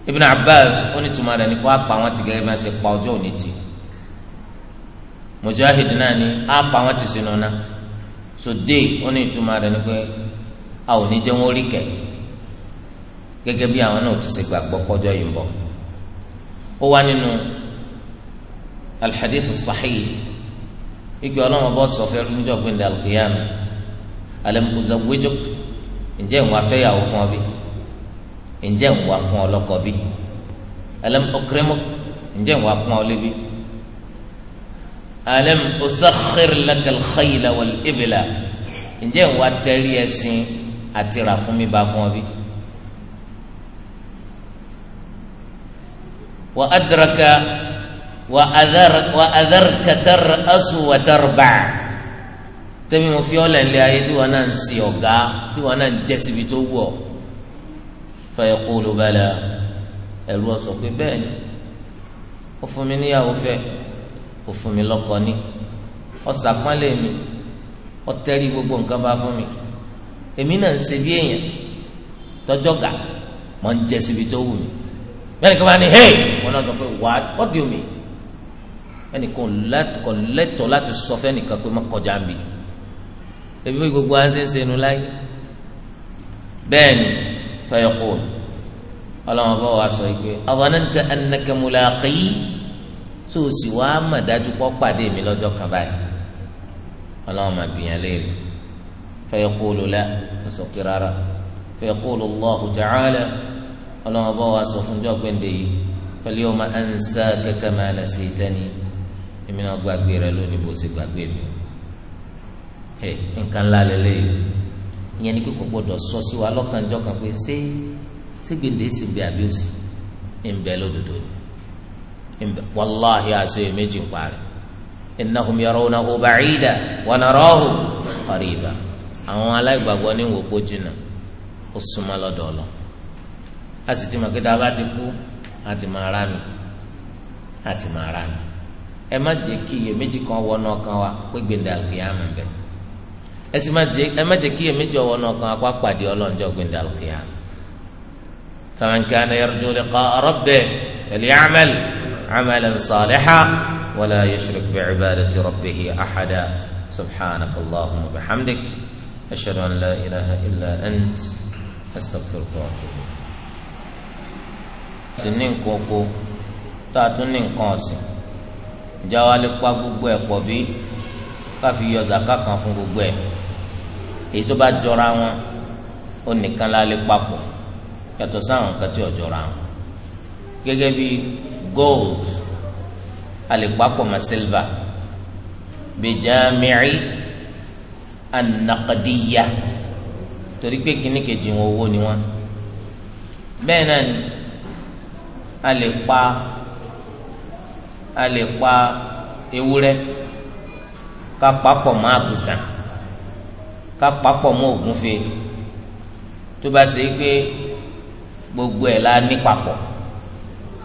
Ibn Abbas ó ní tuma rẹ̀ ní kó apá wọn ti gẹ́gẹ́ bí wọ́n ṣe pa ọjọ́ òní ti Mujahid náà ní apá wọn ti sinú náà so day ó ní tuma rẹ̀ ní pé a ò ní jẹ́ wọ́n rí kẹ̀ gẹ́gẹ́ bí àwọn náà ti ṣe gbàgbọ́ kọjọ́ yìí ń bọ̀ ó wá nínú alḥadith sahih igbe ọlọ́wọ́n bọ́ sọ fẹ́ níjọ́ pé ndé alukiyama alam uzawwijuk ǹjẹ́ ń wá fẹ́yàwó fún ọ bí ǹjẹ́ ń wá fún ọ lọ́kọ bí alam ukrimuk ǹjẹ́ ń wá pọ́n ọ lé bí alam usakhir lakal khayla wal ibla ǹjẹ́ ń wá tẹ́rí ẹṣin àti ràkúnmí bá fún ọ bí. wa adraka wà adarkatar asu wàtàrbà tẹ́mi mo fi ọ́lẹ̀ nílé ayé tí wọ́n náà ń sin ọ̀gá tí wọ́n náà ń jẹ́ síbi tó wù ọ́ fẹ́ẹ́ kó ló bá la ẹ̀rú ọ̀sọ̀ pé bẹ́ẹ̀ ni ó fún mi níyàwó fẹ́ ó fún mi lọ́kọ ní ọ̀sàpọ́nlé mi ọ̀tẹ́rì gbogbo nǹkan bá fún mi èmi náà ń ṣe bí èèyàn tọjọ́ gà mọ̀ ń jẹ́ síbi tó wù mí bẹ́ẹ̀ ni kí wọ́n á ní hey wọ́n náà sọ pé what what do you mean? ẹnìkan kò lẹ́tọ̀ọ́ láti sọ fẹ́nìkan pé má kọjá mi ebi bí gbogbo wa ń sẹ́nsẹ́ nu láyé bẹ́ẹ̀ ni fẹ́yọ̀kọ́ ọlọ́wọ́n bá wa sọ pé avananta annaka mulaqi tó o sì wá mà dájú pọ́ pàdé mi lọ́jọ́ kan báyìí ọlọ́wọ́n máa bìyàn léèrè fẹ́yọ̀kọ́ ló la rárá fẹ́yọ̀kọ́ ló lọ́ọ̀hù ta'ala bá wa sọ fún jọ́gbẹ́ndé yìí fal yawma ansaka kama nasitani èmi náà gbàgbé rẹ lónìí bó ṣe gbàgbé mi ẹ nǹkan ńlá lélẹ̀ ìyẹn ni pé kò gbọdọ̀ sọ sí wa lọ́kànjọ́ kan pé ṣé ṣé gbèdé sì gbé àbí òsì ń bẹ lódodo ni wàláhi àṣẹ méjì ń parí innahum yarawnahu ba'ida wa narahu qariba àwọn aláìgbàgbọ́ ní wò ó jìnnà ó súnmọ́ lọ́dọ̀ ọ̀lọ́ a sì ti mọ̀ pé tá a bá ti kú a ti máa rà mí a ti máa rà mí ẹ má jẹ́ kí iyèméjì kan wọnú ọkàn wa pé gbèndé alùkìyàmù bẹ ẹ sì má jẹ́ ẹ má jẹ́ kí iyèméjì wọnú ọkàn wa kó pàdé ọlọ́njọ́ gbèndé alùkìyàmù. فمن كان يرجو لقاء ربه فليعمل عملا صالحا ولا يشرك بعبادة ربه أحدا سبحانك اللهم وبحمدك أشهد أن لا إله إلا أنت أستغفرك وأتوب إليك. سنين كوكو تاتنين قاسم ìjà wa lè pa gbogbo ẹ̀ pọ̀ bí káfi yọ zaka kan fún gbogbo ẹ̀ èyí tó bá jọra wọn ó nìkan la lè papọ̀ yàtọ̀ sáwọn nǹkan tí ò jọra wọn gẹ́gẹ́ bí gold a lè papọ̀ mọ́ silver bijami'i an-naqdiyya torí pé kíní kejì wọn owó ni wọn bẹ́ẹ̀ náà ni a lè pa. a lè pa ewúrẹ́ ka papọ̀ mọ́ àgùntàn ka papọ̀ mọ ògúnfe tó bá gbogbo ẹ̀ la ní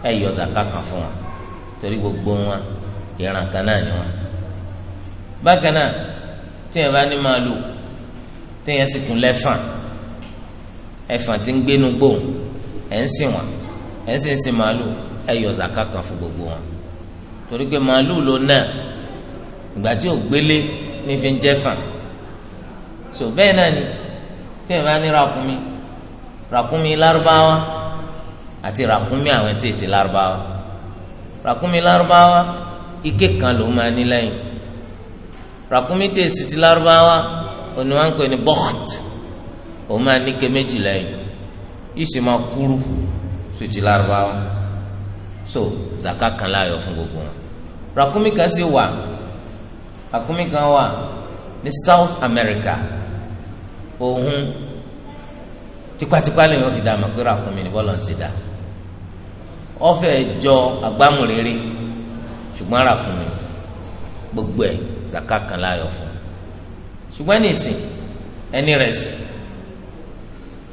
ẹ yọ zaka kan fún wa torí gbogbo wọn ìran kan náà ni wọn. bákan náà bá ní sì tún tí ń gbénu gbòòrùn ẹ yọ zaka gbogbo wọn. torí pé màálù ló náà ìgbà tí ò gbélé ní fi ń jẹ́ fà so bẹ́ẹ̀ náà ni tí èèyàn bá ní ràkúnmí ràkúnmí lárúbáwá àti ràkúnmí àwọn tí èsì lárúbáwá ràkúnmí lárúbáwá ike kan ló máa ní lẹ́yìn ràkúnmí tí èsì ti lárúbáwá òní wọn ń pè ní bọ́t òun máa ní ike méjì lẹ́yìn yìí máa kúrú sí ti lárúbáwá so zaka kan láàyọ fún gbogbo wọn ràkúnmí kan sì wà ràkúnmí kan wà ní South America òun tipatipa lè yàn fi dà pé ràkúnmí ni bọ́lá ń ṣe dà ọ̀fẹ́ jọ agbámúrere ṣùgbọ́n ràkúnmí gbogbo ẹ̀ zaka kan láàyọ fún ṣùgbọ́n nìsín ẹni rẹ̀ sí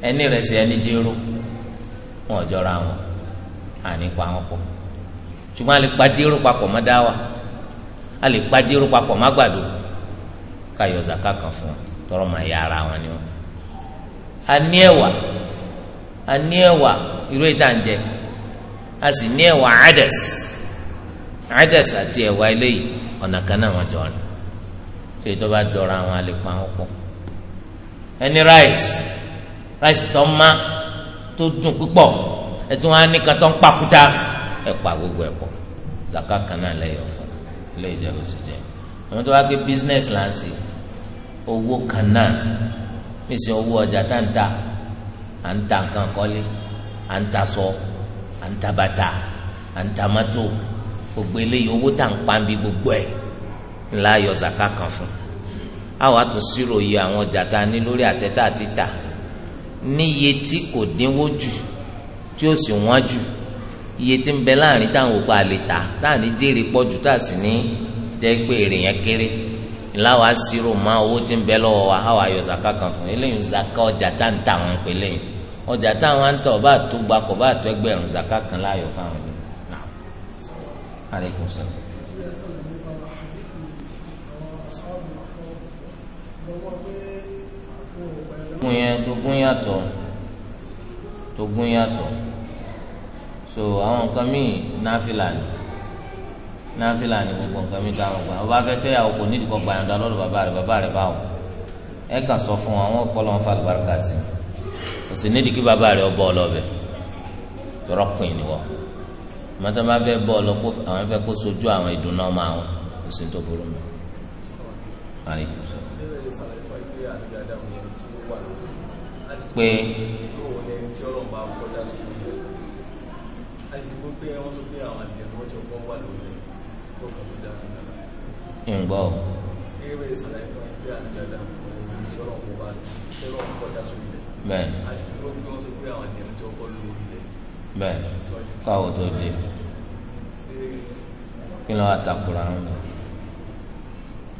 ẹni rẹ̀ sí ẹni jẹ́rú wọn ò jọra wọn ànípa àwọn ọkụ, ṣùgbọ́n a lè pa jírò papọ̀ mọ́ dáwà a lè pa jírò papọ̀ mọ́ àgbàdo káyọ̀ zaka kan fún wọn tọrọ ara wọn ni wọn. a ní ẹ̀wà a ní ẹ̀wà irú ìta ń jẹ a sì ní ẹ̀wà adẹ̀s adẹ̀s àti ẹ̀wà eléyìí ọ̀nà kan náà wọ́n jọ rìn ṣé ìjọba jọra àwọn a àwọn ẹtún wọn á ní kàtọ́ ń pàkúta ẹ pa gbogbo ẹ pọ̀ zaka kan náà lẹ́yọ̀ fún ilé ìjọba oṣù jẹ àwọn tó wá gbé business lansi owó kan náà pèsè owó ọjà tá ń ta à ń ta nǹkan kọ́lé à ń ta sọ à ń ta bàtà à ń ta mọ́tò gbogbo eléyìí owó tá ń pa ń bi gbogbo ẹ̀ ńlá yọ zaka kan fún àwọn àtúnṣírò yìí àwọn ọjà tá a ní lórí àtẹ́tà àti tà níye tí kò dínwó jù tí ó sì wọ́n jù iye tí ń bẹ láàrin táwọn òkú àlètà táàní jèrè pọ̀ jù tá a sì ní jẹ́ pé èrè yẹn kéré láwa sírò mọ́ owó tí ń bẹ lọ́wọ́ wa á zaka kan fún eléyìí zaka ọjà tá wọn pé ọjà zaka kan láàyò tó gún yàtọ̀ so àwọn nǹkan míì náfìlà ni náfìlà ni gbogbo nǹkan míì táwọn gbà wọn bá fẹ́ fẹ́ àwọn kò ní ìdíkọ̀ gbàyànjọ lọ́dọ̀ bàbá rẹ̀ bàbá rẹ̀ báwò ẹ kàn sọ fún àwọn ọpọlọ wọn fàlùbáràkà sí i kò sì nídìí kí bàbá rẹ̀ bọ́ ọ lọ́bẹ̀ tọrọ pin ni wọ́n mọ́tò bá fẹ́ bọ́ ọ lọ kó àwọn fẹ́ kó sojú àwọn ìdùnnà ọmọ àwọn kò sí tó burú mi. pé tí ọlọ́run bá kọjá sí ilé àìsìkò pé wọ́n sọ pé àwọn àdìyàn wọ́n ti ọkọ̀ wà lórí tó kàn tó dára dára. ń gbọ́. eré ìsàlẹ̀ fún ẹgbẹ́ àdìdàdà tí ọlọ́run bá tí ọlọ́run kọjá sí ilé. bẹ́ẹ̀. àìsìkò pé wọ́n sọ pé àwọn àdìyàn ti ọkọ̀ lórí ilé. bẹ́ẹ̀ káwọ́ tó dé kí ló wà takura ń lọ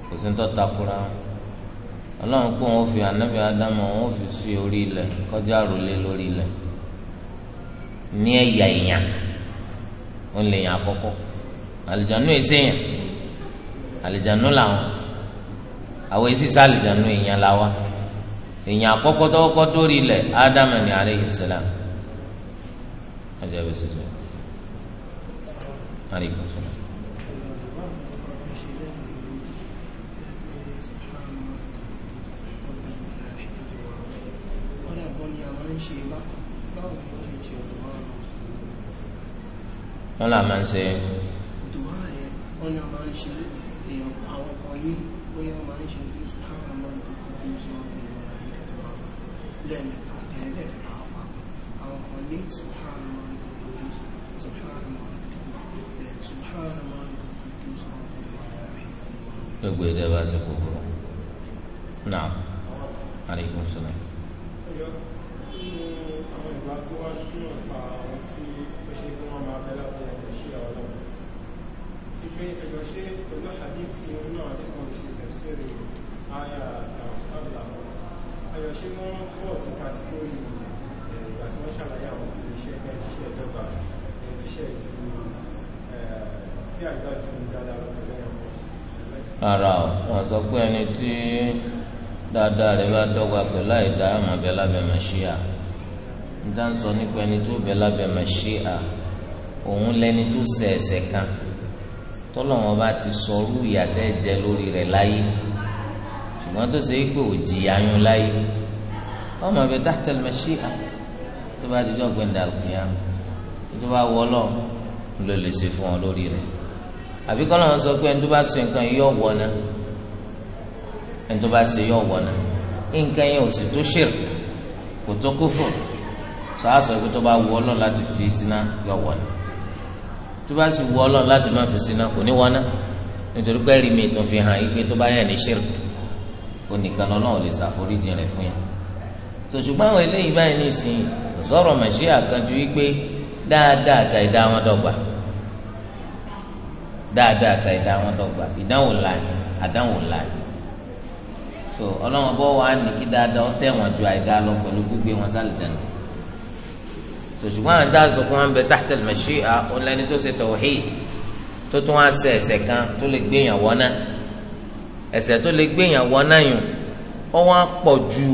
kò sí ń tọ́ takura ń lọ ọlọ́run kó wọn fi anabi adamu wọn fi sí orí ilẹ̀ kọjá àròlé lórí ilẹ̀ ní ẹ̀yà èèyàn ó lè yàn àkọ́kọ́ àlìjánu èsì èèyàn àlìjánu làwọn àwọn èsì sá àlìjánu èèyàn làwa èèyàn àkọ́kọ́ tọ́kọ́ dórí ilẹ̀ adamu ni aleyhi salam ajá bẹ́sẹ̀ sọ. Aleykum wọ́n là máa ń ṣe. gbogbo èdè bá ṣe kúkúrú náà aleykum salaam ara ò wọn sọ pé ẹni tí dáadáa rẹ bá dọ́gba pẹ̀lú àìdá àmọ́ bẹ lábẹ́ màṣíà níta ń sọ nípa ẹni tó bẹ lábẹ́ màṣíà òun lẹni tó ṣẹ̀ ẹ̀ṣẹ̀ kan tọ́lọ́wọ́n bá ti sọ ọrú ìyàtẹ̀ jẹ lórí rẹ̀ láyé ṣùgbọ́n tó ṣe é pé ò jìyà yún láyé wọ́n mọ̀ bẹ tahtal màṣíà tó bá dijọ́ gbẹ̀ndà kìíyàn tó bá wọlọ́ ló lè ṣe fún ọ lórí rẹ̀ àbíkọ́ ẹni tó bá ṣe yọ wọ̀ náà nǹkan yẹn ò sì tó ṣèrè kò tó kúfù sàásọ ìpè tó bá wù ọ́ lọ́n láti fi síná yọ wọ̀ náà tó bá sì wù ọ́ lọ́n láti má fi síná kò ní wọ́n náà nítorí pé rí mi tó fi hàn ìpè tó bá yẹ ní ṣèrè kò nìkan lọ́nà ò lè ṣàforíjì rẹ̀ fún yẹn sòṣùgbọ́n àwọn eléyìí báyìí nísìnyí kò sọ̀rọ̀ màṣí àkànjú wípé dáadáa ta ìdá wọn dọ́gba dáadáa ta ìdá wọn dọ́gba ìdánwò láàyè àdánwò láàyè so ọlọ́wọ́n bọ́ wàá ní kí dáadáa ọ tẹ̀wọ̀n ju àìdá lọ pẹ̀lú gbígbé wọn sálì jẹ́nu so ṣùgbọ́n àwọn tá a sọ pé wọ́n ń bẹ tahta al-mashi'a òun tó tún wá ṣe kan tó lè gbéyàn tó lè gbéyàn yùn wá pọ̀ ju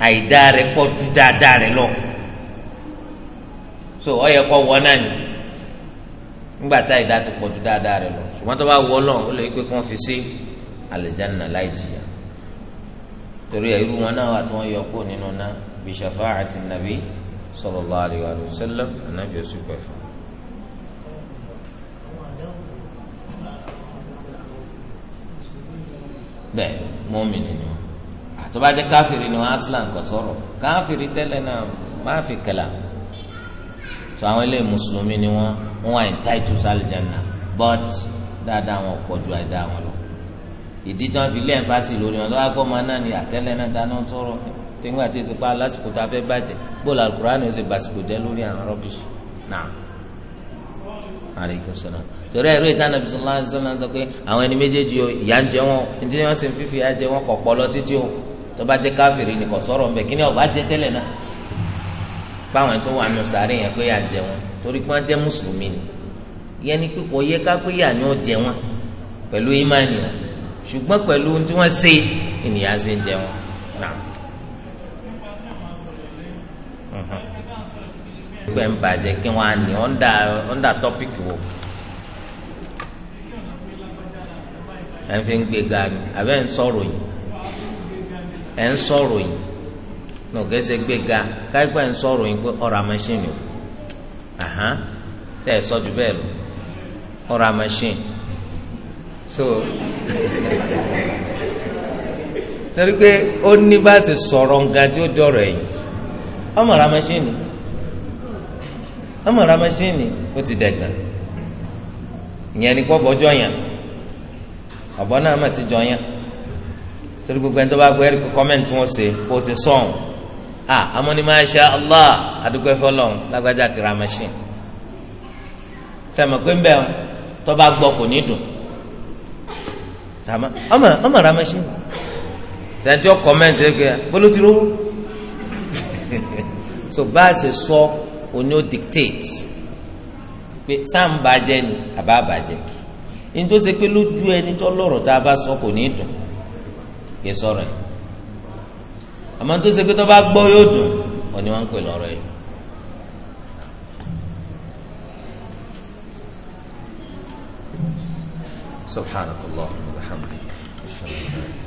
lọ rẹ pọ̀ ju dáadáa lọ so yẹ ńgbà tá ìdá ti pọ̀jù dáadáa rẹ lọ ṣùgbọ́n tó bá wọ lọ ó lè pé kí wọ́n fi sí àlùjánnà láì jìyà torí ẹ̀ irú wọn náà wà tí wọ́n yọ kó nínú náà bí shafa'ati nàbí sallallahu alaihi wa sallam ànábì ọ̀sùn pẹ̀fọ́. bẹ́ẹ̀ mọ́mìnì ni wọn àtọ́bàjẹ́ káfíìrì ni wọn aslan kò sọ̀rọ̀ káfíìrì tẹ́lẹ̀ náà má fi kalam so àwọn ilé mùsùlùmí ni wọ́n wọ́n wà entitled sálìjánà but dáadáa wọn pọ̀ ju àìdá wọn lọ ìdí tí wọ́n fi lé ẹ̀fásì lórí wọn lọ́wọ́ àgbọ̀mọ náà ni àtẹ́lẹ̀ náà dáná sọ̀rọ̀ tẹ́gbà tí èsì pa lásìkò tá a fẹ́ bàjẹ́ bóòlù alukóraní èsì bàsìkò jẹ́ lórí àwọn rọ́bìṣì náà aleykum salaam torí ẹ̀rọ ìtànà bisalòlá ṣẹlẹ̀ ń sọ pé àwọn ẹni méjèèjì o ìyá ń jẹ wọn ntí wọn sì ń fífi ìyá jẹ wọn kọ̀ pọ̀ lọ títí o tó bá jẹ́ káfíìrì nìkan sọ̀rọ̀ mbẹ́ kí ni ọba jẹ tẹ́lẹ̀ náà báwọn tó wà nù sàárè yẹn pé yà jẹ wọn torí pé wọn jẹ mùsùlùmí ni yẹn ni pé yẹ ká pé yà ni ó jẹ wọn pẹ̀lú ìmánì wọn ṣùgbọ́n pẹ̀lú ohun tí wọ́n ṣe ènìyàn ṣe ń jẹ wọn. gbẹ̀ ń bàjẹ́ kí wọ́n á ní tọ́pìkì wò. ẹ̀ ń fi ń gbé ga ni àbẹ́ ń nọ̀gẹ́sẹ̀ gbéga káyipẹ́ ń sọ̀rọ̀ yín pé ọ̀rọ̀ amẹ́ṣẹ́ni o ahàn ṣe é sọ ju bẹ́ẹ̀ lọ ọ̀rọ̀ amẹ́ṣẹ́ni so torí pé ó ní bá ṣe sọ̀rọ̀ nǹkan tí ó dọ̀rọ̀ ẹ̀yìn ọmọ ọ̀rọ̀ amẹ́ṣẹ́ni ọmọ ọ̀rọ̀ amẹ́ṣẹ́ni ó ti dẹ̀gàn ìyẹn ni kọ́ bọ́jọ́ yàn ọ̀bọ náà mà ti jọ yàn torí gbogbo ẹni tó bá gbọ́ ẹ̀rí kọ́mẹ́ntì wọn ṣe kó o ṣe sọ̀hún. a amúni masha allah àdúgbò ìfọlọ́hún lágbájá ti ra machine sẹ́mi pé ń bẹ́ẹ̀ tọ́ba gbọ́ kò ní dùn ọmọ ọmọ ra machine sẹ́ńtì so bá a ṣe sọ dictate pé sáà ń bàjẹ́ ni àbá bàjẹ́ ní tó ṣe pé lójú ẹni tó lọ́rọ̀ a bá sọ kò ní dùn kì àmọ́ tó ṣe pé tó bá gbọ́ yóò dùn wọn ni wọ́n ń pè lọ́rọ̀ yìí. سبحانك اللهم وبحمدك